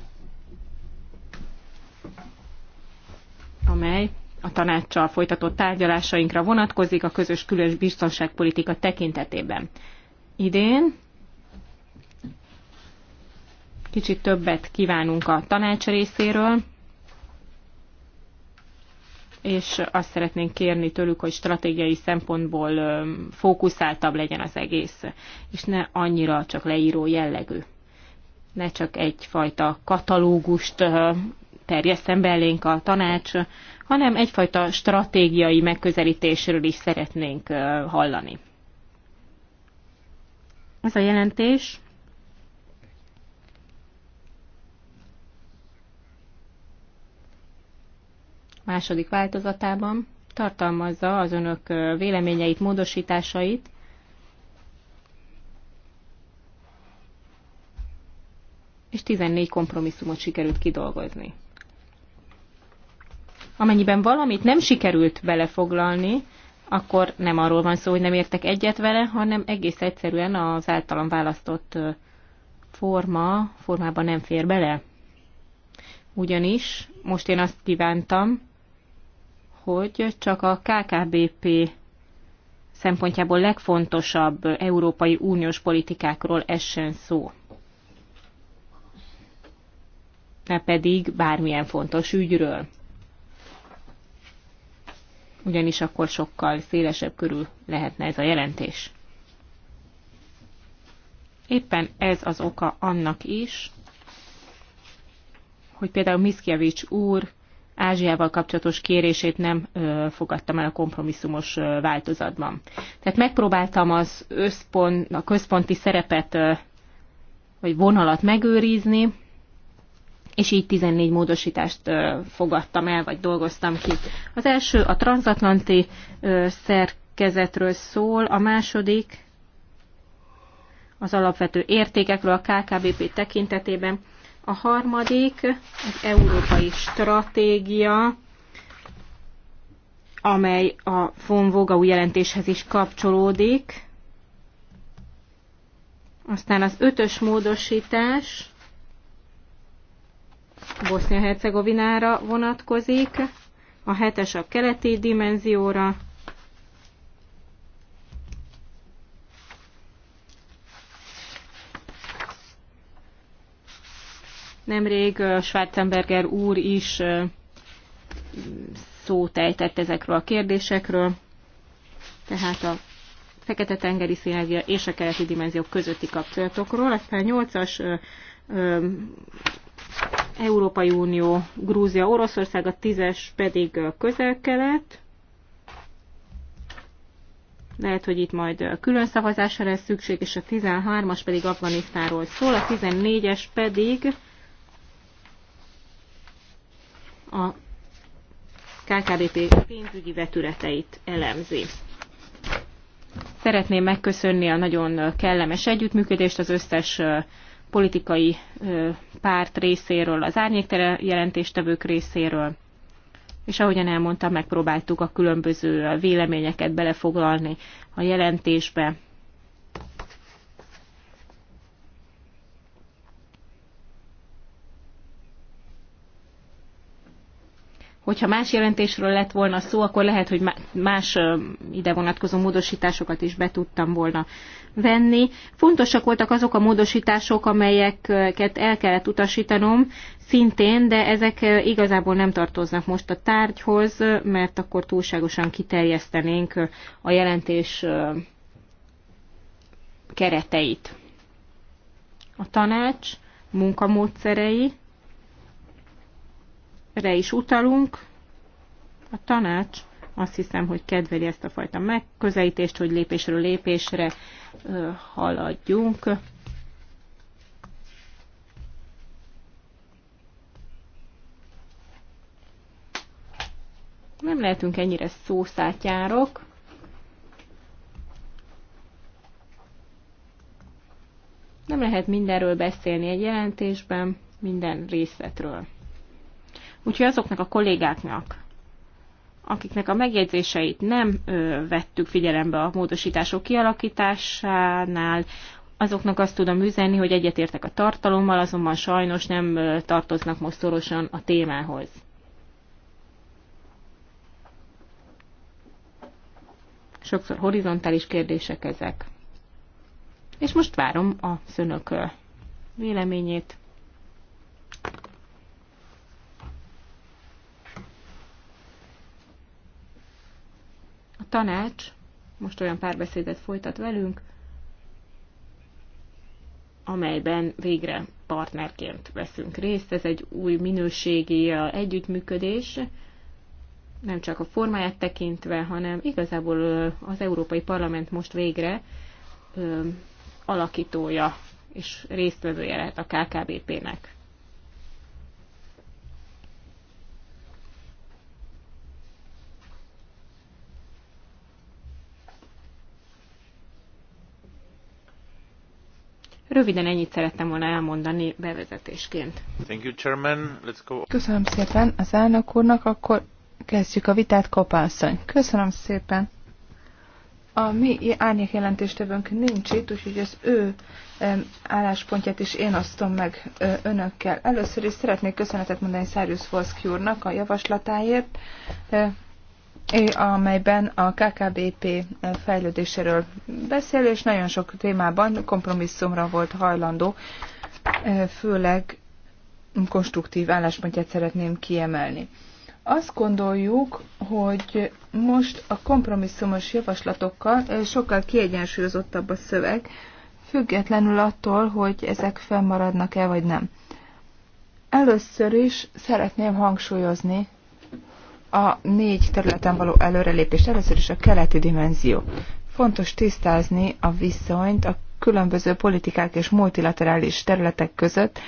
S4: amely a tanácssal folytatott tárgyalásainkra vonatkozik a közös külös biztonságpolitika tekintetében. Idén kicsit többet kívánunk a tanács részéről, és azt szeretnénk kérni tőlük, hogy stratégiai szempontból fókuszáltabb legyen az egész, és ne annyira csak leíró jellegű. Ne csak egyfajta katalógust terjesztem belénk a tanács, hanem egyfajta stratégiai megközelítésről is szeretnénk hallani. Ez a jelentés második változatában tartalmazza az önök véleményeit, módosításait, és 14 kompromisszumot sikerült kidolgozni. Amennyiben valamit nem sikerült belefoglalni, akkor nem arról van szó, hogy nem értek egyet vele, hanem egész egyszerűen az általam választott forma formában nem fér bele. Ugyanis most én azt kívántam, hogy csak a KKBP szempontjából legfontosabb Európai Uniós politikákról essen szó. Ne pedig bármilyen fontos ügyről ugyanis akkor sokkal szélesebb körül lehetne ez a jelentés. Éppen ez az oka annak is, hogy például Miszkiewicz úr Ázsiával kapcsolatos kérését nem ö, fogadtam el a kompromisszumos ö, változatban. Tehát megpróbáltam az összpont, a központi szerepet ö, vagy vonalat megőrizni, és így 14 módosítást fogadtam el, vagy dolgoztam ki. Az első a transatlanti szerkezetről szól, a második az alapvető értékekről a KKBP tekintetében, a harmadik az európai stratégia, amely a von Vogau jelentéshez is kapcsolódik. Aztán az ötös módosítás, Bosznia-Hercegovinára vonatkozik, a hetes a keleti dimenzióra, Nemrég Schwarzenberger úr is szót ejtett ezekről a kérdésekről, tehát a Fekete-tengeri szinergia és a keleti dimenziók közötti kapcsolatokról, aztán 8-as Európai Unió, Grúzia, Oroszország, a tízes pedig közel-kelet. Lehet, hogy itt majd külön szavazásra lesz szükség, és a 13-as pedig Afganisztáról szól, a 14-es pedig a KKDP pénzügyi vetületeit elemzi. Szeretném megköszönni a nagyon kellemes együttműködést az összes politikai párt részéről, az árnyéktere jelentéstevők részéről, és ahogyan elmondtam, megpróbáltuk a különböző véleményeket belefoglalni a jelentésbe, Hogyha más jelentésről lett volna szó, akkor lehet, hogy más ide vonatkozó módosításokat is be tudtam volna venni. Fontosak voltak azok a módosítások, amelyeket el kellett utasítanom szintén, de ezek igazából nem tartoznak most a tárgyhoz, mert akkor túlságosan kiterjesztenénk a jelentés kereteit. A tanács munkamódszerei re is utalunk. A tanács azt hiszem, hogy kedveli ezt a fajta megközelítést, hogy lépésről lépésre haladjunk. Nem lehetünk ennyire szószátjárok. Nem lehet mindenről beszélni egy jelentésben, minden részletről. Úgyhogy azoknak a kollégáknak, akiknek a megjegyzéseit nem ö, vettük figyelembe a módosítások kialakításánál, azoknak azt tudom üzenni, hogy egyetértek a tartalommal, azonban sajnos nem ö, tartoznak most szorosan a témához. Sokszor horizontális kérdések ezek. És most várom a szönök véleményét. A tanács most olyan párbeszédet folytat velünk, amelyben végre partnerként veszünk részt. Ez egy új minőségi együttműködés, nem csak a formáját tekintve, hanem igazából az Európai Parlament most végre alakítója és résztvevője lehet a KKBP-nek. Röviden ennyit szerettem volna elmondani bevezetésként. Thank you, Chairman. Let's go. Köszönöm
S2: szépen az elnök úrnak, akkor kezdjük a vitát, kopászony. Köszönöm szépen. A mi árnyék jelentéstevőnk nincs itt, úgyhogy az ő álláspontját is én osztom meg önökkel. Először is szeretnék köszönetet mondani Szárius Volszki úrnak a javaslatáért amelyben a KKBP fejlődéséről beszél, és nagyon sok témában kompromisszumra volt hajlandó, főleg konstruktív álláspontját szeretném kiemelni. Azt gondoljuk, hogy most a kompromisszumos javaslatokkal sokkal kiegyensúlyozottabb a szöveg, függetlenül attól, hogy ezek fennmaradnak-e vagy nem. Először is szeretném hangsúlyozni, a négy területen való előrelépés. Először is a keleti dimenzió. Fontos tisztázni a viszonyt a különböző politikák és multilaterális területek között,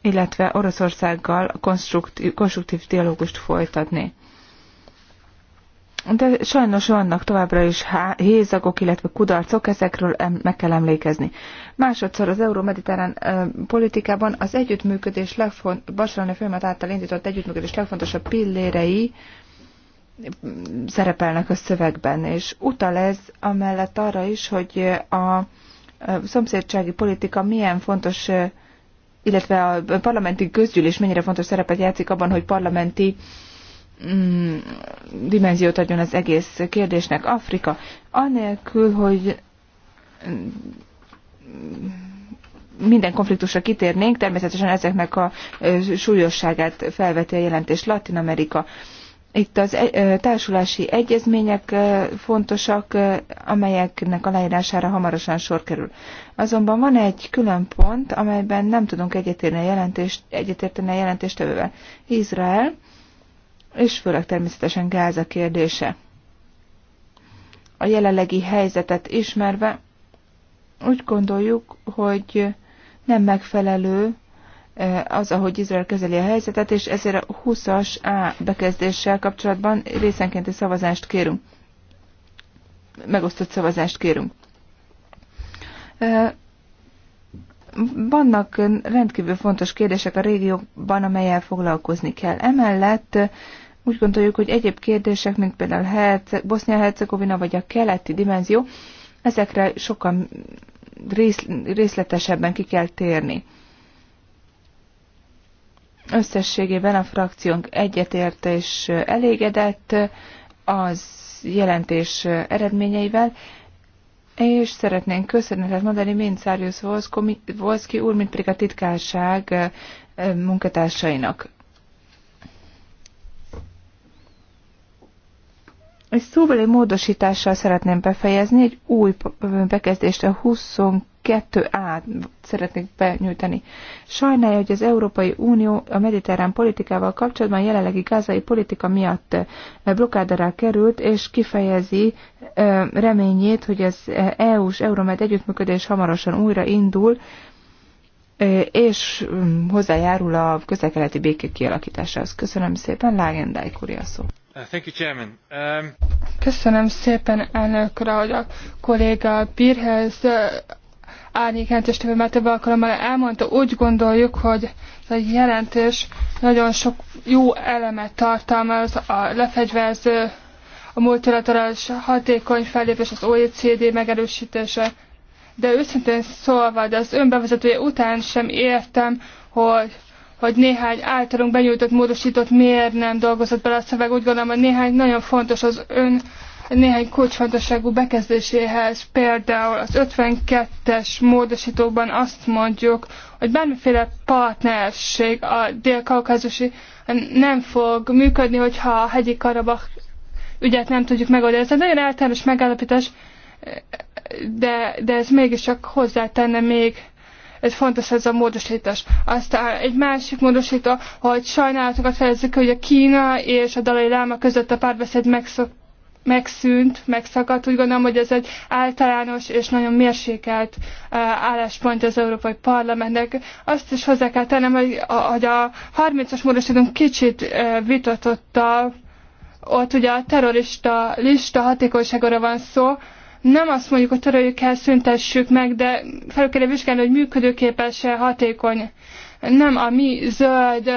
S2: illetve Oroszországgal konstruktív, konstruktív dialógust folytatni. De sajnos vannak továbbra is hézagok, illetve kudarcok, ezekről meg kell emlékezni. Másodszor az euró-mediterrán politikában az együttműködés legfontosabb Barcelona folyamat által indított együttműködés legfontosabb pillérei szerepelnek a szövegben, és utal ez amellett arra is, hogy a szomszédsági politika milyen fontos, illetve a parlamenti közgyűlés mennyire fontos szerepet játszik abban, hogy parlamenti mm, dimenziót adjon az egész kérdésnek. Afrika, anélkül, hogy mm, minden konfliktusra kitérnénk, természetesen ezeknek a súlyosságát felveti a jelentés. Latin Amerika, itt az eh, eh, társulási egyezmények eh, fontosak, amelyeknek aláírására hamarosan sor kerül. Azonban van egy külön pont, amelyben nem tudunk egyetérteni a, jelentést, egyetérteni a jelentéstevővel. Izrael, és főleg természetesen Gáza kérdése. A jelenlegi helyzetet ismerve úgy gondoljuk, hogy nem megfelelő az, ahogy Izrael kezeli a helyzetet, és ezért a 20-as A bekezdéssel kapcsolatban részenkénti szavazást kérünk. Megosztott szavazást kérünk. Vannak rendkívül fontos kérdések a régióban, amelyel foglalkozni kell. Emellett úgy gondoljuk, hogy egyéb kérdések, mint például Herceg, Bosznia-Hercegovina vagy a keleti dimenzió, ezekre sokan részletesebben ki kell térni. Összességében a frakciónk egyetért és elégedett az jelentés eredményeivel, és szeretnénk köszönetet mondani mind Szárius Volszki úr, mint pedig a titkárság munkatársainak. Egy szóbeli módosítással szeretném befejezni egy új bekezdést a 22 kettő a szeretnék benyújtani. Sajnálja, hogy az Európai Unió a mediterrán politikával kapcsolatban jelenlegi gázai politika miatt eh, blokkádára került, és kifejezi eh, reményét, hogy az EU-s eh, e Euromed együttműködés hamarosan újra indul, és mm, hozzájárul a közelkeleti béke kialakításához. Köszönöm
S3: szépen, Lágendájk úr, a szó.
S1: Uh, um,
S3: Köszönöm szépen elnökre, hogy a kolléga Birhez árnyékjelentéstevő már több alkalommal elmondta, úgy gondoljuk, hogy ez egy jelentés nagyon sok jó elemet tartalmaz, a lefegyverző, a multilaterális hatékony fellépés, az OECD megerősítése, de őszintén szólva, de az önbevezetője után sem értem, hogy, hogy néhány általunk benyújtott, módosított miért nem dolgozott bele a szöveg. Úgy gondolom, hogy néhány nagyon fontos az ön néhány kulcsfontosságú bekezdéséhez, például az 52-es módosítóban azt mondjuk, hogy bármiféle partnerség a dél-kaukázusi nem fog működni, hogyha a hegyi Karabach ügyet nem tudjuk megoldani. Ez egy nagyon általános megállapítás, de, de ez mégiscsak hozzátenne még ez fontos ez a módosítás. Aztán egy másik módosító, hogy sajnálatokat fejezzük, hogy a Kína és a Dalai Láma között a párbeszéd megszok, megszűnt, megszakadt. Úgy gondolom, hogy ez egy általános és nagyon mérsékelt álláspont az Európai Parlamentnek. Azt is hozzá kell tennem, hogy a, hogy a 30-as módosítunk kicsit vitatotta, ott ugye a terrorista lista hatékonyságára van szó, nem azt mondjuk, hogy töröljük el, szüntessük meg, de fel kell vizsgálni, hogy működőképes-e, hatékony nem a mi zöld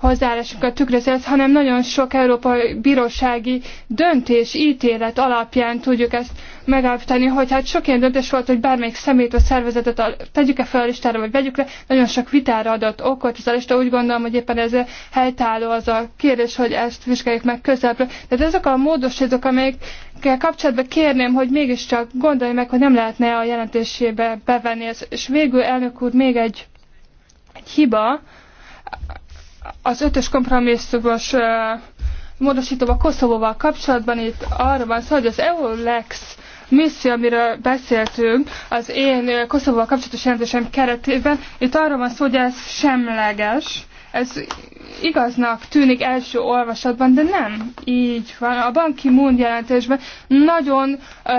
S3: hozzáállásunkat tükrözi ez, hanem nagyon sok európai bírósági döntés, ítélet alapján tudjuk ezt megállapítani, hogy hát sok ilyen döntés volt, hogy bármelyik szemét vagy szervezetet tegyük-e fel a listára, vagy vegyük le, nagyon sok vitára adott okot az a lista, úgy gondolom, hogy éppen ez helytálló az a kérdés, hogy ezt vizsgáljuk meg közelebbről. Tehát ezek a módosítók, amelyek kapcsolatban kérném, hogy mégiscsak gondolj meg, hogy nem lehetne a jelentésébe bevenni ezt. És végül, elnök úr, még egy hiba. Az ötös kompromisszumos módosítóval Koszovóval kapcsolatban itt arra van szó, hogy az EULEX misszió, amiről beszéltünk, az én Koszovóval kapcsolatos jelentésem keretében, itt arra van szó, hogy ez semleges, ez igaznak tűnik első olvasatban, de nem így van. A banki moon jelentésben nagyon ö,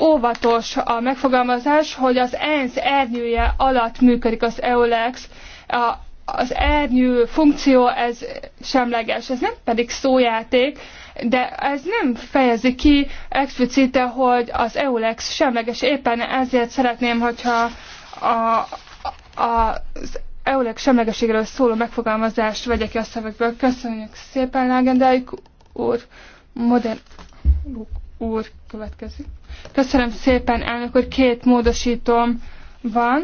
S3: óvatos a megfogalmazás, hogy az ENSZ ernyője alatt működik az EULEX, a, az ernyő funkció ez semleges, ez nem pedig szójáték, de ez nem fejezi ki explicite, hogy az EULEX semleges. Éppen ezért szeretném, hogyha a, a, az EULEX semlegeségről szóló megfogalmazást vegyek ki a szövegből. Köszönjük szépen, Lágendáik úr, modern úr következik. Köszönöm szépen, elnök úr, két módosítom van,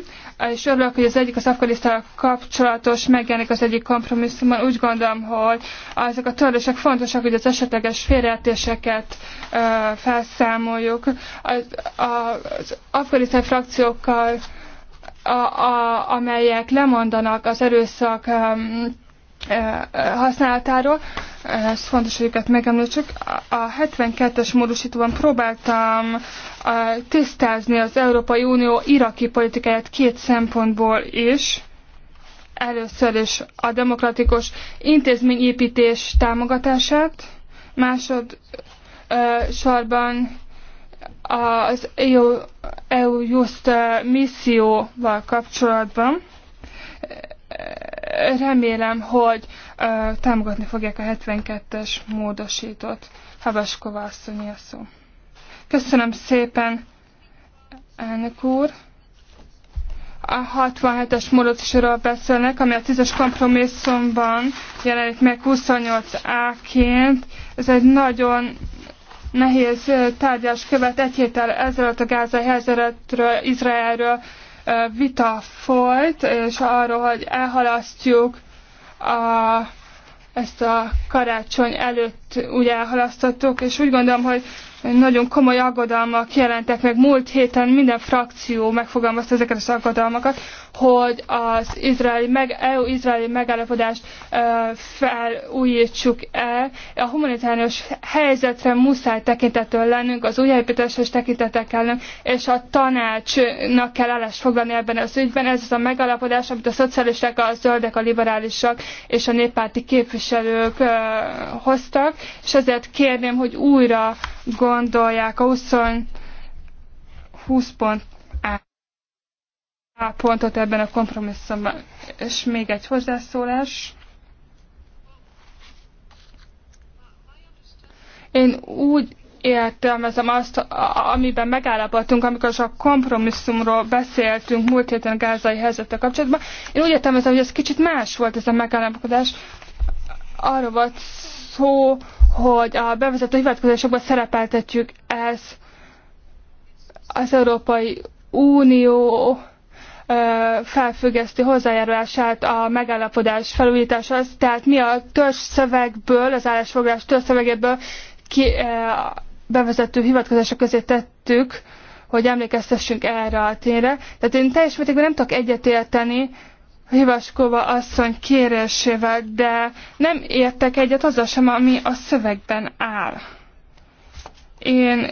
S3: és örülök, hogy az egyik az Afganisztán kapcsolatos megjelenik az egyik kompromisszumban. Úgy gondolom, hogy azok a törlések fontosak, hogy az esetleges félreértéseket ö, felszámoljuk. Az, az afganisztán frakciókkal, a, a, amelyek lemondanak az erőszak um, használatáról. Ez fontos, hogy őket megemlítsük. A 72-es módosítóban próbáltam tisztázni az Európai Unió iraki politikáját két szempontból is. Először is a demokratikus intézményépítés támogatását, másod sorban az EU, EU Just misszióval kapcsolatban remélem, hogy uh, támogatni fogják a 72-es módosított Habaskova asszonyi a szó. Köszönöm szépen, elnök úr! a 67-es módosítóról beszélnek, ami a 10-es kompromisszumban jelenik meg 28 áként Ez egy nagyon nehéz tárgyás követ. Egy héttel ezelőtt a gázai helyzetről, Izraelről vita folyt, és arról, hogy elhalasztjuk a, ezt a karácsony előtt ezt ugye elhalasztottuk, és úgy gondolom, hogy nagyon komoly aggodalmak jelentek meg. Múlt héten minden frakció megfogalmazta ezeket az aggodalmakat, hogy az izraeli meg, EU-izraeli megállapodást ö, felújítsuk el. A humanitárius helyzetre muszáj tekintetől lennünk, az újjáépítéses tekintetek kellünk, és a tanácsnak kell állást foglalni ebben az ügyben. Ez az a megállapodás, amit a szocialisták, a zöldek, a liberálisak és a néppárti képviselők ö, hoztak és ezért kérném, hogy újra gondolják a 20, 20 pont A pontot ebben a kompromisszumban. És még egy hozzászólás. Én úgy értelmezem azt, amiben megállapodtunk, amikor a kompromisszumról beszéltünk múlt héten a gázai helyzettel kapcsolatban. Én úgy értelmezem, hogy ez kicsit más volt ez a megállapodás. Arról volt szó, hogy a bevezető hivatkozásokban szerepeltetjük ez az Európai Unió felfüggeszti hozzájárulását a megállapodás felújításához. Tehát mi a törzsszövegből, az állásfoglalás törzsszövegéből ki, bevezető hivatkozások közé tettük, hogy emlékeztessünk erre a tényre. Tehát én teljes mértékben nem tudok egyetérteni Hivaskova asszony kérésével, de nem értek egyet azzal sem, ami a szövegben áll. Én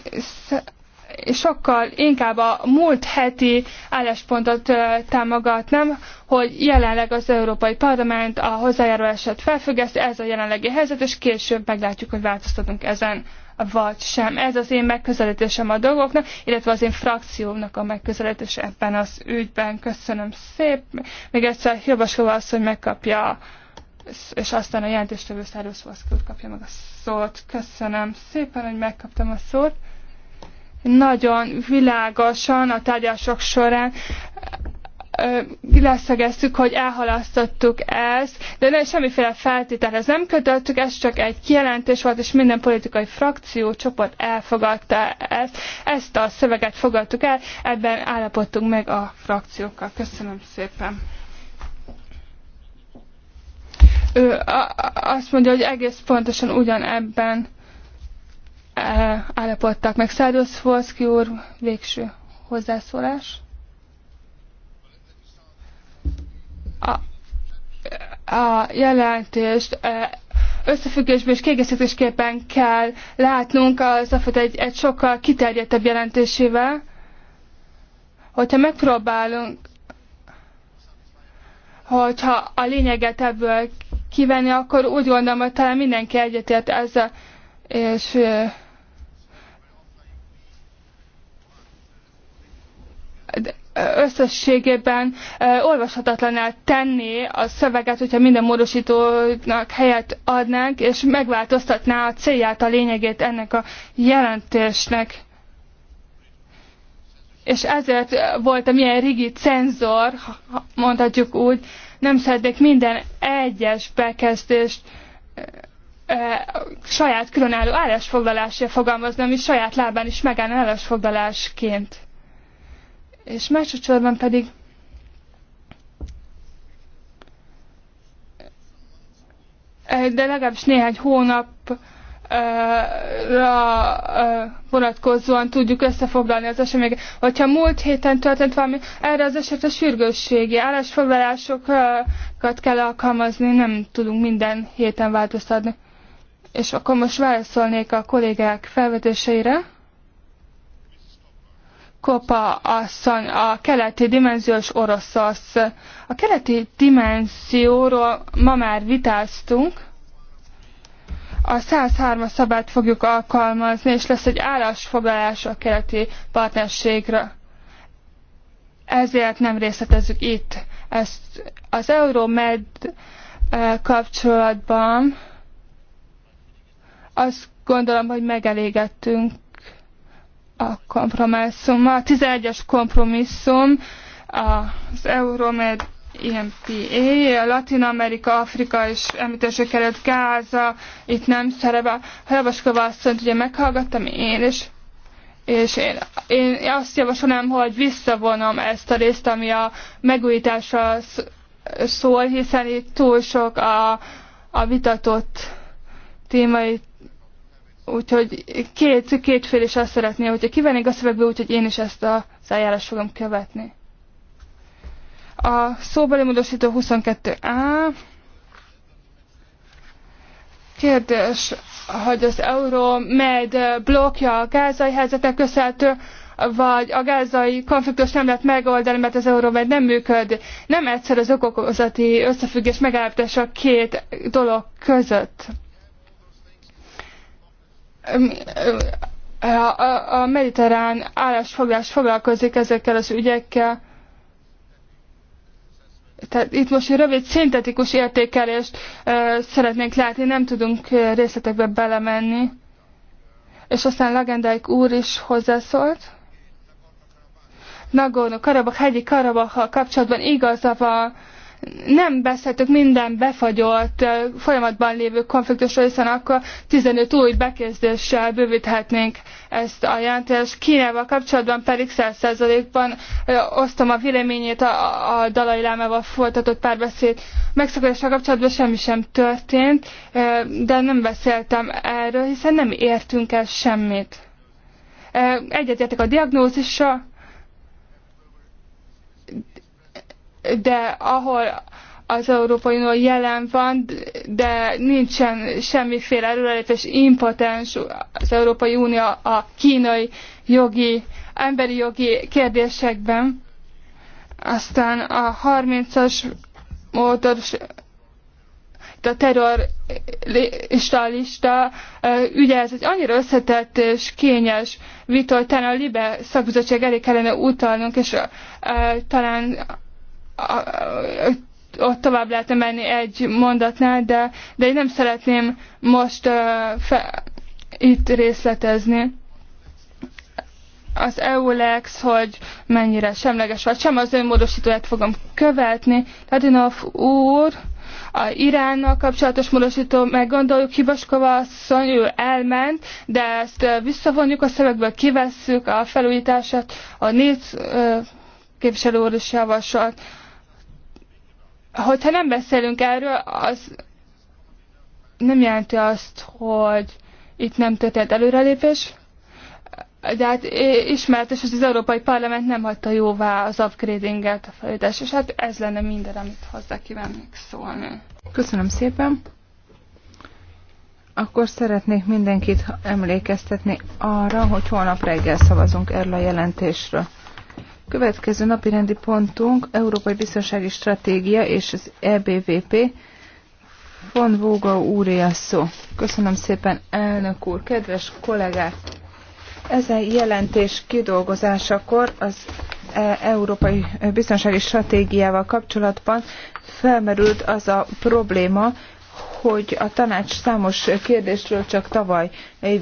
S3: sokkal inkább a múlt heti álláspontot támogatnám, hogy jelenleg az Európai Parlament a hozzájárulását felfüggeszt. ez a jelenlegi helyzet, és később meglátjuk, hogy változtatunk ezen vagy sem. Ez az én megközelítésem a dolgoknak, illetve az én frakciómnak a megközelítése ebben az ügyben. Köszönöm szép. Még egyszer Hilbaskova azt, hogy megkapja és aztán a jelentéstevő Száros kapja meg a szót. Köszönöm szépen, hogy megkaptam a szót. Nagyon világosan a tárgyások során leszögeztük, hogy elhalasztottuk ezt, de nem semmiféle feltételhez nem kötöttük, ez csak egy kijelentés volt, és minden politikai frakció, csoport elfogadta ezt. Ezt a szöveget fogadtuk el, ebben állapodtunk meg a frakciókkal. Köszönöm szépen. Ő azt mondja, hogy egész pontosan ugyanebben állapodtak meg. Szádosz úr, végső hozzászólás. a, a jelentést összefüggésben és kiegészítésképpen kell látnunk az AFAT egy, egy sokkal kiterjedtebb jelentésével, hogyha megpróbálunk, hogyha a lényeget ebből kivenni, akkor úgy gondolom, hogy talán mindenki egyetért ezzel, és de, összességében olvashatatlaná tenni a szöveget, hogyha minden módosítónak helyet adnánk, és megváltoztatná a célját, a lényegét ennek a jelentésnek. És ezért voltam ilyen rigi cenzor, mondhatjuk úgy, nem szeretnék minden egyes bekezdést saját különálló állásfoglalásért fogalmazni, ami saját lábán is megáll állásfoglalásként és másodszorban pedig eh, de legalábbis néhány hónapra eh, vonatkozóan tudjuk összefoglalni az eseményeket. Hogyha múlt héten történt valami, erre az esetre sürgősségi állásfoglalásokat kell alkalmazni, nem tudunk minden héten változtatni. És akkor most válaszolnék a kollégák felvetéseire. Kopa asszony a keleti dimenziós oroszasz. A keleti dimenzióról ma már vitáztunk. A 103-as fogjuk alkalmazni, és lesz egy állásfoglalás a keleti partnerségre. Ezért nem részletezzük itt. Ezt az Euromed eh, kapcsolatban azt gondolom, hogy megelégettünk a kompromisszum, A 11-es kompromisszum az Euromed IMPA, e Latin Amerika, Afrika és említésre került Gáza, itt nem szerepel. Helvaskova azt ugye meghallgattam én is, és én, én azt javasolom, hogy visszavonom ezt a részt, ami a megújításra szól, hiszen itt túl sok a, a vitatott téma, itt Úgyhogy két, két fél is azt szeretné, hogyha kivennék a szövegből, úgyhogy én is ezt az eljárást fogom követni. A szóbeli módosító 22a. Kérdés, hogy az euró med blokja a gázai helyzetek köszönhető, vagy a gázai konfliktus nem lehet megoldani, mert az med nem működ. Nem egyszer az okokozati összefüggés megállapítása a két dolog között a, a, mediterrán állásfoglás foglalkozik ezekkel az ügyekkel. Tehát itt most egy rövid szintetikus értékelést ö, szeretnénk látni, nem tudunk részletekbe belemenni. És aztán Lagendaik úr is hozzászólt. Nagorno-Karabakh hegyi Karabakh kapcsolatban igaza van, nem beszéltük minden befagyott folyamatban lévő konfliktusról, hiszen akkor 15 új bekezdéssel bővíthetnénk ezt a jelentést. Kínával kapcsolatban pedig 100%-ban osztom a véleményét a, a Dalai Lámával folytatott párbeszéd megszakadással kapcsolatban semmi sem történt, de nem beszéltem erről, hiszen nem értünk el semmit. Egyetértek a diagnózissal, de ahol az Európai Unió jelen van, de nincsen semmiféle előrelépés impotens az Európai Unió a kínai jogi, emberi jogi kérdésekben. Aztán a 30-as módos a terrorista lista ügye, ez egy annyira összetett és kényes vita, hogy talán a Libe szakbizottság elé kellene utalnunk, és talán ott tovább lehetne menni egy mondatnál, de, de én nem szeretném most uh, fe, itt részletezni az EULEX, hogy mennyire semleges vagy sem, az önmódosítóját fogom követni. Ladinov úr, a Iránnal kapcsolatos módosító, meg gondoljuk, Hibaskova asszony, ő elment, de ezt visszavonjuk a szövegből, kivesszük a felújítását, a négy képviselő úr is javasolt, hogyha nem beszélünk erről, az nem jelenti azt, hogy itt nem történt előrelépés, de hát ismertes, hogy az Európai Parlament nem hagyta jóvá az upgradinget, a fejlődés, és hát ez lenne minden, amit hozzá kívánnék szólni.
S2: Köszönöm szépen. Akkor szeretnék mindenkit emlékeztetni arra, hogy holnap reggel szavazunk erről a jelentésről. Következő napi rendi pontunk Európai Biztonsági Stratégia és az EBVP. Von Vóga úré a szó. Köszönöm szépen, elnök úr, kedves kollégák! Ezen jelentés kidolgozásakor az e Európai Biztonsági Stratégiával kapcsolatban felmerült az a probléma, hogy a tanács számos kérdésről csak tavaly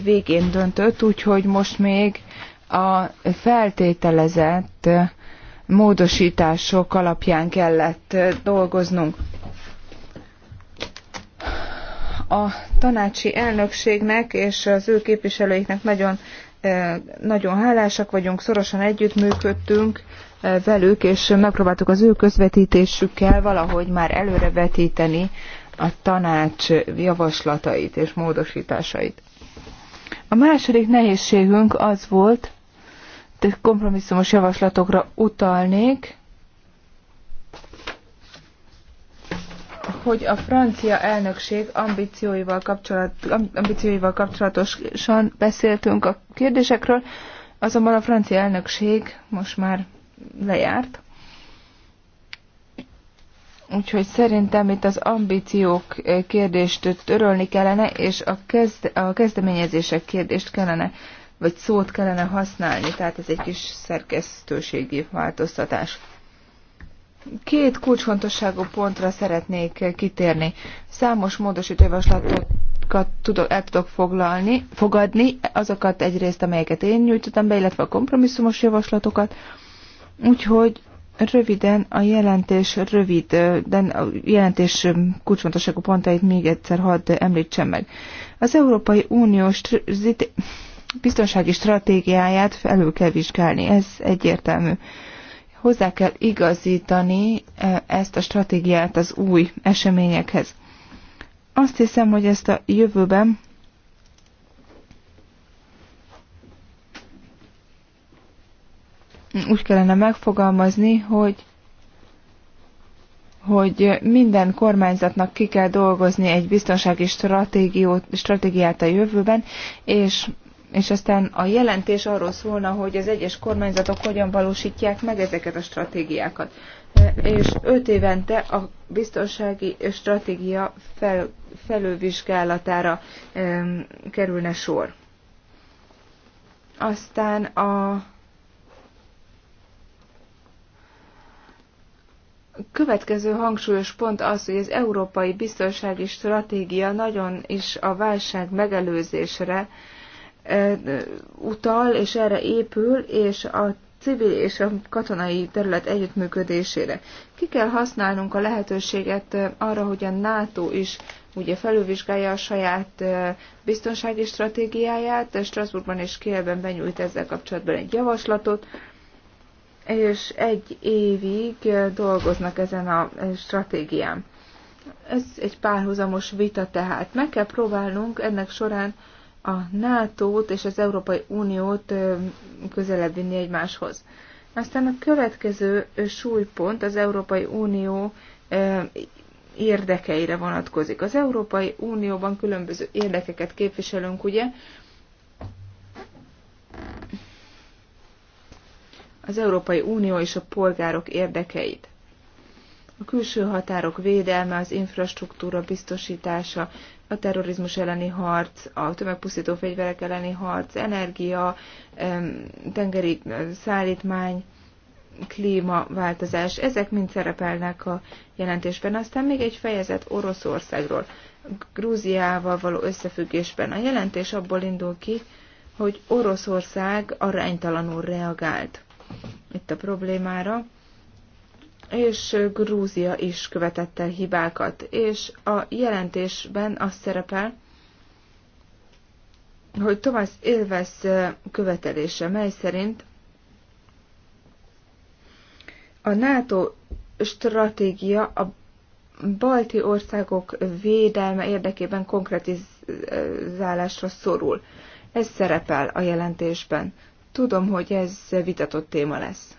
S2: végén döntött, úgyhogy most még a feltételezett módosítások alapján kellett dolgoznunk. A tanácsi elnökségnek és az ő képviselőiknek nagyon, eh, nagyon hálásak vagyunk, szorosan együttműködtünk eh, velük, és megpróbáltuk az ő közvetítésükkel valahogy már előrevetíteni a tanács javaslatait és módosításait. A második nehézségünk az volt, kompromisszumos javaslatokra utalnék, hogy a francia elnökség ambícióival, kapcsolat, ambícióival kapcsolatosan beszéltünk a kérdésekről, azonban a francia elnökség most már lejárt. Úgyhogy szerintem itt az ambíciók kérdést törölni kellene, és a, kezde, a kezdeményezések kérdést kellene vagy szót kellene használni, tehát ez egy kis szerkesztőségi változtatás. Két kulcsfontosságú pontra szeretnék kitérni. Számos módosítójavaslatot tudok, el tudok foglalni, fogadni, azokat egyrészt, amelyeket én nyújtottam be, illetve a kompromisszumos javaslatokat. Úgyhogy röviden a jelentés rövid, de a jelentés kulcsfontosságú pontait még egyszer hadd említsem meg. Az Európai Uniós biztonsági stratégiáját felül kell vizsgálni, ez egyértelmű. Hozzá kell igazítani e, ezt a stratégiát az új eseményekhez. Azt hiszem, hogy ezt a jövőben úgy kellene megfogalmazni, hogy hogy minden kormányzatnak ki kell dolgozni egy biztonsági stratégiát a jövőben, és és aztán a jelentés arról szólna, hogy az egyes kormányzatok hogyan valósítják meg ezeket a stratégiákat. E, és öt évente a biztonsági stratégia fel, felővizsgálatára em, kerülne sor. Aztán a következő hangsúlyos pont az, hogy az európai biztonsági stratégia nagyon is a válság megelőzésre utal, és erre épül, és a civil és a katonai terület együttműködésére. Ki kell használnunk a lehetőséget arra, hogy a NATO is ugye felülvizsgálja a saját biztonsági stratégiáját, Strasbourgban és Kielben benyújt ezzel kapcsolatban egy javaslatot, és egy évig dolgoznak ezen a stratégián. Ez egy párhuzamos vita tehát. Meg kell próbálnunk ennek során a NATO-t és az Európai Uniót közelebb vinni egymáshoz. Aztán a következő súlypont az Európai Unió érdekeire vonatkozik. Az Európai Unióban különböző érdekeket képviselünk, ugye? Az Európai Unió és a polgárok érdekeit. A külső határok védelme, az infrastruktúra biztosítása, a terrorizmus elleni harc, a tömegpusztító fegyverek elleni harc, energia, tengeri szállítmány, klímaváltozás, ezek mind szerepelnek a jelentésben. Aztán még egy fejezet Oroszországról, Grúziával való összefüggésben. A jelentés abból indul ki, hogy Oroszország aránytalanul reagált itt a problémára és Grúzia is követette hibákat, és a jelentésben az szerepel, hogy Thomas élvez követelése, mely szerint a NATO stratégia a balti országok védelme érdekében konkretizálásra szorul. Ez szerepel a jelentésben. Tudom, hogy ez vitatott téma lesz.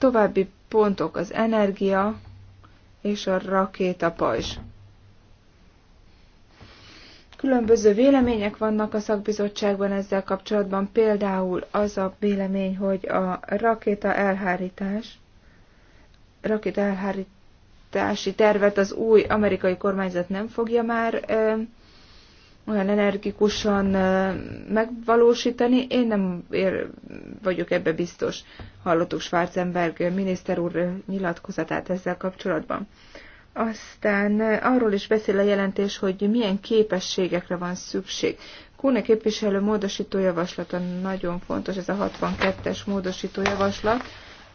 S2: További pontok az energia és a rakéta pajzs. Különböző vélemények vannak a szakbizottságban ezzel kapcsolatban, például az a vélemény, hogy a rakéta elhárítás, rakéta elhárítási tervet az új amerikai kormányzat nem fogja már olyan energikusan megvalósítani. Én nem ér, vagyok ebbe biztos. Hallottuk Schwarzenberg miniszter úr nyilatkozatát ezzel kapcsolatban. Aztán arról is beszél a jelentés, hogy milyen képességekre van szükség. Kóne képviselő módosító javaslata nagyon fontos, ez a 62-es módosító javaslat,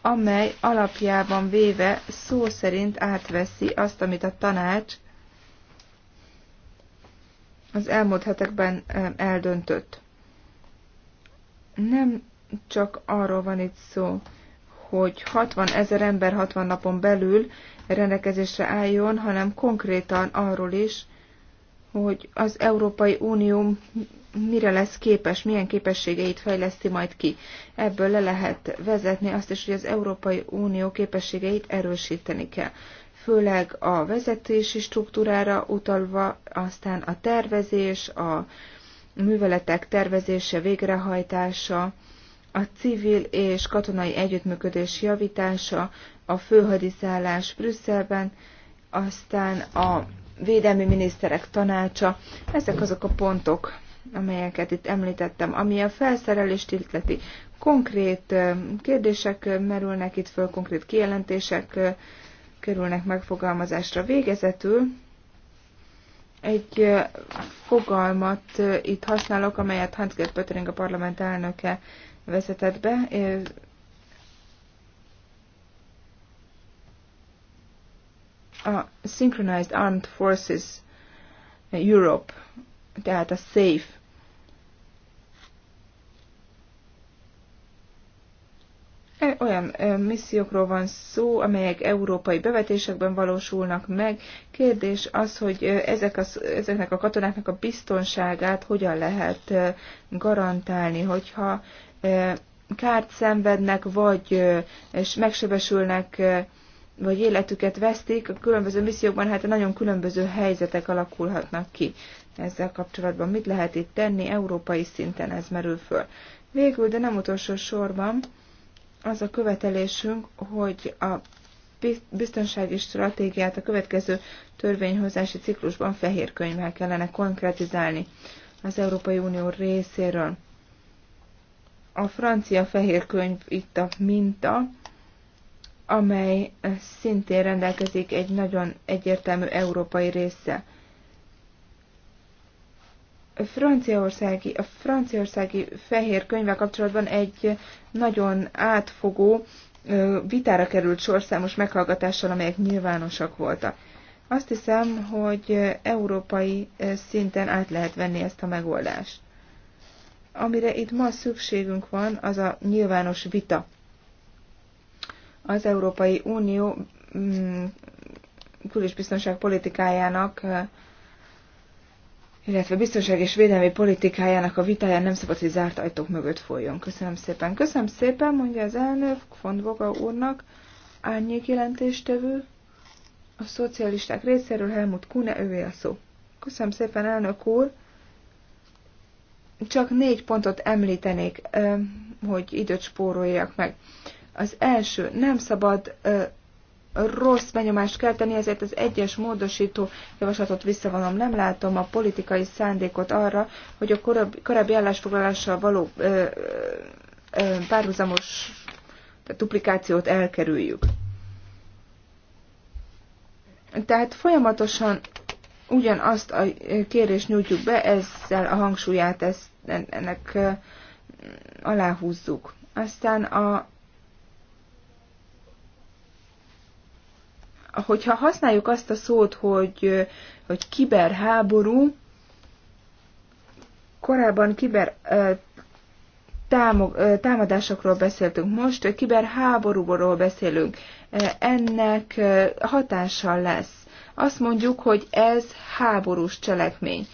S2: amely alapjában véve szó szerint átveszi azt, amit a tanács az elmúlt hetekben eldöntött. Nem csak arról van itt szó, hogy 60 ezer ember 60 napon belül rendelkezésre álljon, hanem konkrétan arról is, hogy az Európai Unió mire lesz képes, milyen képességeit fejleszti majd ki. Ebből le lehet vezetni azt is, hogy az Európai Unió képességeit erősíteni kell főleg a vezetési struktúrára utalva, aztán a tervezés, a műveletek tervezése, végrehajtása, a civil és katonai együttműködés javítása, a főhadiszállás Brüsszelben, aztán a védelmi miniszterek tanácsa. Ezek azok a pontok, amelyeket itt említettem, ami a felszerelést illeti. Konkrét kérdések merülnek itt föl, konkrét kijelentések kerülnek megfogalmazásra. Végezetül egy fogalmat itt használok, amelyet Hans-Gert Pöttering, a parlament elnöke vezetett be. A Synchronized Armed Forces Europe, tehát a SAFE E, olyan e, missziókról van szó, amelyek európai bevetésekben valósulnak meg. Kérdés az, hogy e, ezek a, ezeknek a katonáknak a biztonságát hogyan lehet garantálni, hogyha kárt szenvednek, vagy és megsebesülnek, vagy életüket vesztik, a különböző missziókban hát nagyon különböző helyzetek alakulhatnak ki. Ezzel kapcsolatban mit lehet itt tenni, európai szinten ez merül föl. Végül, de nem utolsó sorban, az a követelésünk, hogy a biztonsági stratégiát a következő törvényhozási ciklusban fehér könyvvel kellene konkretizálni az Európai Unió részéről. A francia fehér könyv itt a minta, amely szintén rendelkezik egy nagyon egyértelmű európai része franciaországi, a franciaországi fehér könyvvel kapcsolatban egy nagyon átfogó vitára került sor számos meghallgatással, amelyek nyilvánosak voltak. Azt hiszem, hogy európai szinten át lehet venni ezt a megoldást. Amire itt ma szükségünk van, az a nyilvános vita. Az Európai Unió mm, kül- és politikájának illetve biztonság és védelmi politikájának a vitáján nem szabad, hogy zárt ajtók mögött folyjon. Köszönöm szépen. Köszönöm szépen, mondja az elnök, fondvoga Voga úrnak, árnyék jelentéstevő, a szocialisták részéről Helmut Kune, ővé a szó. Köszönöm szépen, elnök úr. Csak négy pontot említenék, hogy időt spóroljak meg. Az első, nem szabad rossz benyomást kelteni, ezért az egyes módosító javaslatot visszavonom. Nem látom a politikai szándékot arra, hogy a korábbi, korábbi állásfoglalással való ö, ö, párhuzamos tehát duplikációt elkerüljük. Tehát folyamatosan ugyanazt a kérést nyújtjuk be, ezzel a hangsúlyát ezt, ennek aláhúzzuk. Aztán a hogyha használjuk azt a szót, hogy, hogy kiberháború, korábban kiber támadásokról beszéltünk, most kiberháborúról beszélünk. Ennek hatása lesz. Azt mondjuk, hogy ez háborús cselekmény.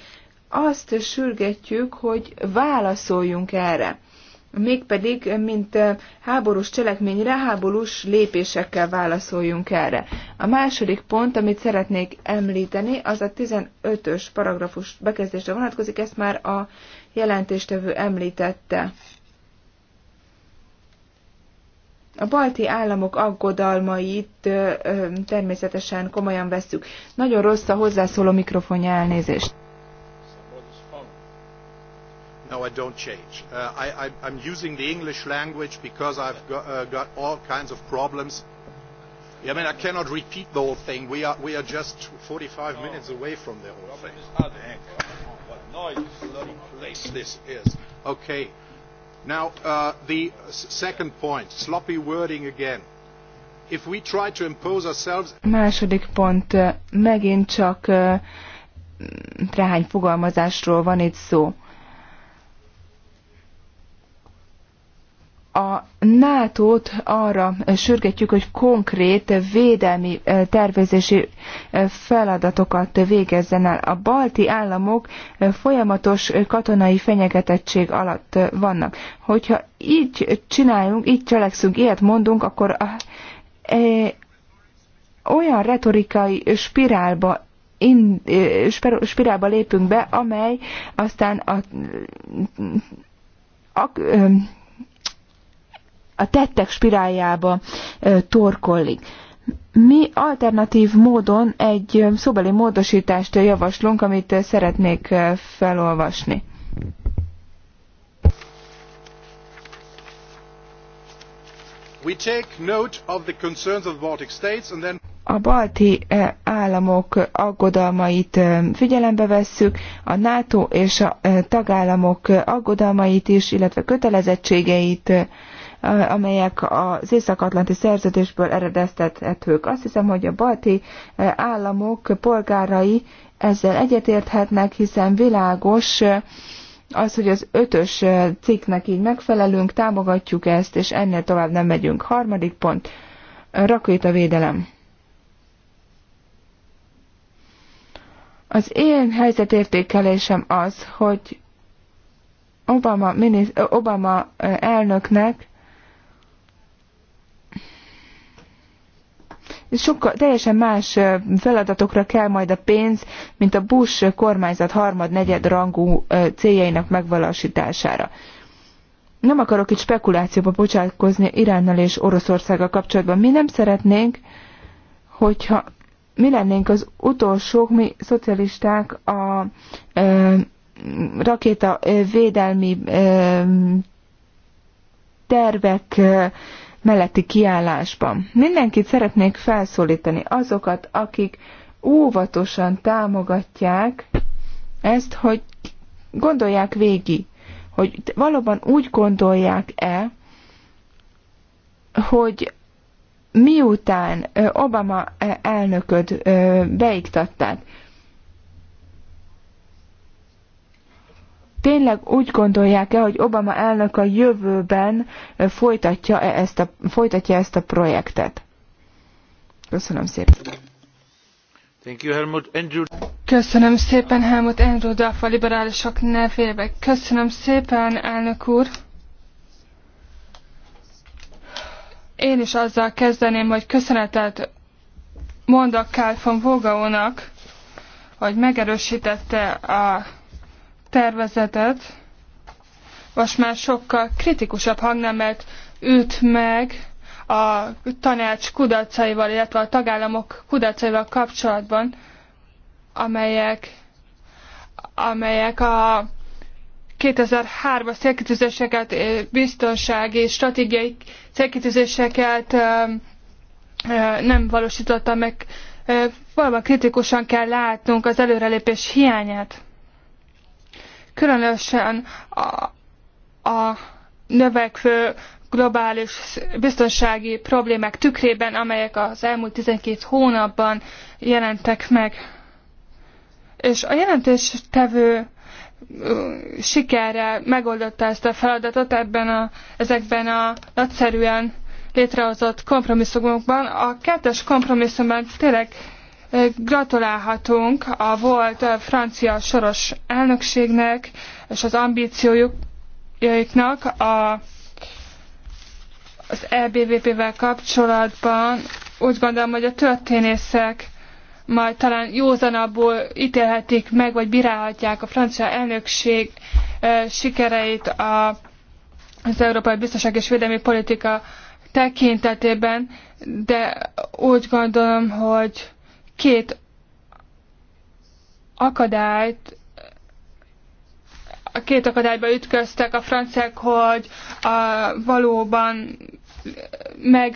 S2: Azt sürgetjük, hogy válaszoljunk erre mégpedig, mint háborús cselekményre, háborús lépésekkel válaszoljunk erre. A második pont, amit szeretnék említeni, az a 15-ös paragrafus bekezdésre vonatkozik, ezt már a jelentéstevő említette. A balti államok aggodalmait természetesen komolyan vesszük. Nagyon rossz a hozzászóló mikrofonja elnézést.
S1: No, I don't change. Uh, I, I, I'm using the English language because I've got, uh, got all kinds of problems. I mean, I cannot repeat the whole thing. We are, we are just 45 no. minutes away from the whole Robert thing. What noise, place this is. Okay. Now, uh, the second point, sloppy wording again. If we try to impose ourselves...
S2: Második pont, uh, megint csak uh, ráhány fogalmazásról van itt szó a NATO-t arra sürgetjük, hogy konkrét védelmi eh, tervezési eh, feladatokat végezzen el. A balti államok eh, folyamatos katonai fenyegetettség alatt vannak. Hogyha így csináljunk, így cselekszünk, ilyet mondunk, akkor a, e, olyan retorikai spirálba in, spirálba lépünk be, amely aztán a, a, a a tettek spiráljába torkollik. Mi alternatív módon egy szóbeli módosítást javaslunk, amit szeretnék felolvasni.
S1: We take note of the concerns of the Baltic states and then
S2: a balti államok aggodalmait figyelembe vesszük, a NATO és a tagállamok aggodalmait is, illetve kötelezettségeit amelyek az Észak-Atlanti szerződésből eredeztethetők. Azt hiszem, hogy a balti eh, államok polgárai ezzel egyetérthetnek, hiszen világos eh, az, hogy az ötös eh, cikknek így megfelelünk, támogatjuk ezt, és ennél tovább nem megyünk. Harmadik pont, védelem. Az én helyzetértékelésem az, hogy Obama, minisz, Obama elnöknek sokkal teljesen más feladatokra kell majd a pénz, mint a Bush kormányzat harmad-negyed rangú céljainak megvalósítására. Nem akarok itt spekulációba bocsátkozni Iránnal és Oroszországgal kapcsolatban. Mi nem szeretnénk, hogyha mi lennénk az utolsók, mi szocialisták a e, rakéta védelmi e, tervek e, melletti kiállásban. Mindenkit szeretnék felszólítani, azokat, akik óvatosan támogatják ezt, hogy gondolják végig, hogy valóban úgy gondolják-e, hogy miután Obama elnököt beiktatták, Tényleg úgy gondolják-e, hogy Obama elnök a jövőben folytatja, -e ezt a, folytatja ezt a projektet? Köszönöm szépen.
S1: Thank you, Helmut Andrew.
S3: Köszönöm szépen Helmut Andrew Duff a liberálisok nevébe. Köszönöm szépen, elnök úr. Én is azzal kezdeném, hogy köszönetet mondok Kálfon von Vogaónak, hogy megerősítette a tervezetet most már sokkal kritikusabb hangnemet üt meg a tanács kudarcaival, illetve a tagállamok kudarcaival kapcsolatban, amelyek, amelyek a 2003-as célkitűzéseket, eh, biztonsági, stratégiai célkitűzéseket eh, eh, nem valósította meg. Valóban kritikusan kell látnunk az előrelépés hiányát különösen a, a növekvő globális biztonsági problémák tükrében, amelyek az elmúlt 12 hónapban jelentek meg. És a jelentéstevő sikerre megoldotta ezt a feladatot ebben a, ezekben a nagyszerűen létrehozott kompromisszumokban. A kettes kompromisszumban tényleg Gratulálhatunk a volt francia soros elnökségnek és az ambíciójuknak a, az EBVP-vel kapcsolatban. Úgy gondolom, hogy a történészek majd talán józanabbul ítélhetik meg, vagy bírálhatják a francia elnökség sikereit a, az európai biztonság és védelmi politika tekintetében, de úgy gondolom, hogy két akadályt a két akadályba ütköztek a franciák, hogy a, valóban meg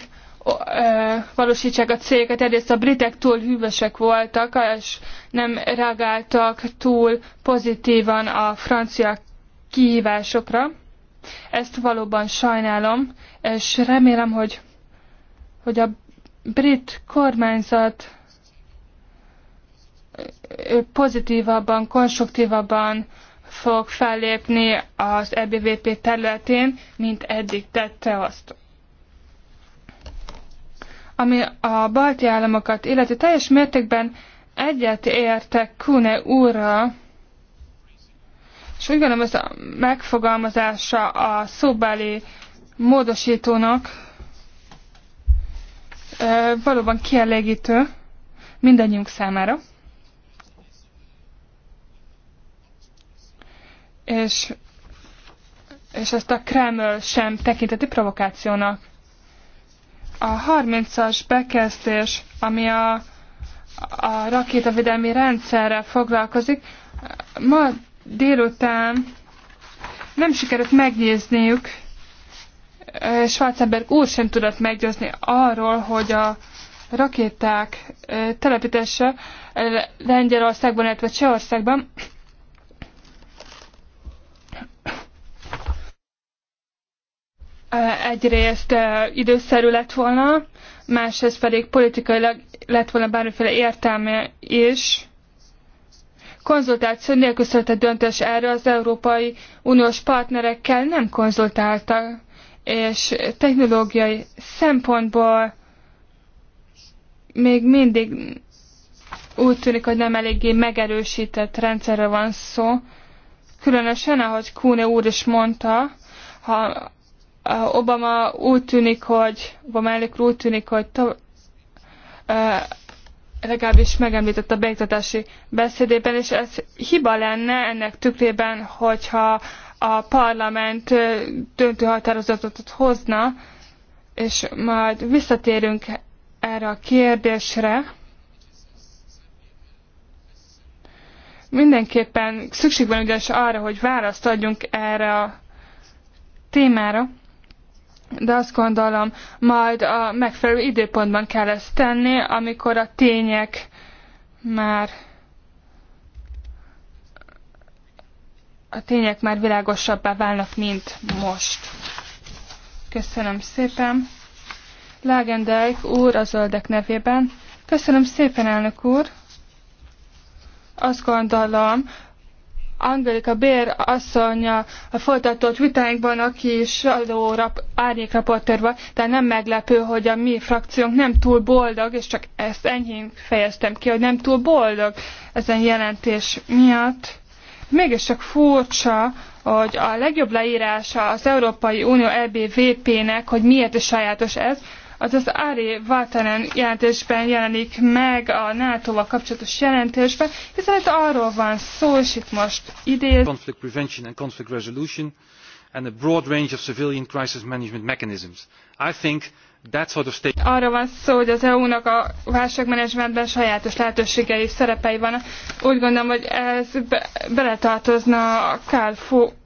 S3: valósítsák a céget. Egyrészt a britek túl hűvösek voltak, és nem reagáltak túl pozitívan a francia kihívásokra. Ezt valóban sajnálom, és remélem, hogy, hogy a brit kormányzat pozitívabban, konstruktívabban fog fellépni az EBVP területén, mint eddig tette azt. Ami a balti államokat illeti teljes mértékben egyet értek Kune úrral, és úgy gondolom, ez a megfogalmazása a szóbeli módosítónak valóban kielégítő mindannyiunk számára. és, és ezt a Kreml sem tekinteti provokációnak. A 30-as bekezdés, ami a, a rakétavédelmi rendszerrel foglalkozik, ma délután nem sikerült megnézniük, Schwarzenberg úr sem tudott meggyőzni arról, hogy a rakéták telepítése Lengyelországban, illetve Csehországban egyrészt időszerű lett volna, másrészt pedig politikailag lett volna bármiféle értelme is. Konzultáció nélkül született döntés erre az Európai Uniós partnerekkel nem konzultáltak, és technológiai szempontból még mindig úgy tűnik, hogy nem eléggé megerősített rendszerre van szó. Különösen, ahogy Kúne úr is mondta, ha Uh, Obama úgy tűnik, hogy Obama elnök úgy tűnik, hogy to, uh, legalábbis megemlített a beiktatási beszédében, és ez hiba lenne ennek tükrében, hogyha a parlament uh, döntő határozatot hozna, és majd visszatérünk erre a kérdésre. Mindenképpen szükség van ugyanis arra, hogy választ adjunk erre a témára de azt gondolom, majd a megfelelő időpontban kell ezt tenni, amikor a tények már a tények már világosabbá válnak, mint most. Köszönöm szépen. Lagendijk úr a zöldek nevében. Köszönöm szépen, elnök úr. Azt gondolom, Angelika Bér asszonya a folytatott vitáinkban, aki is adó rap, árnyékraporter van, tehát nem meglepő, hogy a mi frakciónk nem túl boldog, és csak ezt enyhén fejeztem ki, hogy nem túl boldog ezen jelentés miatt. Mégis csak furcsa, hogy a legjobb leírása az Európai Unió EBVP-nek, hogy miért is sajátos ez, az az Ari Vatanen jelentésben jelenik meg a NATO-val kapcsolatos jelentésben, hiszen itt arról van szó, és itt most idéz. Conflict prevention and conflict resolution and a broad range of civilian crisis management mechanisms. I think arra van szó, hogy az EU-nak a válságmenedzsmentben sajátos lehetőségei és szerepei vannak. Úgy gondolom, hogy ez be, beletartozna a Karl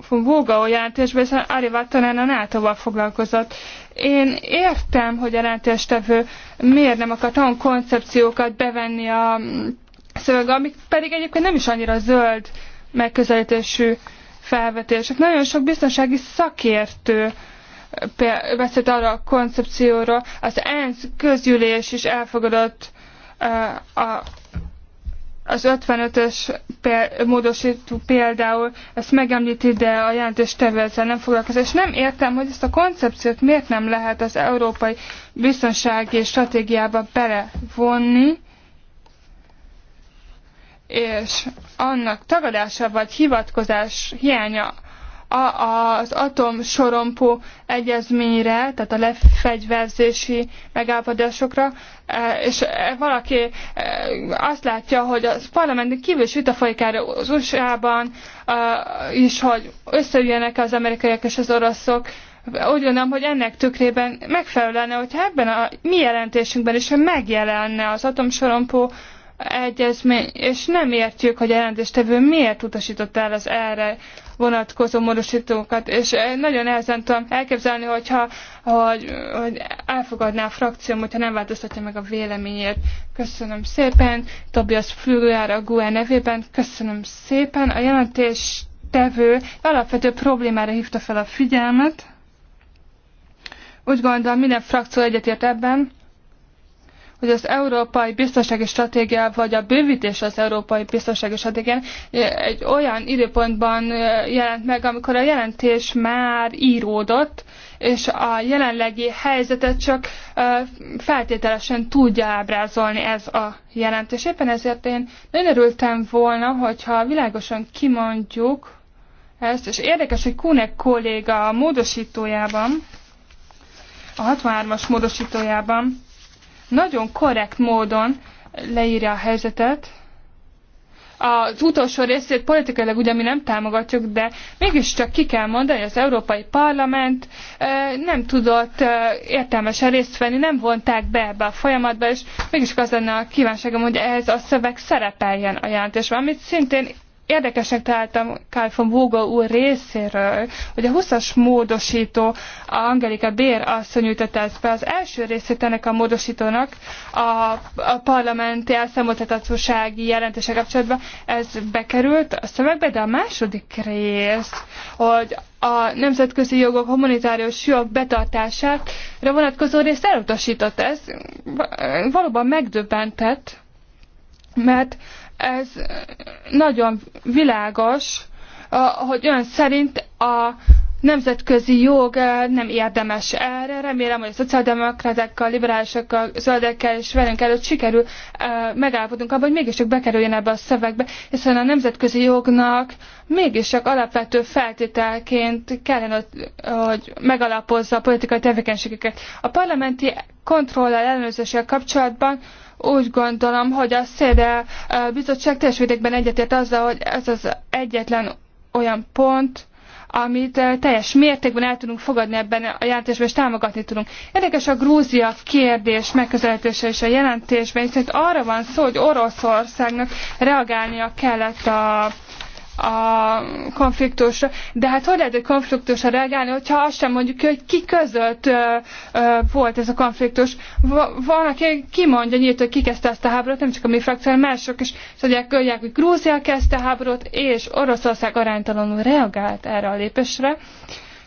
S3: von Vogel jelentésbe, hiszen Arriva talán a NATO-val foglalkozott. Én értem, hogy a jelentéstevő miért nem akart olyan koncepciókat bevenni a szövegbe, amik pedig egyébként nem is annyira zöld megközelítésű felvetések. Nagyon sok biztonsági szakértő beszélt arra a koncepcióra, az ENSZ közgyűlés is elfogadott eh, a, az 55-ös módosító például ezt megemlíti, de a jelentős ezzel nem foglalkozik. És nem értem, hogy ezt a koncepciót miért nem lehet az európai biztonsági stratégiába belevonni, és annak tagadása vagy hivatkozás hiánya a, az atomsorompó egyezményre, tehát a lefegyverzési megállapodásokra, e, és e, valaki e, azt látja, hogy a parlamenten kívül is vita folyik erre az USA-ban is, hogy összeüljenek az amerikaiak és az oroszok, úgy gondolom, hogy ennek tükrében megfelelő lenne, hogyha ebben a mi jelentésünkben is megjelenne az atomsorompó egyezmény, és nem értjük, hogy a jelentéstevő miért utasított el az erre vonatkozó módosítókat, és eh, nagyon nehezen tudom elképzelni, hogyha hogy, hogy elfogadná a frakcióm, hogyha nem változtatja meg a véleményét. Köszönöm szépen, Tobias Flügler a GUE nevében, köszönöm szépen, a jelentéstevő alapvető problémára hívta fel a figyelmet. Úgy gondolom, minden frakció egyetért ebben, hogy az európai biztonsági stratégia, vagy a bővítés az európai biztonsági stratégián egy olyan időpontban jelent meg, amikor a jelentés már íródott, és a jelenlegi helyzetet csak feltételesen tudja ábrázolni ez a jelentés. Éppen ezért én nagyon örültem volna, hogyha világosan kimondjuk ezt, és érdekes, hogy Kunek kolléga a módosítójában, a 63-as módosítójában nagyon korrekt módon leírja a helyzetet. Az utolsó részét politikailag ugye mi nem támogatjuk, de mégiscsak ki kell mondani, az Európai Parlament nem tudott értelmesen részt venni, nem vonták be ebbe a folyamatba, és mégis az lenne a kívánságom, hogy ehhez a szöveg szerepeljen a jelentésben, amit szintén érdekesnek találtam Karl von Vogel úr részéről, hogy a 20-as módosító a Angelika Bér asszony ütetett be. Az első részét ennek a módosítónak a, a parlamenti elszámoltatatossági jelentése kapcsolatban ez bekerült a szövegbe, de a második rész, hogy a nemzetközi jogok, humanitárius jog betartására vonatkozó részt elutasított. Ez valóban megdöbbentett, mert ez nagyon világos, hogy ön szerint a nemzetközi jog nem érdemes erre. Remélem, hogy a szociáldemokratákkal, liberálisokkal, zöldekkel és velünk előtt sikerül megállapodunk abban, hogy mégiscsak bekerüljön ebbe a szövegbe, hiszen a nemzetközi jognak mégiscsak alapvető feltételként kellene, hogy megalapozza a politikai tevékenységeket. A parlamenti kontrollal ellenőrzéssel kapcsolatban úgy gondolom, hogy a széde eh, bizottság teljes védekben egyetért azzal, hogy ez az egyetlen olyan pont, amit eh, teljes mértékben el tudunk fogadni ebben a jelentésben, és támogatni tudunk. Érdekes a Grúzia kérdés megközelítése is a jelentésben, hiszen arra van szó, hogy Oroszországnak reagálnia kellett a a konfliktusra. De hát hogy lehet egy konfliktusra reagálni, hogyha azt sem mondjuk, hogy ki között ö, ö, volt ez a konfliktus. Va, van, aki kimondja nyílt, hogy ki kezdte ezt a háborút, nem csak a mi frakció, hanem mások is tudják, hogy Grúzia kezdte a háborút, és Oroszország aránytalanul reagált erre a lépésre. Ö,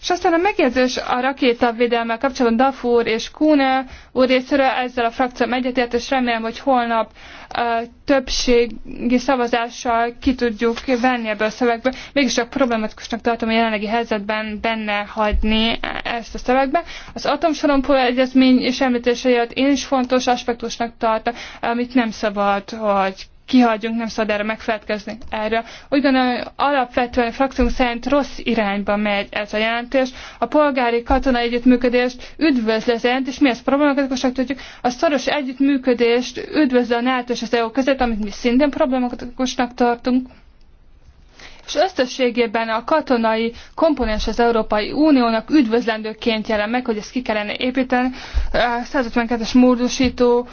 S3: és aztán a megjegyzés a rakétavédelmel kapcsolatban Daf úr és Kune úr részéről ezzel a frakció egyetért, és remélem, hogy holnap uh, többségi szavazással ki tudjuk venni ebből a szövegből. csak problematikusnak tartom a jelenlegi helyzetben benne hagyni ezt a szövegbe. Az atomsorompó egyezmény és említése jött én is fontos aspektusnak tartom, amit nem szabad, hogy kihagyjunk, nem szabad erre megfelelkezni erre. Úgy gondolom, hogy alapvetően a frakciónk szerint rossz irányba megy ez a jelentés. A polgári katona együttműködést üdvözli ez a e jelentés, mi ezt problematikusak tudjuk. A szoros együttműködést üdvözli a NATO és az EU között, amit mi szintén problematikusnak tartunk és összességében a katonai komponens az Európai Uniónak üdvözlendőként jelen meg, hogy ezt ki kellene építeni. 152-es módosító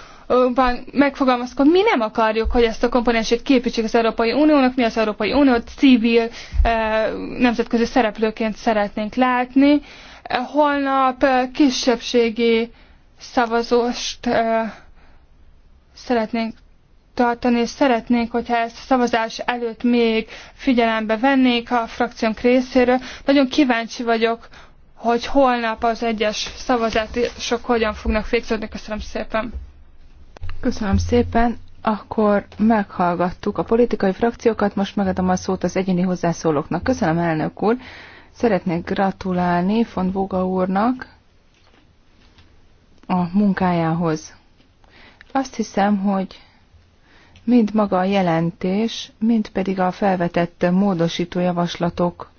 S3: van megfogalmazok, mi nem akarjuk, hogy ezt a komponensét képítsék az Európai Uniónak, mi az Európai Uniót civil nemzetközi szereplőként szeretnénk látni. Holnap kisebbségi szavazást szeretnénk tartani, és szeretnék, hogyha ezt a szavazás előtt még figyelembe vennék a frakciónk részéről. Nagyon kíváncsi vagyok, hogy holnap az egyes szavazások hogyan fognak végződni. Köszönöm szépen.
S2: Köszönöm szépen. Akkor meghallgattuk a politikai frakciókat, most megadom a szót az egyéni hozzászólóknak. Köszönöm, elnök úr. Szeretnék gratulálni von Voga úrnak a munkájához. Azt hiszem, hogy mind maga a jelentés, mind pedig a felvetett módosító javaslatok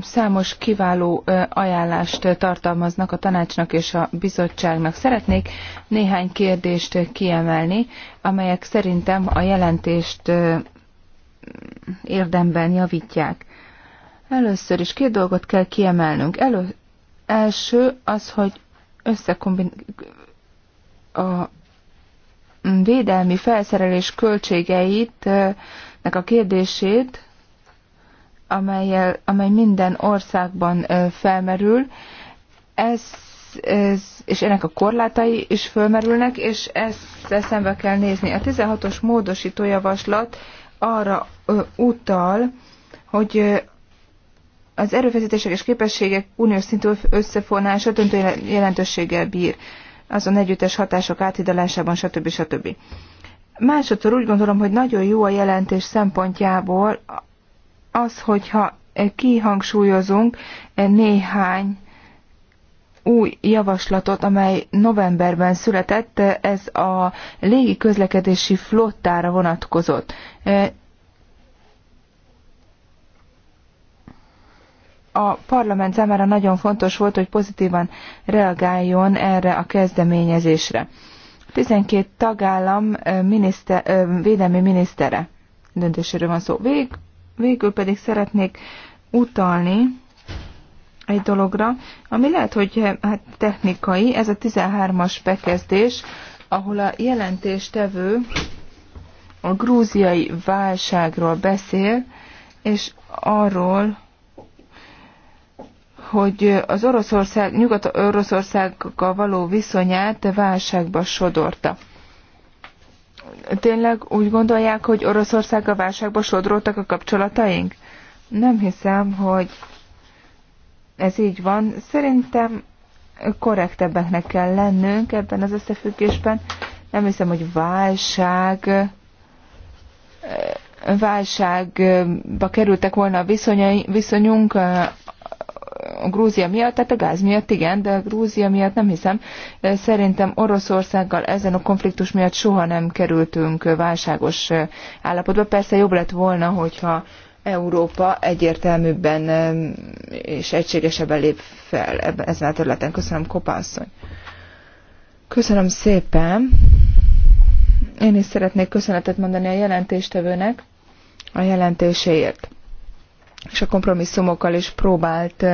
S2: számos kiváló ajánlást tartalmaznak a tanácsnak és a bizottságnak. Szeretnék néhány kérdést kiemelni, amelyek szerintem a jelentést érdemben javítják. Először is két dolgot kell kiemelnünk. Elő, első az, hogy a védelmi felszerelés költségeit, nek a kérdését, amelyel, amely minden országban felmerül, ez, ez, és ennek a korlátai is felmerülnek, és ezt szembe kell nézni. A 16-os módosító javaslat arra utal, hogy az erőfeszítések és képességek uniós szintű összefonása döntő jelentőséggel bír azon együttes hatások áthidalásában, stb. stb. Másodszor úgy gondolom, hogy nagyon jó a jelentés szempontjából az, hogyha kihangsúlyozunk néhány új javaslatot, amely novemberben született, ez a légi közlekedési flottára vonatkozott. a parlament számára nagyon fontos volt, hogy pozitívan reagáljon erre a kezdeményezésre. 12 tagállam miniszter, védelmi minisztere döntéséről van szó. Vég, végül pedig szeretnék utalni egy dologra, ami lehet, hogy hát technikai, ez a 13-as bekezdés, ahol a jelentéstevő a grúziai válságról beszél, és arról, hogy az Oroszország, Nyugat-Oroszországgal való viszonyát válságba sodorta. Tényleg úgy gondolják, hogy Oroszországgal válságba sodródtak a kapcsolataink? Nem hiszem, hogy ez így van. Szerintem korrektebbeknek kell lennünk ebben az összefüggésben. Nem hiszem, hogy válság válságba kerültek volna a viszonyunk a Grúzia miatt, tehát a gáz miatt igen, de a Grúzia miatt nem hiszem. Szerintem Oroszországgal ezen a konfliktus miatt soha nem kerültünk válságos állapotba. Persze jobb lett volna, hogyha Európa egyértelműbben és egységesebben lép fel ezen a területen. Köszönöm, Kopászony. Köszönöm szépen. Én is szeretnék köszönetet mondani a jelentéstevőnek a jelentéséért és a kompromisszumokkal is próbált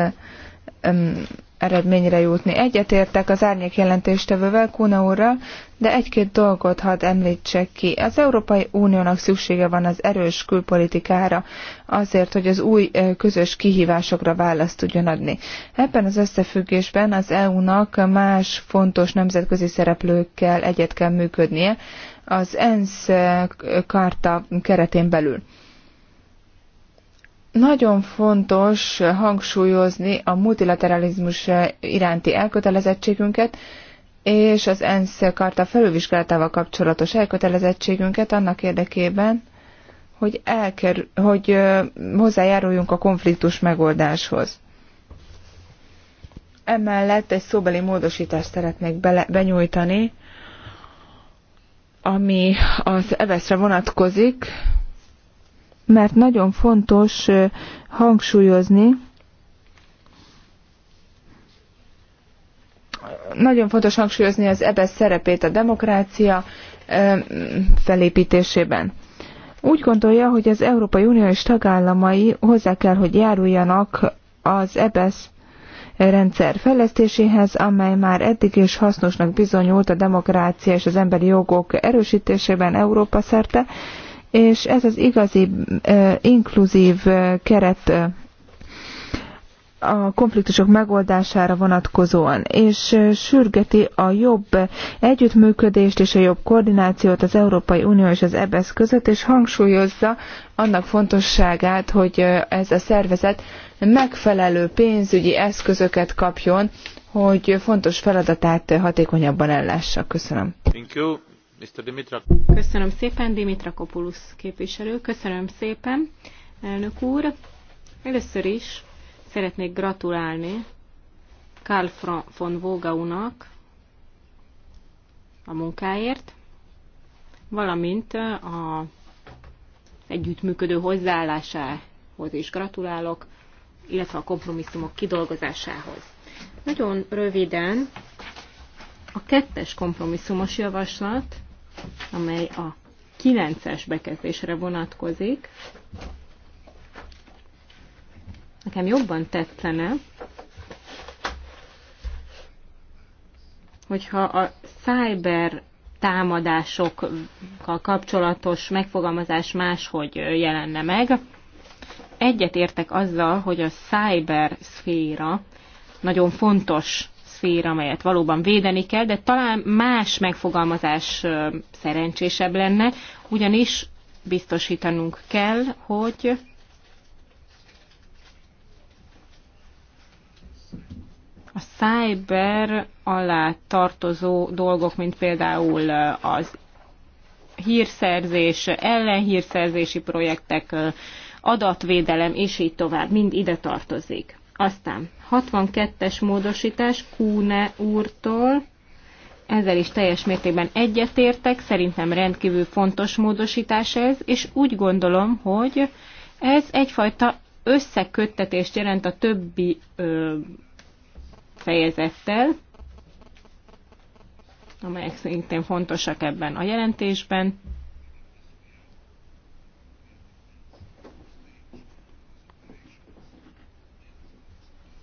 S2: eredményre jutni. Egyetértek az árnyék jelentéstevővel, Kuna úrral, de egy-két dolgot hadd említsek ki. Az Európai Uniónak szüksége van az erős külpolitikára, azért, hogy az új közös kihívásokra választ tudjon adni. Ebben az összefüggésben az EU-nak más fontos nemzetközi szereplőkkel egyet kell működnie, az ENSZ karta keretén belül. Nagyon fontos hangsúlyozni a multilateralizmus iránti elkötelezettségünket, és az ENSZ karta felülvizsgálatával kapcsolatos elkötelezettségünket annak érdekében, hogy, elkerül, hogy hozzájáruljunk a konfliktus megoldáshoz. Emellett egy szóbeli módosítást szeretnék bele, benyújtani, ami az eveszre vonatkozik, mert nagyon fontos hangsúlyozni, nagyon fontos hangsúlyozni az EBSZ szerepét a demokrácia felépítésében. Úgy gondolja, hogy az Európai Unió és tagállamai hozzá kell, hogy járuljanak az EBSZ rendszer fejlesztéséhez, amely már eddig is hasznosnak bizonyult a demokrácia és az emberi jogok erősítésében Európa szerte, és ez az igazi inkluzív keret a konfliktusok megoldására vonatkozóan, és sürgeti a jobb együttműködést és a jobb koordinációt az Európai Unió és az EBSZ e között, és hangsúlyozza annak fontosságát, hogy ez a szervezet megfelelő pénzügyi eszközöket kapjon, hogy fontos feladatát hatékonyabban ellássa. Köszönöm. Thank you.
S4: Köszönöm szépen, Dimitra Kopulusz képviselő. Köszönöm szépen, elnök úr. Először is szeretnék gratulálni Karl von Vogaunak a munkáért, valamint a együttműködő hozzáállásához is gratulálok, illetve a kompromisszumok kidolgozásához. Nagyon röviden a kettes kompromisszumos javaslat amely a 9-es bekezdésre vonatkozik. Nekem jobban tetszene, hogyha a cyber támadásokkal kapcsolatos megfogalmazás máshogy jelenne meg. Egyet értek azzal, hogy a cyber szféra nagyon fontos szféra, amelyet valóban védeni kell, de talán más megfogalmazás szerencsésebb lenne, ugyanis biztosítanunk kell, hogy a cyber alá tartozó dolgok, mint például az hírszerzés, ellenhírszerzési projektek, adatvédelem, és így tovább, mind ide tartozik. Aztán 62-es módosítás Kúne úrtól, ezzel is teljes mértékben egyetértek, szerintem rendkívül fontos módosítás ez, és úgy gondolom, hogy ez egyfajta összeköttetést jelent a többi ö, fejezettel, amelyek szerintem fontosak ebben a jelentésben.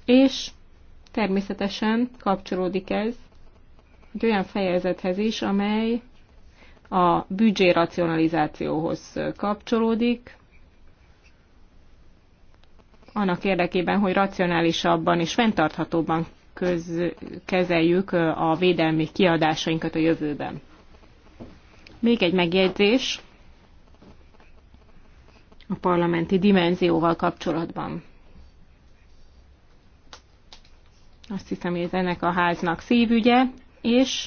S4: És természetesen kapcsolódik ez egy olyan fejezethez is, amely a büdzsé racionalizációhoz kapcsolódik, annak érdekében, hogy racionálisabban és fenntarthatóban köz, kezeljük a védelmi kiadásainkat a jövőben. Még egy megjegyzés a parlamenti dimenzióval kapcsolatban. Azt hiszem, hogy ez ennek a háznak szívügye, és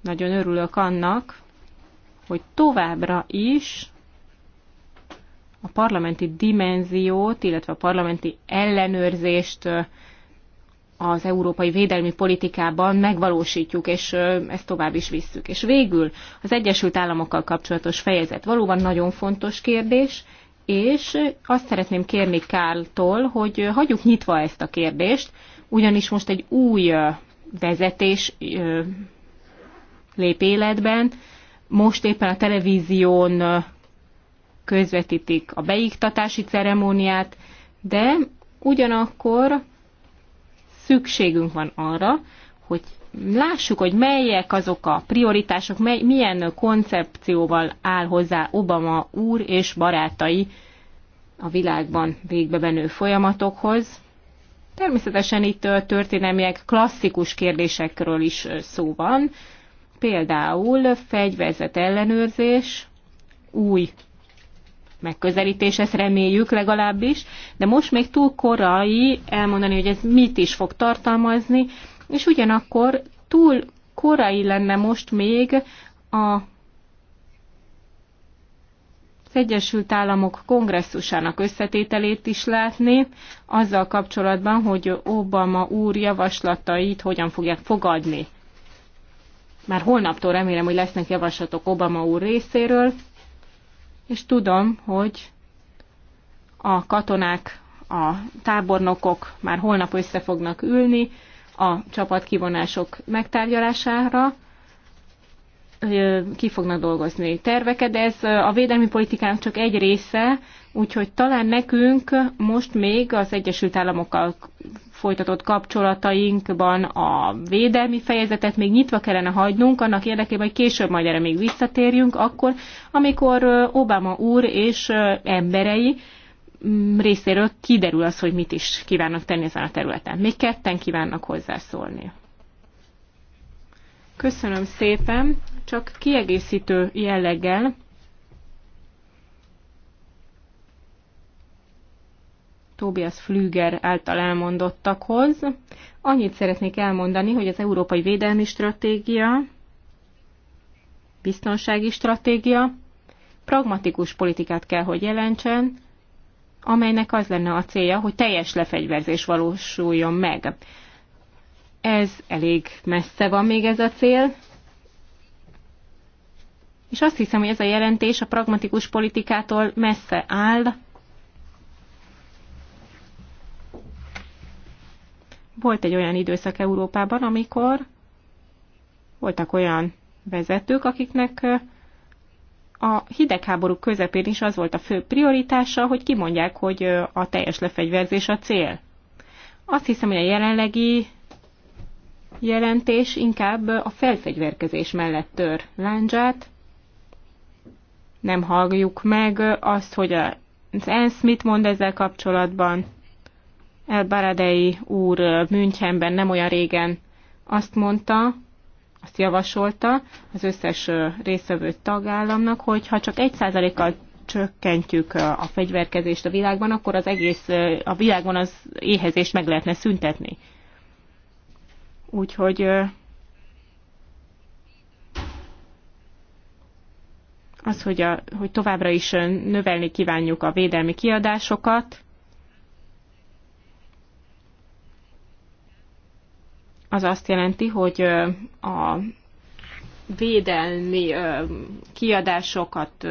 S4: nagyon örülök annak, hogy továbbra is a parlamenti dimenziót, illetve a parlamenti ellenőrzést az európai védelmi politikában megvalósítjuk, és ezt tovább is visszük. És végül az Egyesült Államokkal kapcsolatos fejezet valóban nagyon fontos kérdés, és azt szeretném kérni Kártól, hogy hagyjuk nyitva ezt a kérdést, ugyanis most egy új vezetés lép életben, most éppen a televízión közvetítik a beiktatási ceremóniát, de ugyanakkor szükségünk van arra, hogy lássuk, hogy melyek azok a prioritások, mely, milyen koncepcióval áll hozzá Obama úr és barátai a világban végbebenő folyamatokhoz, Természetesen itt történelmiek klasszikus kérdésekről is szó van, például fegyverzet ellenőrzés, új megközelítés, ezt reméljük legalábbis, de most még túl korai elmondani, hogy ez mit is fog tartalmazni, és ugyanakkor túl korai lenne most még a Egyesült Államok kongresszusának összetételét is látni, azzal kapcsolatban, hogy Obama úr javaslatait hogyan fogják fogadni. Már holnaptól remélem, hogy lesznek javaslatok Obama úr részéről, és tudom, hogy a katonák, a tábornokok már holnap össze fognak ülni a csapatkivonások megtárgyalására, ki fognak dolgozni terveket, de ez a védelmi politikánk csak egy része, úgyhogy talán nekünk most még az Egyesült Államokkal folytatott kapcsolatainkban a védelmi fejezetet még nyitva kellene hagynunk, annak érdekében, hogy később majd erre még visszatérjünk, akkor, amikor Obama úr és emberei mm, részéről kiderül az, hogy mit is kívánnak tenni ezen a területen. Még ketten kívánnak hozzászólni. Köszönöm szépen csak kiegészítő jelleggel. Tobias Flüger által elmondottakhoz. Annyit szeretnék elmondani, hogy az Európai Védelmi Stratégia, Biztonsági Stratégia pragmatikus politikát kell, hogy jelentsen, amelynek az lenne a célja, hogy teljes lefegyverzés valósuljon meg. Ez elég messze van még ez a cél, és azt hiszem, hogy ez a jelentés a pragmatikus politikától messze áll. Volt egy olyan időszak Európában, amikor voltak olyan vezetők, akiknek a hidegháború közepén is az volt a fő prioritása, hogy kimondják, hogy a teljes lefegyverzés a cél. Azt hiszem, hogy a jelenlegi jelentés inkább a felfegyverkezés mellett tör láncsát, nem halljuk meg azt, hogy az ENSZ mit mond ezzel kapcsolatban. El Baradei úr Münchenben nem olyan régen azt mondta, azt javasolta az összes részvevő tagállamnak, hogy ha csak egy kal csökkentjük a fegyverkezést a világban, akkor az egész a világon az éhezést meg lehetne szüntetni. Úgyhogy az, hogy, a, hogy továbbra is növelni kívánjuk a védelmi kiadásokat, az azt jelenti, hogy a védelmi kiadásokat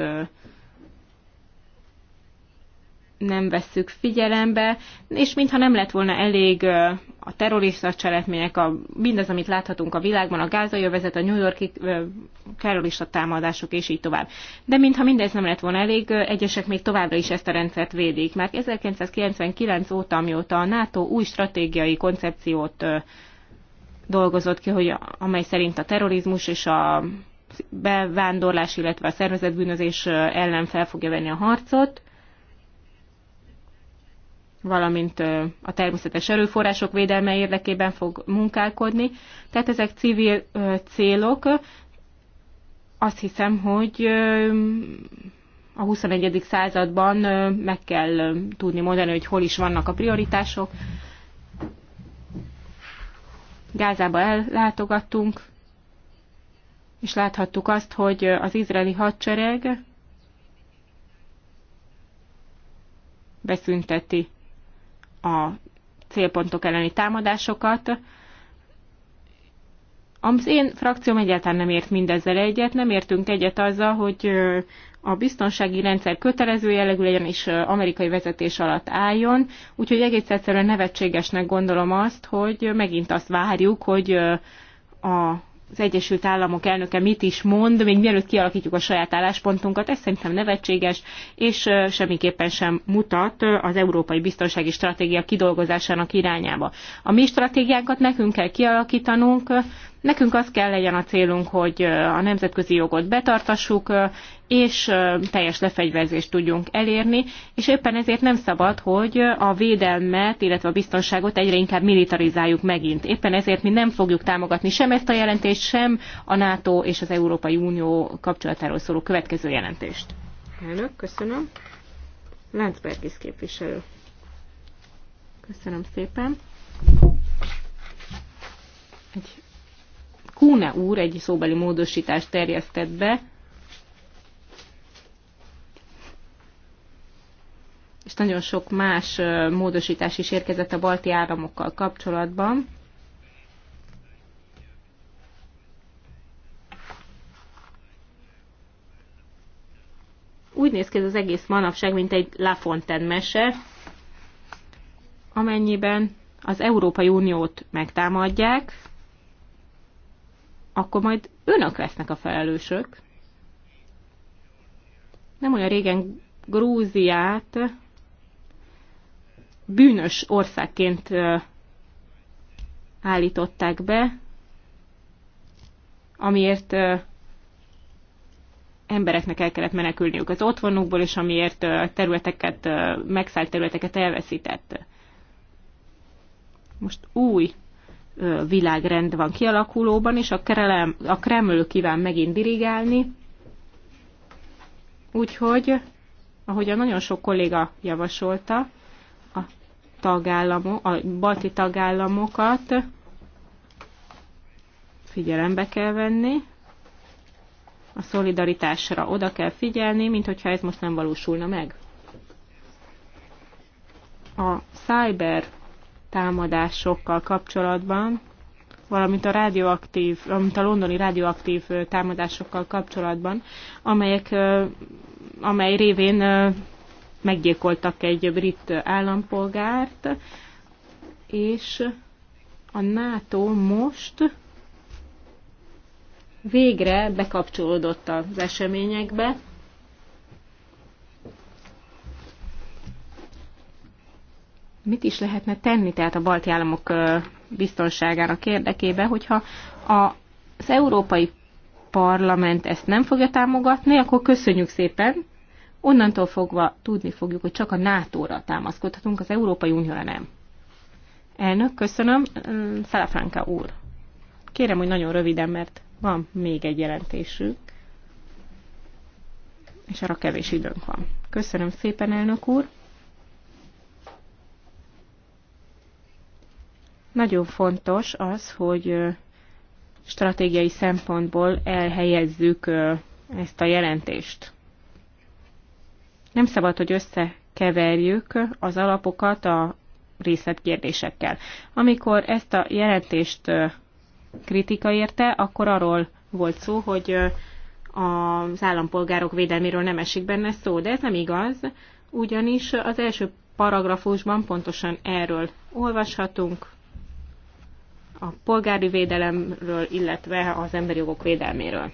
S4: nem vesszük figyelembe, és mintha nem lett volna elég a terrorista cselekmények, a, mindaz, amit láthatunk a világban, a övezet, a New Yorki terrorista támadások, és így tovább. De mintha mindez nem lett volna elég, egyesek még továbbra is ezt a rendszert védik. Már 1999 óta, amióta a NATO új stratégiai koncepciót dolgozott ki, hogy amely szerint a terrorizmus és a bevándorlás, illetve a szervezetbűnözés ellen fel fogja venni a harcot, valamint a természetes erőforrások védelme érdekében fog munkálkodni. Tehát ezek civil célok. Azt hiszem, hogy a 21. században meg kell tudni mondani, hogy hol is vannak a prioritások. Gázába ellátogattunk, és láthattuk azt, hogy az izraeli hadsereg beszünteti a célpontok elleni támadásokat. Az én frakcióm egyáltalán nem ért mindezzel egyet, nem értünk egyet azzal, hogy a biztonsági rendszer kötelező jellegű legyen és amerikai vezetés alatt álljon, úgyhogy egész egyszerűen nevetségesnek gondolom azt, hogy megint azt várjuk, hogy a az Egyesült Államok elnöke mit is mond, még mielőtt kialakítjuk a saját álláspontunkat, ez szerintem nevetséges, és semmiképpen sem mutat az európai biztonsági stratégia kidolgozásának irányába. A mi stratégiánkat nekünk kell kialakítanunk, Nekünk az kell legyen a célunk, hogy a nemzetközi jogot betartassuk, és teljes lefegyverzést tudjunk elérni, és éppen ezért nem szabad, hogy a védelmet, illetve a biztonságot egyre inkább militarizáljuk megint. Éppen ezért mi nem fogjuk támogatni sem ezt a jelentést, sem a NATO és az Európai Unió kapcsolatáról szóló következő jelentést. Elnök, köszönöm. Láncbergis képviselő. Köszönöm szépen. Egy Kúne úr egy szóbeli módosítást terjesztett be, és nagyon sok más módosítás is érkezett a balti áramokkal kapcsolatban. Úgy néz ki ez az egész manapság, mint egy Lafontaine mese, amennyiben az Európai Uniót megtámadják, akkor majd önök lesznek a felelősök. Nem olyan régen Grúziát bűnös országként állították be, amiért embereknek el kellett menekülniük az otthonukból, és amiért területeket, megszállt területeket elveszített. Most új világrend van kialakulóban, és a, Kreml, a Kreml kíván megint dirigálni. Úgyhogy, ahogy a nagyon sok kolléga javasolta, tagállamok, a balti tagállamokat figyelembe kell venni, a szolidaritásra oda kell figyelni, mint hogyha ez most nem valósulna meg. A cyber támadásokkal kapcsolatban, valamint a radioaktív, valamint a londoni radioaktív támadásokkal kapcsolatban, amelyek, amely révén meggyilkoltak egy brit állampolgárt, és a NATO most végre bekapcsolódott az eseményekbe. Mit is lehetne tenni tehát a balti államok biztonságának érdekében, hogyha az Európai Parlament ezt nem fogja támogatni, akkor köszönjük szépen, onnantól fogva tudni fogjuk, hogy csak a NATO-ra támaszkodhatunk, az Európai Unióra nem. Elnök, köszönöm. Mm, Szalafranka úr. Kérem, hogy nagyon röviden, mert van még egy jelentésük, és arra kevés időnk van. Köszönöm szépen, elnök úr. Nagyon fontos az, hogy stratégiai szempontból elhelyezzük ezt a jelentést. Nem szabad, hogy összekeverjük az alapokat a részletkérdésekkel. Amikor ezt a jelentést kritika érte, akkor arról volt szó, hogy az állampolgárok védelméről nem esik benne szó, de ez nem igaz, ugyanis az első paragrafusban pontosan erről olvashatunk, a polgári védelemről, illetve az emberi jogok védelméről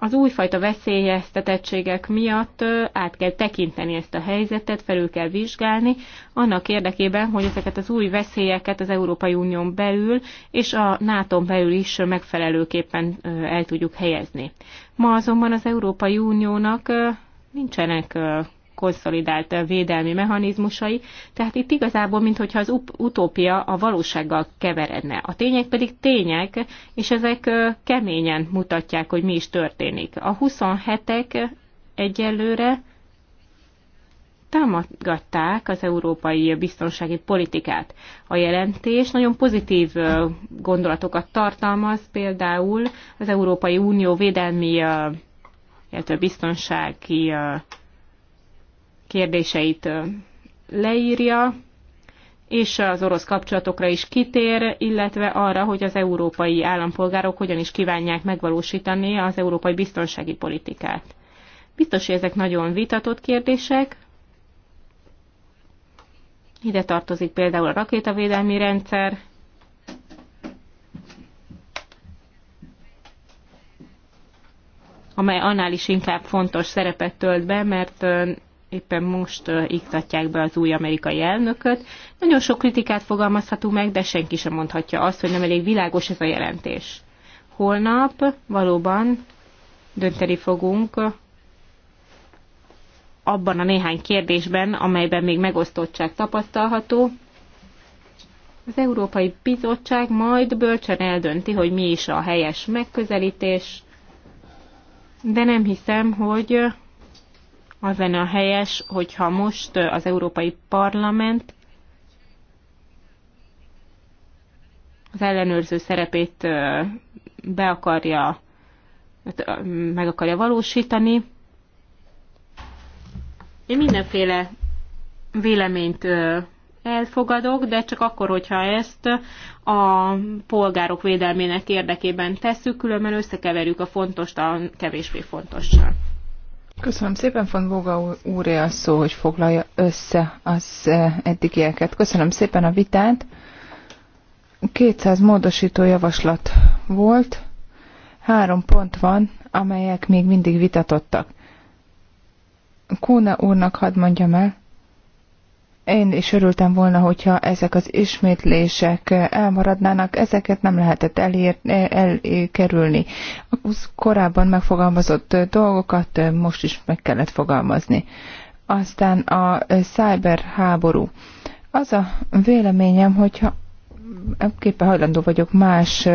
S4: az újfajta veszélyeztetettségek miatt át kell tekinteni ezt a helyzetet, felül kell vizsgálni, annak érdekében, hogy ezeket az új veszélyeket az Európai Unión belül és a nato belül is megfelelőképpen el tudjuk helyezni. Ma azonban az Európai Uniónak nincsenek konszolidált védelmi mechanizmusai, tehát itt igazából, mintha az utópia a valósággal keveredne. A tények pedig tények, és ezek keményen mutatják, hogy mi is történik. A 27-ek egyelőre támogatták az európai biztonsági politikát. A jelentés nagyon pozitív gondolatokat tartalmaz, például az Európai Unió védelmi, illetve biztonsági kérdéseit leírja, és az orosz kapcsolatokra is kitér, illetve arra, hogy az európai állampolgárok hogyan is kívánják megvalósítani az európai biztonsági politikát. Biztos, hogy ezek nagyon vitatott kérdések. Ide tartozik például a rakétavédelmi rendszer, amely annál is inkább fontos szerepet tölt be, mert éppen most iktatják be az új amerikai elnököt. Nagyon sok kritikát fogalmazhatunk meg, de senki sem mondhatja azt, hogy nem elég világos ez a jelentés. Holnap valóban dönteni fogunk abban a néhány kérdésben, amelyben még megosztottság tapasztalható. Az Európai Bizottság majd bölcsen eldönti, hogy mi is a helyes megközelítés, de nem hiszem, hogy az lenne a helyes, hogyha most az Európai Parlament az ellenőrző szerepét be akarja, meg akarja valósítani. Én mindenféle véleményt elfogadok, de csak akkor, hogyha ezt a polgárok védelmének érdekében tesszük, különben összekeverjük a fontos a kevésbé fontossal.
S2: Köszönöm szépen, von Voga úr a szó, hogy foglalja össze az eh, eddigieket. Köszönöm szépen a vitát. 200 módosító javaslat volt, három pont van, amelyek még mindig vitatottak. Kóna úrnak hadd mondjam el, én is örültem volna, hogyha ezek az ismétlések elmaradnának, ezeket nem lehetett elér, elkerülni. A korábban megfogalmazott dolgokat most is meg kellett fogalmazni. Aztán a cyberháború. Az a véleményem, hogyha képpen hajlandó vagyok más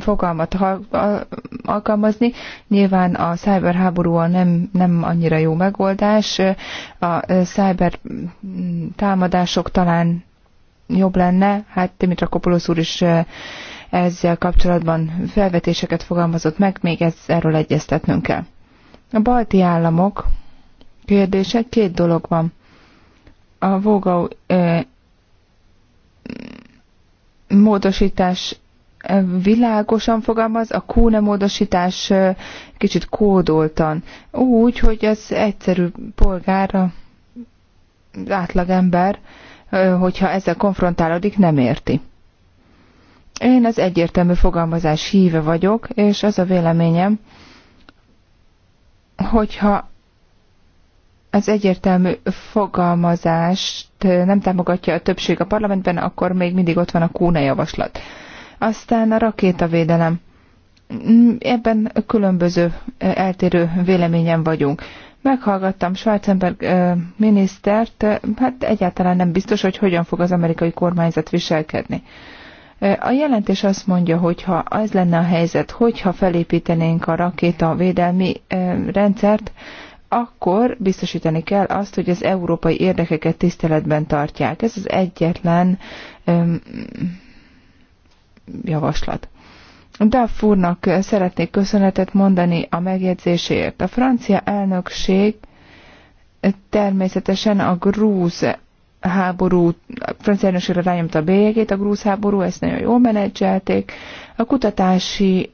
S2: fogalmat ha, a, alkalmazni. Nyilván a cyberháború nem, nem annyira jó megoldás. A cyber mm, támadások talán jobb lenne. Hát Dimitra Kopolosz úr is ezzel kapcsolatban felvetéseket fogalmazott meg, még ez, erről egyeztetnünk kell. A balti államok kérdése két dolog van. A Vogau módosítás világosan fogalmaz, a kúne módosítás kicsit kódoltan. Úgy, hogy az egyszerű polgára, az átlagember, hogyha ezzel konfrontálódik, nem érti. Én az egyértelmű fogalmazás híve vagyok, és az a véleményem, hogyha az egyértelmű fogalmazást nem támogatja a többség a parlamentben, akkor még mindig ott van a kóna javaslat. Aztán a rakétavédelem. Mm, ebben különböző eltérő véleményen vagyunk. Meghallgattam Schwarzenberg minisztert, hát egyáltalán nem biztos, hogy hogyan fog az amerikai kormányzat viselkedni. A jelentés azt mondja, hogy ha az lenne a helyzet, hogyha felépítenénk a rakéta védelmi rendszert, akkor biztosítani kell azt, hogy az európai érdekeket tiszteletben tartják. Ez az egyetlen javaslat. Duff úrnak szeretnék köszönetet mondani a megjegyzéséért. A francia elnökség természetesen a grúz háború, a francia elnökségre rányomta a bélyegét a grúz háború, ezt nagyon jól menedzselték. A kutatási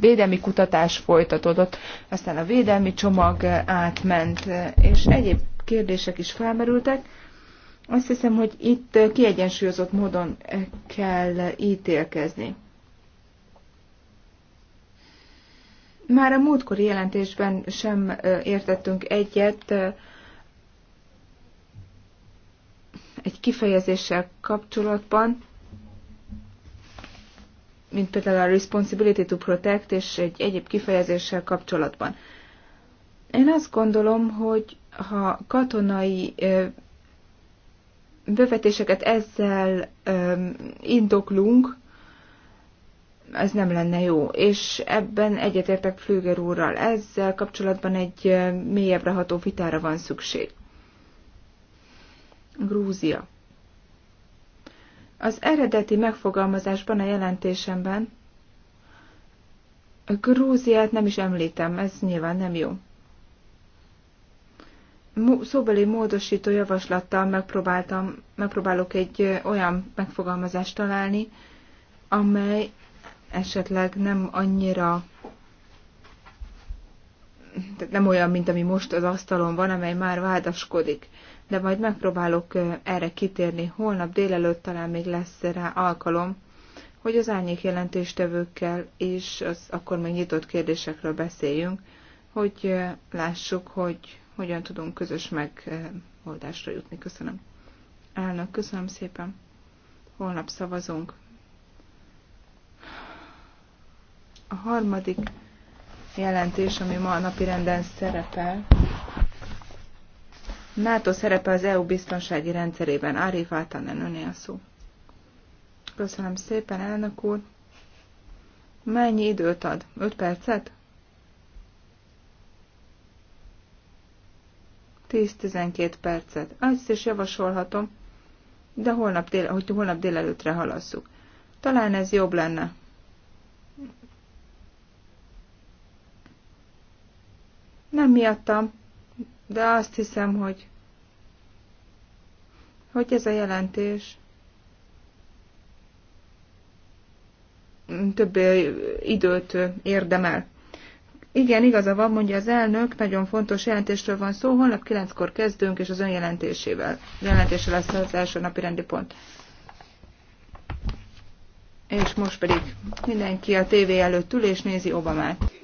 S2: védelmi kutatás folytatódott, aztán a védelmi csomag átment, és egyéb kérdések is felmerültek. Azt hiszem, hogy itt kiegyensúlyozott módon kell ítélkezni. Már a múltkori jelentésben sem értettünk egyet egy kifejezéssel kapcsolatban, mint például a responsibility to protect és egy egyéb kifejezéssel kapcsolatban. Én azt gondolom, hogy ha katonai bevetéseket ezzel indoklunk, ez nem lenne jó. És ebben egyetértek Flüger úrral. Ezzel kapcsolatban egy mélyebbre ható vitára van szükség. Grúzia. Az eredeti megfogalmazásban a jelentésemben Grúziát nem is említem, ez nyilván nem jó szóbeli módosító javaslattal megpróbáltam, megpróbálok egy olyan megfogalmazást találni, amely esetleg nem annyira tehát nem olyan, mint ami most az asztalon van, amely már vádaskodik. De majd megpróbálok erre kitérni. Holnap délelőtt talán még lesz rá alkalom, hogy az árnyék jelentéstevőkkel is, az akkor még nyitott kérdésekről beszéljünk, hogy lássuk, hogy hogyan tudunk közös megoldásra jutni. Köszönöm. Elnök, köszönöm szépen. Holnap szavazunk. A harmadik jelentés, ami ma a napi renden szerepel, NATO szerepe az EU biztonsági rendszerében. Árif Áltanen, öné a szó. Köszönöm szépen, elnök úr. Mennyi időt ad? 5 percet? 10-12 percet. Azt is javasolhatom, de holnap dél, hogy holnap délelőtre halasszuk. Talán ez jobb lenne. Nem miattam, de azt hiszem, hogy, hogy ez a jelentés több időt érdemel. Igen, igaza van, mondja az elnök, nagyon fontos jelentésről van szó, holnap kilenckor kezdünk, és az önjelentésével, jelentése lesz az első napi rendi pont. És most pedig mindenki a tévé előtt ül és nézi Obamát.